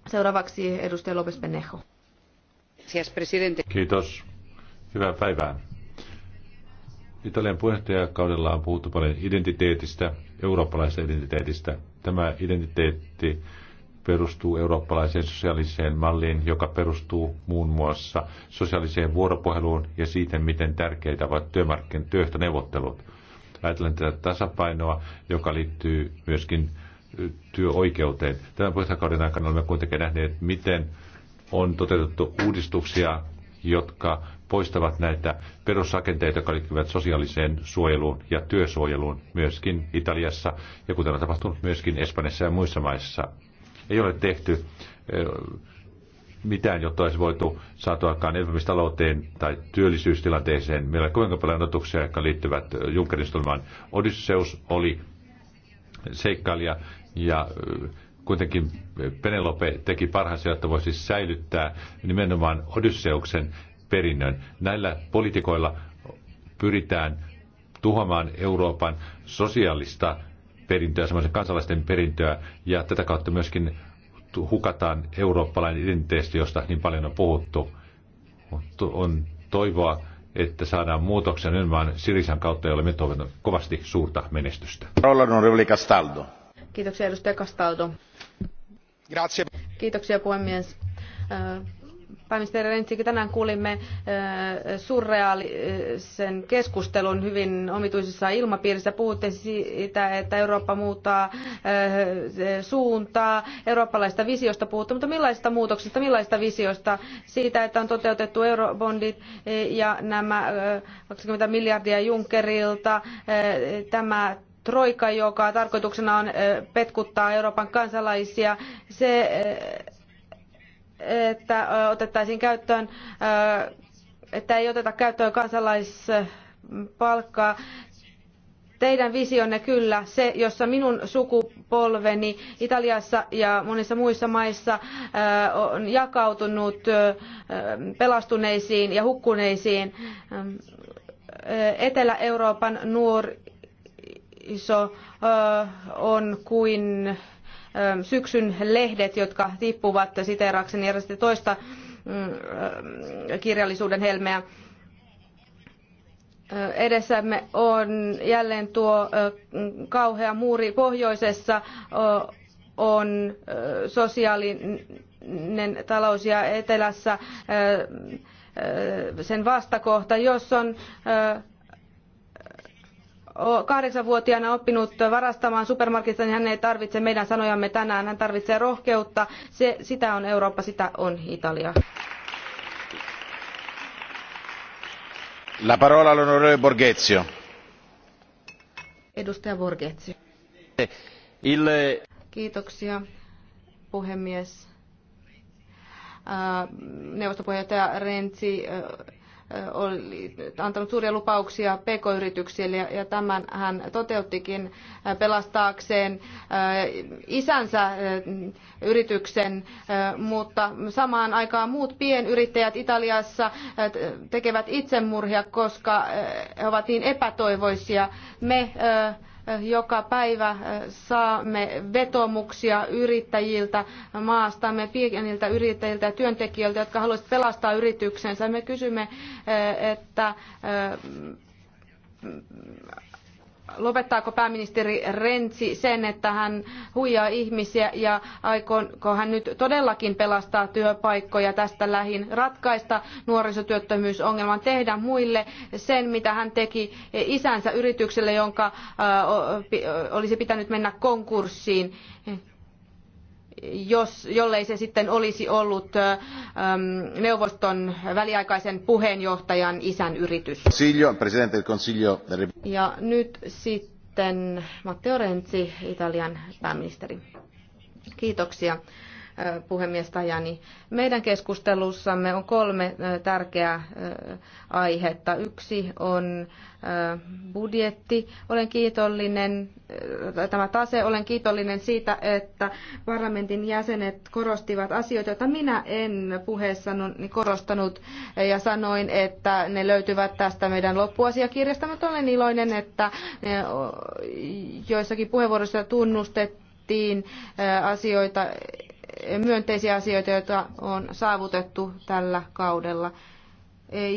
Seuraavaksi edustaja López Benejo. Kiitos. Hyvää päivää. Italian puheenjohtajakaudella on puhuttu paljon identiteetistä, eurooppalaisesta identiteetistä. Tämä identiteetti perustuu eurooppalaiseen sosiaaliseen malliin, joka perustuu muun muassa sosiaaliseen vuoropuheluun ja siitä, miten tärkeitä ovat työmarkkinoiden työhtöneuvottelut. Ajatellen tätä tasapainoa, joka liittyy myöskin työoikeuteen. Tämän puheenjohtajakauden aikana olemme kuitenkin nähneet, miten on toteutettu uudistuksia, jotka poistavat näitä perusrakenteita, jotka liittyvät sosiaaliseen suojeluun ja työsuojeluun myöskin Italiassa ja kuten on tapahtunut myöskin Espanjassa ja muissa maissa. Ei ole tehty mitään, jotta olisi voitu saatu aikaan elpymistalouteen tai työllisyystilanteeseen. Meillä on kuinka paljon otuksia, jotka liittyvät Junckerin Odysseus oli seikkailija, ja kuitenkin Penelope teki parhaansa, jotta voisi säilyttää nimenomaan Odysseuksen perinnön. Näillä poliitikoilla pyritään tuhoamaan Euroopan sosiaalista perintöä, semmoisen kansalaisten perintöä, ja tätä kautta myöskin hukataan eurooppalainen identiteetti, josta niin paljon on puhuttu. On toivoa, että saadaan muutoksen ilman Sirisan kautta, jolle me kovasti suurta menestystä. Rolla on Castaldo. Kiitoksia edustaja Grazie. Kiitoksia puhemies. Äh, pääministeri Rentsikin tänään kuulimme äh, surreaalisen keskustelun hyvin omituisessa ilmapiirissä. Puhutte siitä, että Eurooppa muuttaa äh, suuntaa, eurooppalaista visiosta puhutte, mutta millaisista muutoksista, millaisista visiosta? Siitä, että on toteutettu eurobondit ja nämä 20 miljardia Junckerilta, tämä troika, joka tarkoituksena on petkuttaa Euroopan kansalaisia, se, että otettaisiin käyttöön, että ei oteta käyttöön kansalaispalkkaa. Teidän visionne kyllä, se, jossa minun sukupolveni Italiassa ja monissa muissa maissa on jakautunut pelastuneisiin ja hukkuneisiin. Etelä-Euroopan nuori iso on kuin syksyn lehdet, jotka tippuvat siteerakseni erästä toista mm, kirjallisuuden helmeä. Edessämme on jälleen tuo kauhea muuri pohjoisessa, on sosiaalinen talous ja etelässä sen vastakohta, jos on kahdeksanvuotiaana oppinut varastamaan supermarketista, niin hän ei tarvitse meidän sanojamme tänään. Hän tarvitsee rohkeutta. Se, sitä on Eurooppa, sitä on Italia. La parola all'onorevole Borghezio. Edustaja Borghezio. Il... Kiitoksia, puhemies. Neuvostopuheenjohtaja Renzi oli antanut suuria lupauksia pk-yrityksille ja tämän hän toteuttikin pelastaakseen isänsä yrityksen, mutta samaan aikaan muut pienyrittäjät Italiassa tekevät itsemurhia, koska he ovat niin epätoivoisia. Me joka päivä äh, saamme vetomuksia yrittäjiltä maastamme, pieniltä yrittäjiltä ja työntekijöiltä, jotka haluaisivat pelastaa yrityksensä. Me kysymme, äh, että äh, lopettaako pääministeri Renzi sen, että hän huijaa ihmisiä ja aikooko hän nyt todellakin pelastaa työpaikkoja tästä lähin ratkaista nuorisotyöttömyysongelman tehdä muille sen, mitä hän teki isänsä yritykselle, jonka olisi pitänyt mennä konkurssiin jos, jollei se sitten olisi ollut neuvoston väliaikaisen puheenjohtajan isän yritys. Ja nyt sitten Matteo Renzi, Italian pääministeri. Kiitoksia puhemies Tajani. Meidän keskustelussamme on kolme tärkeää aihetta. Yksi on budjetti. Olen kiitollinen, tämä tase, olen kiitollinen siitä, että parlamentin jäsenet korostivat asioita, joita minä en puheessani korostanut ja sanoin, että ne löytyvät tästä meidän loppuasiakirjasta, mutta olen iloinen, että joissakin puheenvuoroissa tunnustettiin asioita, myönteisiä asioita, joita on saavutettu tällä kaudella.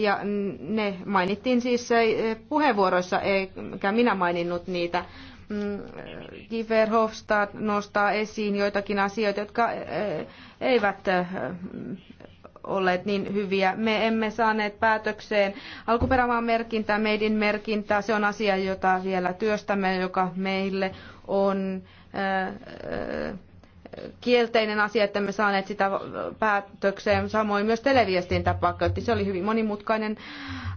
Ja ne mainittiin siis eh, puheenvuoroissa, eikä minä maininnut niitä. Mm, Giver Hofstad nostaa esiin joitakin asioita, jotka eh, eivät eh, olleet niin hyviä. Me emme saaneet päätökseen alkuperämaan merkintää, meidin merkintää. Se on asia, jota vielä työstämme, joka meille on kielteinen asia, että me saaneet sitä päätökseen. Samoin myös televiestintäpaketti. Se oli hyvin monimutkainen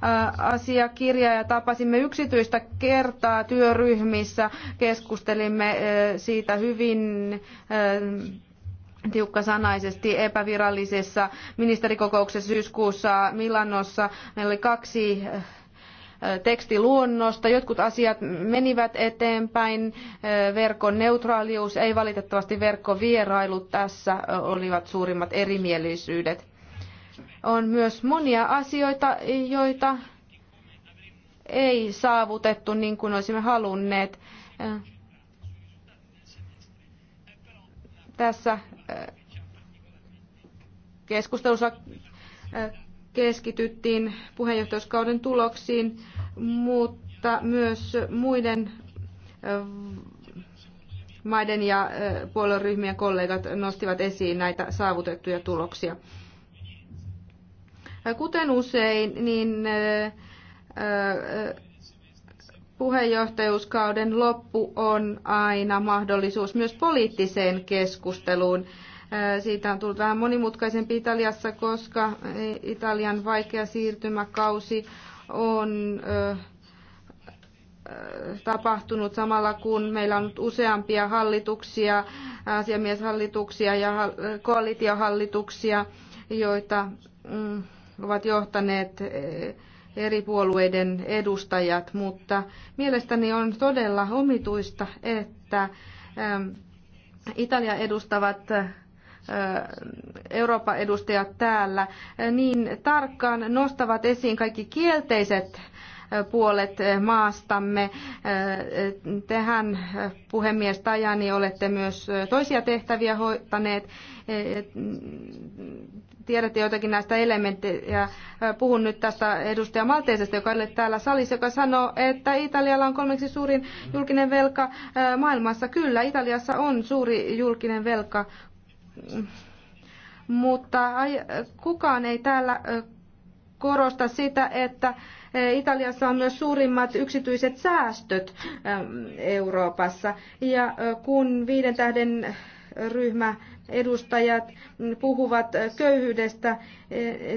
äh, asiakirja ja tapasimme yksityistä kertaa työryhmissä. Keskustelimme äh, siitä hyvin äh, tiukkasanaisesti epävirallisessa ministerikokouksessa syyskuussa Milanossa. Meillä oli kaksi tekstiluonnosta. Jotkut asiat menivät eteenpäin. Verkon neutraalius, ei valitettavasti verkkovierailu tässä olivat suurimmat erimielisyydet. On myös monia asioita, joita ei saavutettu niin kuin olisimme halunneet. Tässä keskustelussa keskityttiin puheenjohtajuuskauden tuloksiin, mutta myös muiden äh, maiden ja äh, puolueryhmien kollegat nostivat esiin näitä saavutettuja tuloksia. Äh, kuten usein, niin puheenjohtajuuskauden loppu on aina mahdollisuus myös poliittiseen keskusteluun siitä on tullut vähän monimutkaisempi Italiassa, koska Italian vaikea siirtymäkausi on tapahtunut samalla kun meillä on useampia hallituksia, asiamieshallituksia ja koalitiohallituksia, joita mm, ovat johtaneet eri puolueiden edustajat, mutta mielestäni on todella omituista, että Italia edustavat Euroopan edustajat täällä niin tarkkaan nostavat esiin kaikki kielteiset puolet maastamme. Tehän puhemies Tajani olette myös toisia tehtäviä hoitaneet. Tiedätte jotakin näistä elementtejä. Puhun nyt tästä edustaja Malteisesta, joka oli täällä salissa, joka sanoo, että Italialla on kolmeksi suurin julkinen velka maailmassa. Kyllä, Italiassa on suuri julkinen velka, mutta kukaan ei täällä korosta sitä, että Italiassa on myös suurimmat yksityiset säästöt Euroopassa. Ja kun viiden tähden ryhmä edustajat puhuvat köyhyydestä,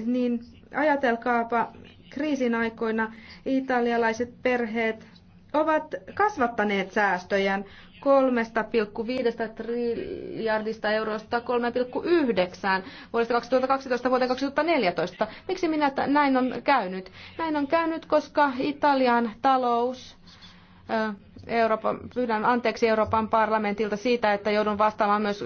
niin ajatelkaapa kriisin aikoina italialaiset perheet ovat kasvattaneet säästöjään, 3,5 triljardista eurosta 3,9 vuodesta 2012 vuoteen 2014. Miksi minä näin on käynyt? Näin on käynyt, koska Italian talous Euroopan, pyydän anteeksi Euroopan parlamentilta siitä, että joudun vastaamaan myös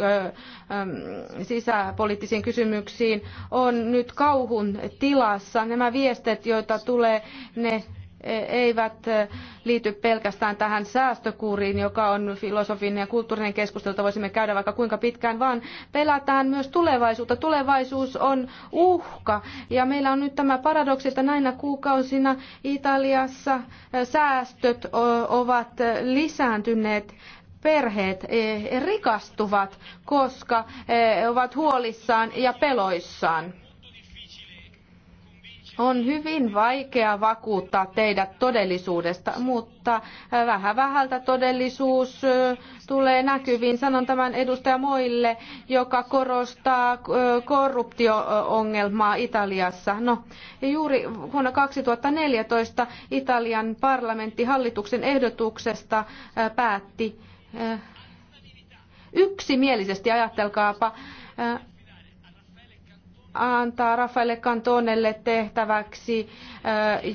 sisäpoliittisiin kysymyksiin, on nyt kauhun tilassa. Nämä viestit, joita tulee, ne E, eivät e, liity pelkästään tähän säästökuuriin, joka on filosofinen ja kulttuurinen keskustelu, jota voisimme käydä vaikka kuinka pitkään, vaan pelätään myös tulevaisuutta. Tulevaisuus on uhka. Ja meillä on nyt tämä paradoksi, että näinä kuukausina Italiassa e, säästöt ovat lisääntyneet perheet rikastuvat, koska ovat huolissaan ja peloissaan. On hyvin vaikea vakuuttaa teidät todellisuudesta, mutta vähän vähältä todellisuus tulee näkyviin. Sanon tämän edustaja Moille, joka korostaa korruptioongelmaa Italiassa. No, juuri vuonna 2014 Italian parlamentti hallituksen ehdotuksesta päätti yksimielisesti, ajattelkaapa, antaa Rafaelle Cantonelle tehtäväksi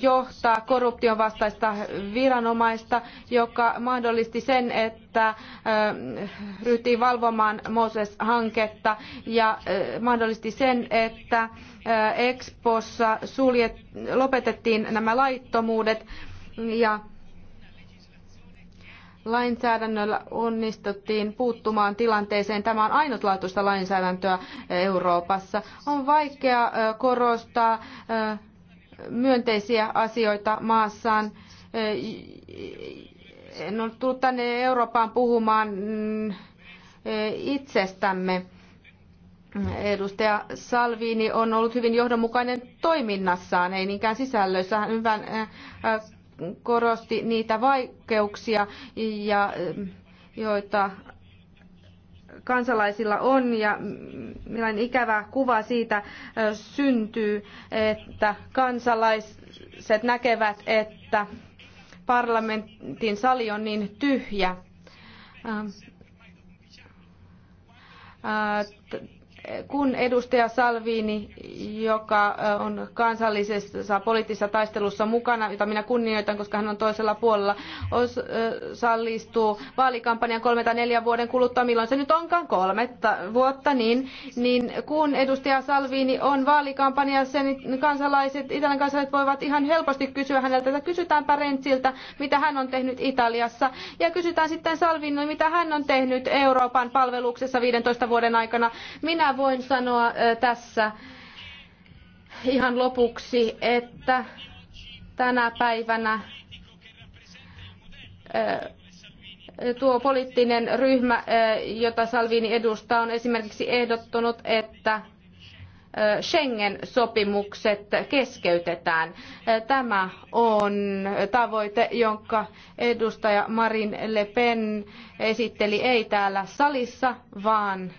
johtaa korruption vastaista viranomaista, joka mahdollisti sen, että ryhtyi valvomaan Moses-hanketta ja mahdollisti sen, että Expossa suljet, lopetettiin nämä laittomuudet ja lainsäädännöllä onnistuttiin puuttumaan tilanteeseen. Tämä on ainutlaatuista lainsäädäntöä Euroopassa. On vaikea korostaa myönteisiä asioita maassaan. En ole tullut tänne Eurooppaan puhumaan mm, itsestämme. Edustaja Salvini on ollut hyvin johdonmukainen toiminnassaan, ei niinkään sisällöissä. hyvän korosti niitä vaikeuksia, ja, joita kansalaisilla on ja millainen ikävä kuva siitä syntyy, että kansalaiset näkevät, että parlamentin sali on niin tyhjä kun edustaja Salvini, joka on kansallisessa poliittisessa taistelussa mukana, jota minä kunnioitan, koska hän on toisella puolella, os, sallistuu vaalikampanjan kolme tai neljän vuoden kuluttua, milloin se nyt onkaan kolme vuotta, niin, niin kun edustaja Salvini on vaalikampanjassa, niin kansalaiset, Italian kansalaiset voivat ihan helposti kysyä häneltä, että kysytäänpä Rentsiltä, mitä hän on tehnyt Italiassa, ja kysytään sitten Salvini, mitä hän on tehnyt Euroopan palveluksessa 15 vuoden aikana. Minä voin sanoa tässä ihan lopuksi, että tänä päivänä tuo poliittinen ryhmä, jota Salvini edustaa, on esimerkiksi ehdottanut, että Schengen-sopimukset keskeytetään. Tämä on tavoite, jonka edustaja Marin Le Pen esitteli ei täällä salissa, vaan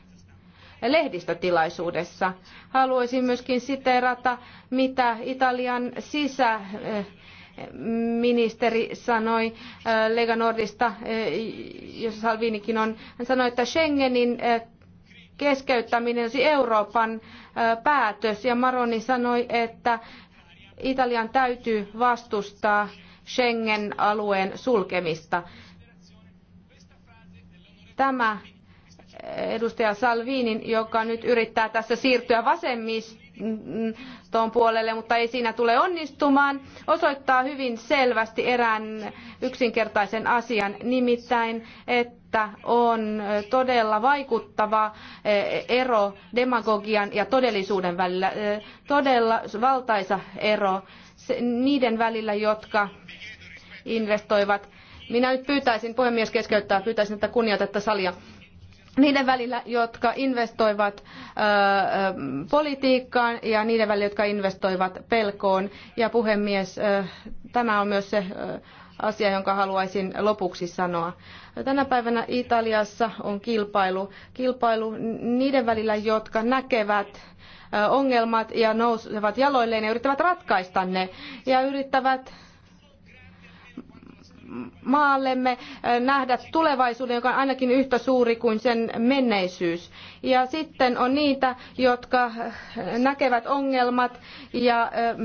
lehdistötilaisuudessa. Haluaisin myöskin siteerata, mitä Italian sisäministeri eh, sanoi eh, Lega Nordista, eh, jossa Salvinikin on, hän sanoi, että Schengenin keskeyttäminen olisi Euroopan päätös ja Maroni sanoi, että Italian täytyy vastustaa Schengen-alueen sulkemista. Tämä edustaja Salvinin, joka nyt yrittää tässä siirtyä vasemmiston puolelle, mutta ei siinä tule onnistumaan, osoittaa hyvin selvästi erään yksinkertaisen asian, nimittäin, että on todella vaikuttava e, ero demagogian ja todellisuuden välillä, e, todella valtaisa ero niiden välillä, jotka investoivat. Minä nyt pyytäisin, puhemies keskeyttää, pyytäisin, että kunnioitatte salia niiden välillä, jotka investoivat politiikkaan ja niiden välillä, jotka investoivat pelkoon. Ja puhemies, tämä on myös se asia, jonka haluaisin lopuksi sanoa. Tänä päivänä Italiassa on kilpailu. Kilpailu niiden välillä, jotka näkevät ongelmat ja nousevat jaloilleen ja yrittävät ratkaista ne ja yrittävät maallemme äh, nähdä tulevaisuuden, joka on ainakin yhtä suuri kuin sen menneisyys. Ja sitten on niitä, jotka äh, näkevät ongelmat ja äh,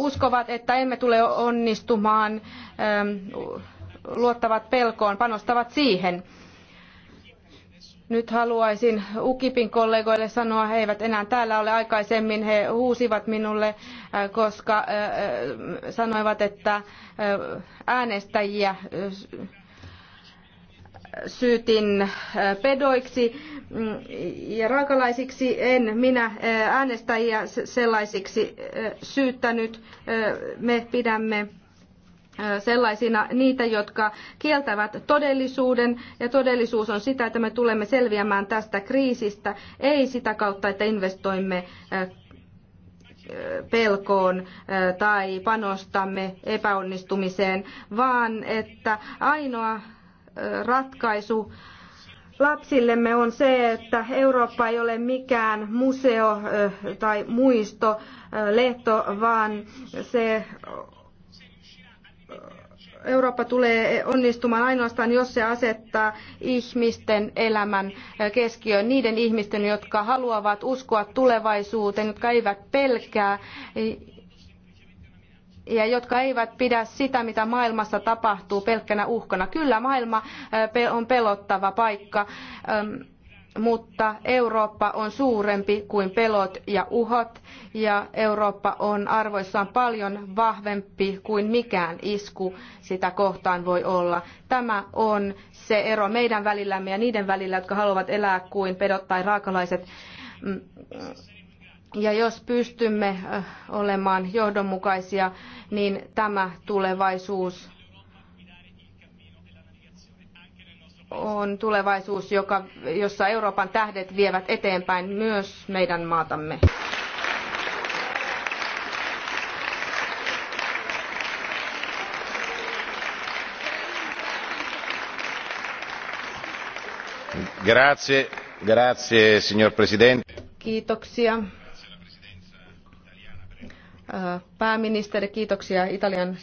uskovat, että emme tule onnistumaan, ähm, luottavat pelkoon, panostavat siihen nyt haluaisin UKIPin kollegoille sanoa, he eivät enää täällä ole aikaisemmin, he huusivat minulle, äh, koska äh, äh, sanoivat, että äänestäjiä syytin pedoiksi mm, ja raakalaisiksi. En minä äänestäjiä sellaisiksi syyttänyt. Me pidämme sellaisina niitä, jotka kieltävät todellisuuden. Ja todellisuus on sitä, että me tulemme selviämään tästä kriisistä, ei sitä kautta, että investoimme pelkoon tai panostamme epäonnistumiseen, vaan että ainoa ratkaisu lapsillemme on se, että Eurooppa ei ole mikään museo tai muisto, lehto, vaan se Eurooppa tulee onnistumaan ainoastaan, jos se asettaa ihmisten elämän keskiöön, niiden ihmisten, jotka haluavat uskoa tulevaisuuteen, jotka eivät pelkää ja jotka eivät pidä sitä, mitä maailmassa tapahtuu pelkkänä uhkana. Kyllä maailma on pelottava paikka mutta Eurooppa on suurempi kuin pelot ja uhot ja Eurooppa on arvoissaan paljon vahvempi kuin mikään isku sitä kohtaan voi olla. Tämä on se ero meidän välillämme ja niiden välillä, jotka haluavat elää kuin pedot tai raakalaiset. Mm, ja jos pystymme äh, olemaan johdonmukaisia, niin tämä tulevaisuus on tulevaisuus, joka, jossa Euroopan tähdet vievät eteenpäin myös meidän maatamme. Grazie, grazie, signor Presidente. Kiitoksia. Äh, pääministeri, kiitoksia Italian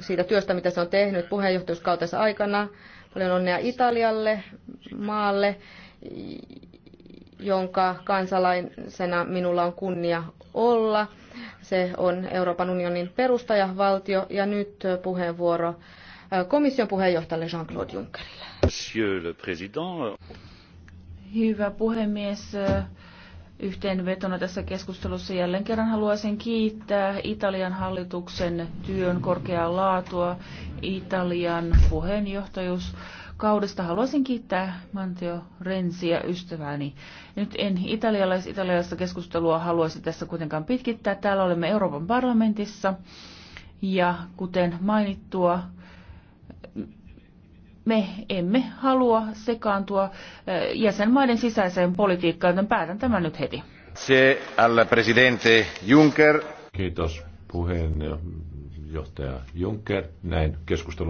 siitä työstä, mitä se on tehnyt puheenjohtajuuskautensa aikana. Paljon onnea Italialle, maalle, jonka kansalaisena minulla on kunnia olla. Se on Euroopan unionin perustajavaltio ja nyt puheenvuoro komission puheenjohtajalle Jean-Claude Junckerille. Hyvä puhemies, Yhteenvetona tässä keskustelussa jälleen kerran haluaisin kiittää Italian hallituksen työn korkeaa laatua, Italian puheenjohtajuus kaudesta haluaisin kiittää Mantio Renziä ystävääni. Nyt en italialais-italialaista keskustelua haluaisi tässä kuitenkaan pitkittää. Täällä olemme Euroopan parlamentissa ja kuten mainittua, me emme halua sekaantua äh, jäsenmaiden sisäiseen politiikkaan, joten päätän tämän nyt heti. Se alla presidente Juncker. Kiitos puheenjohtaja Juncker. Näin keskustelu.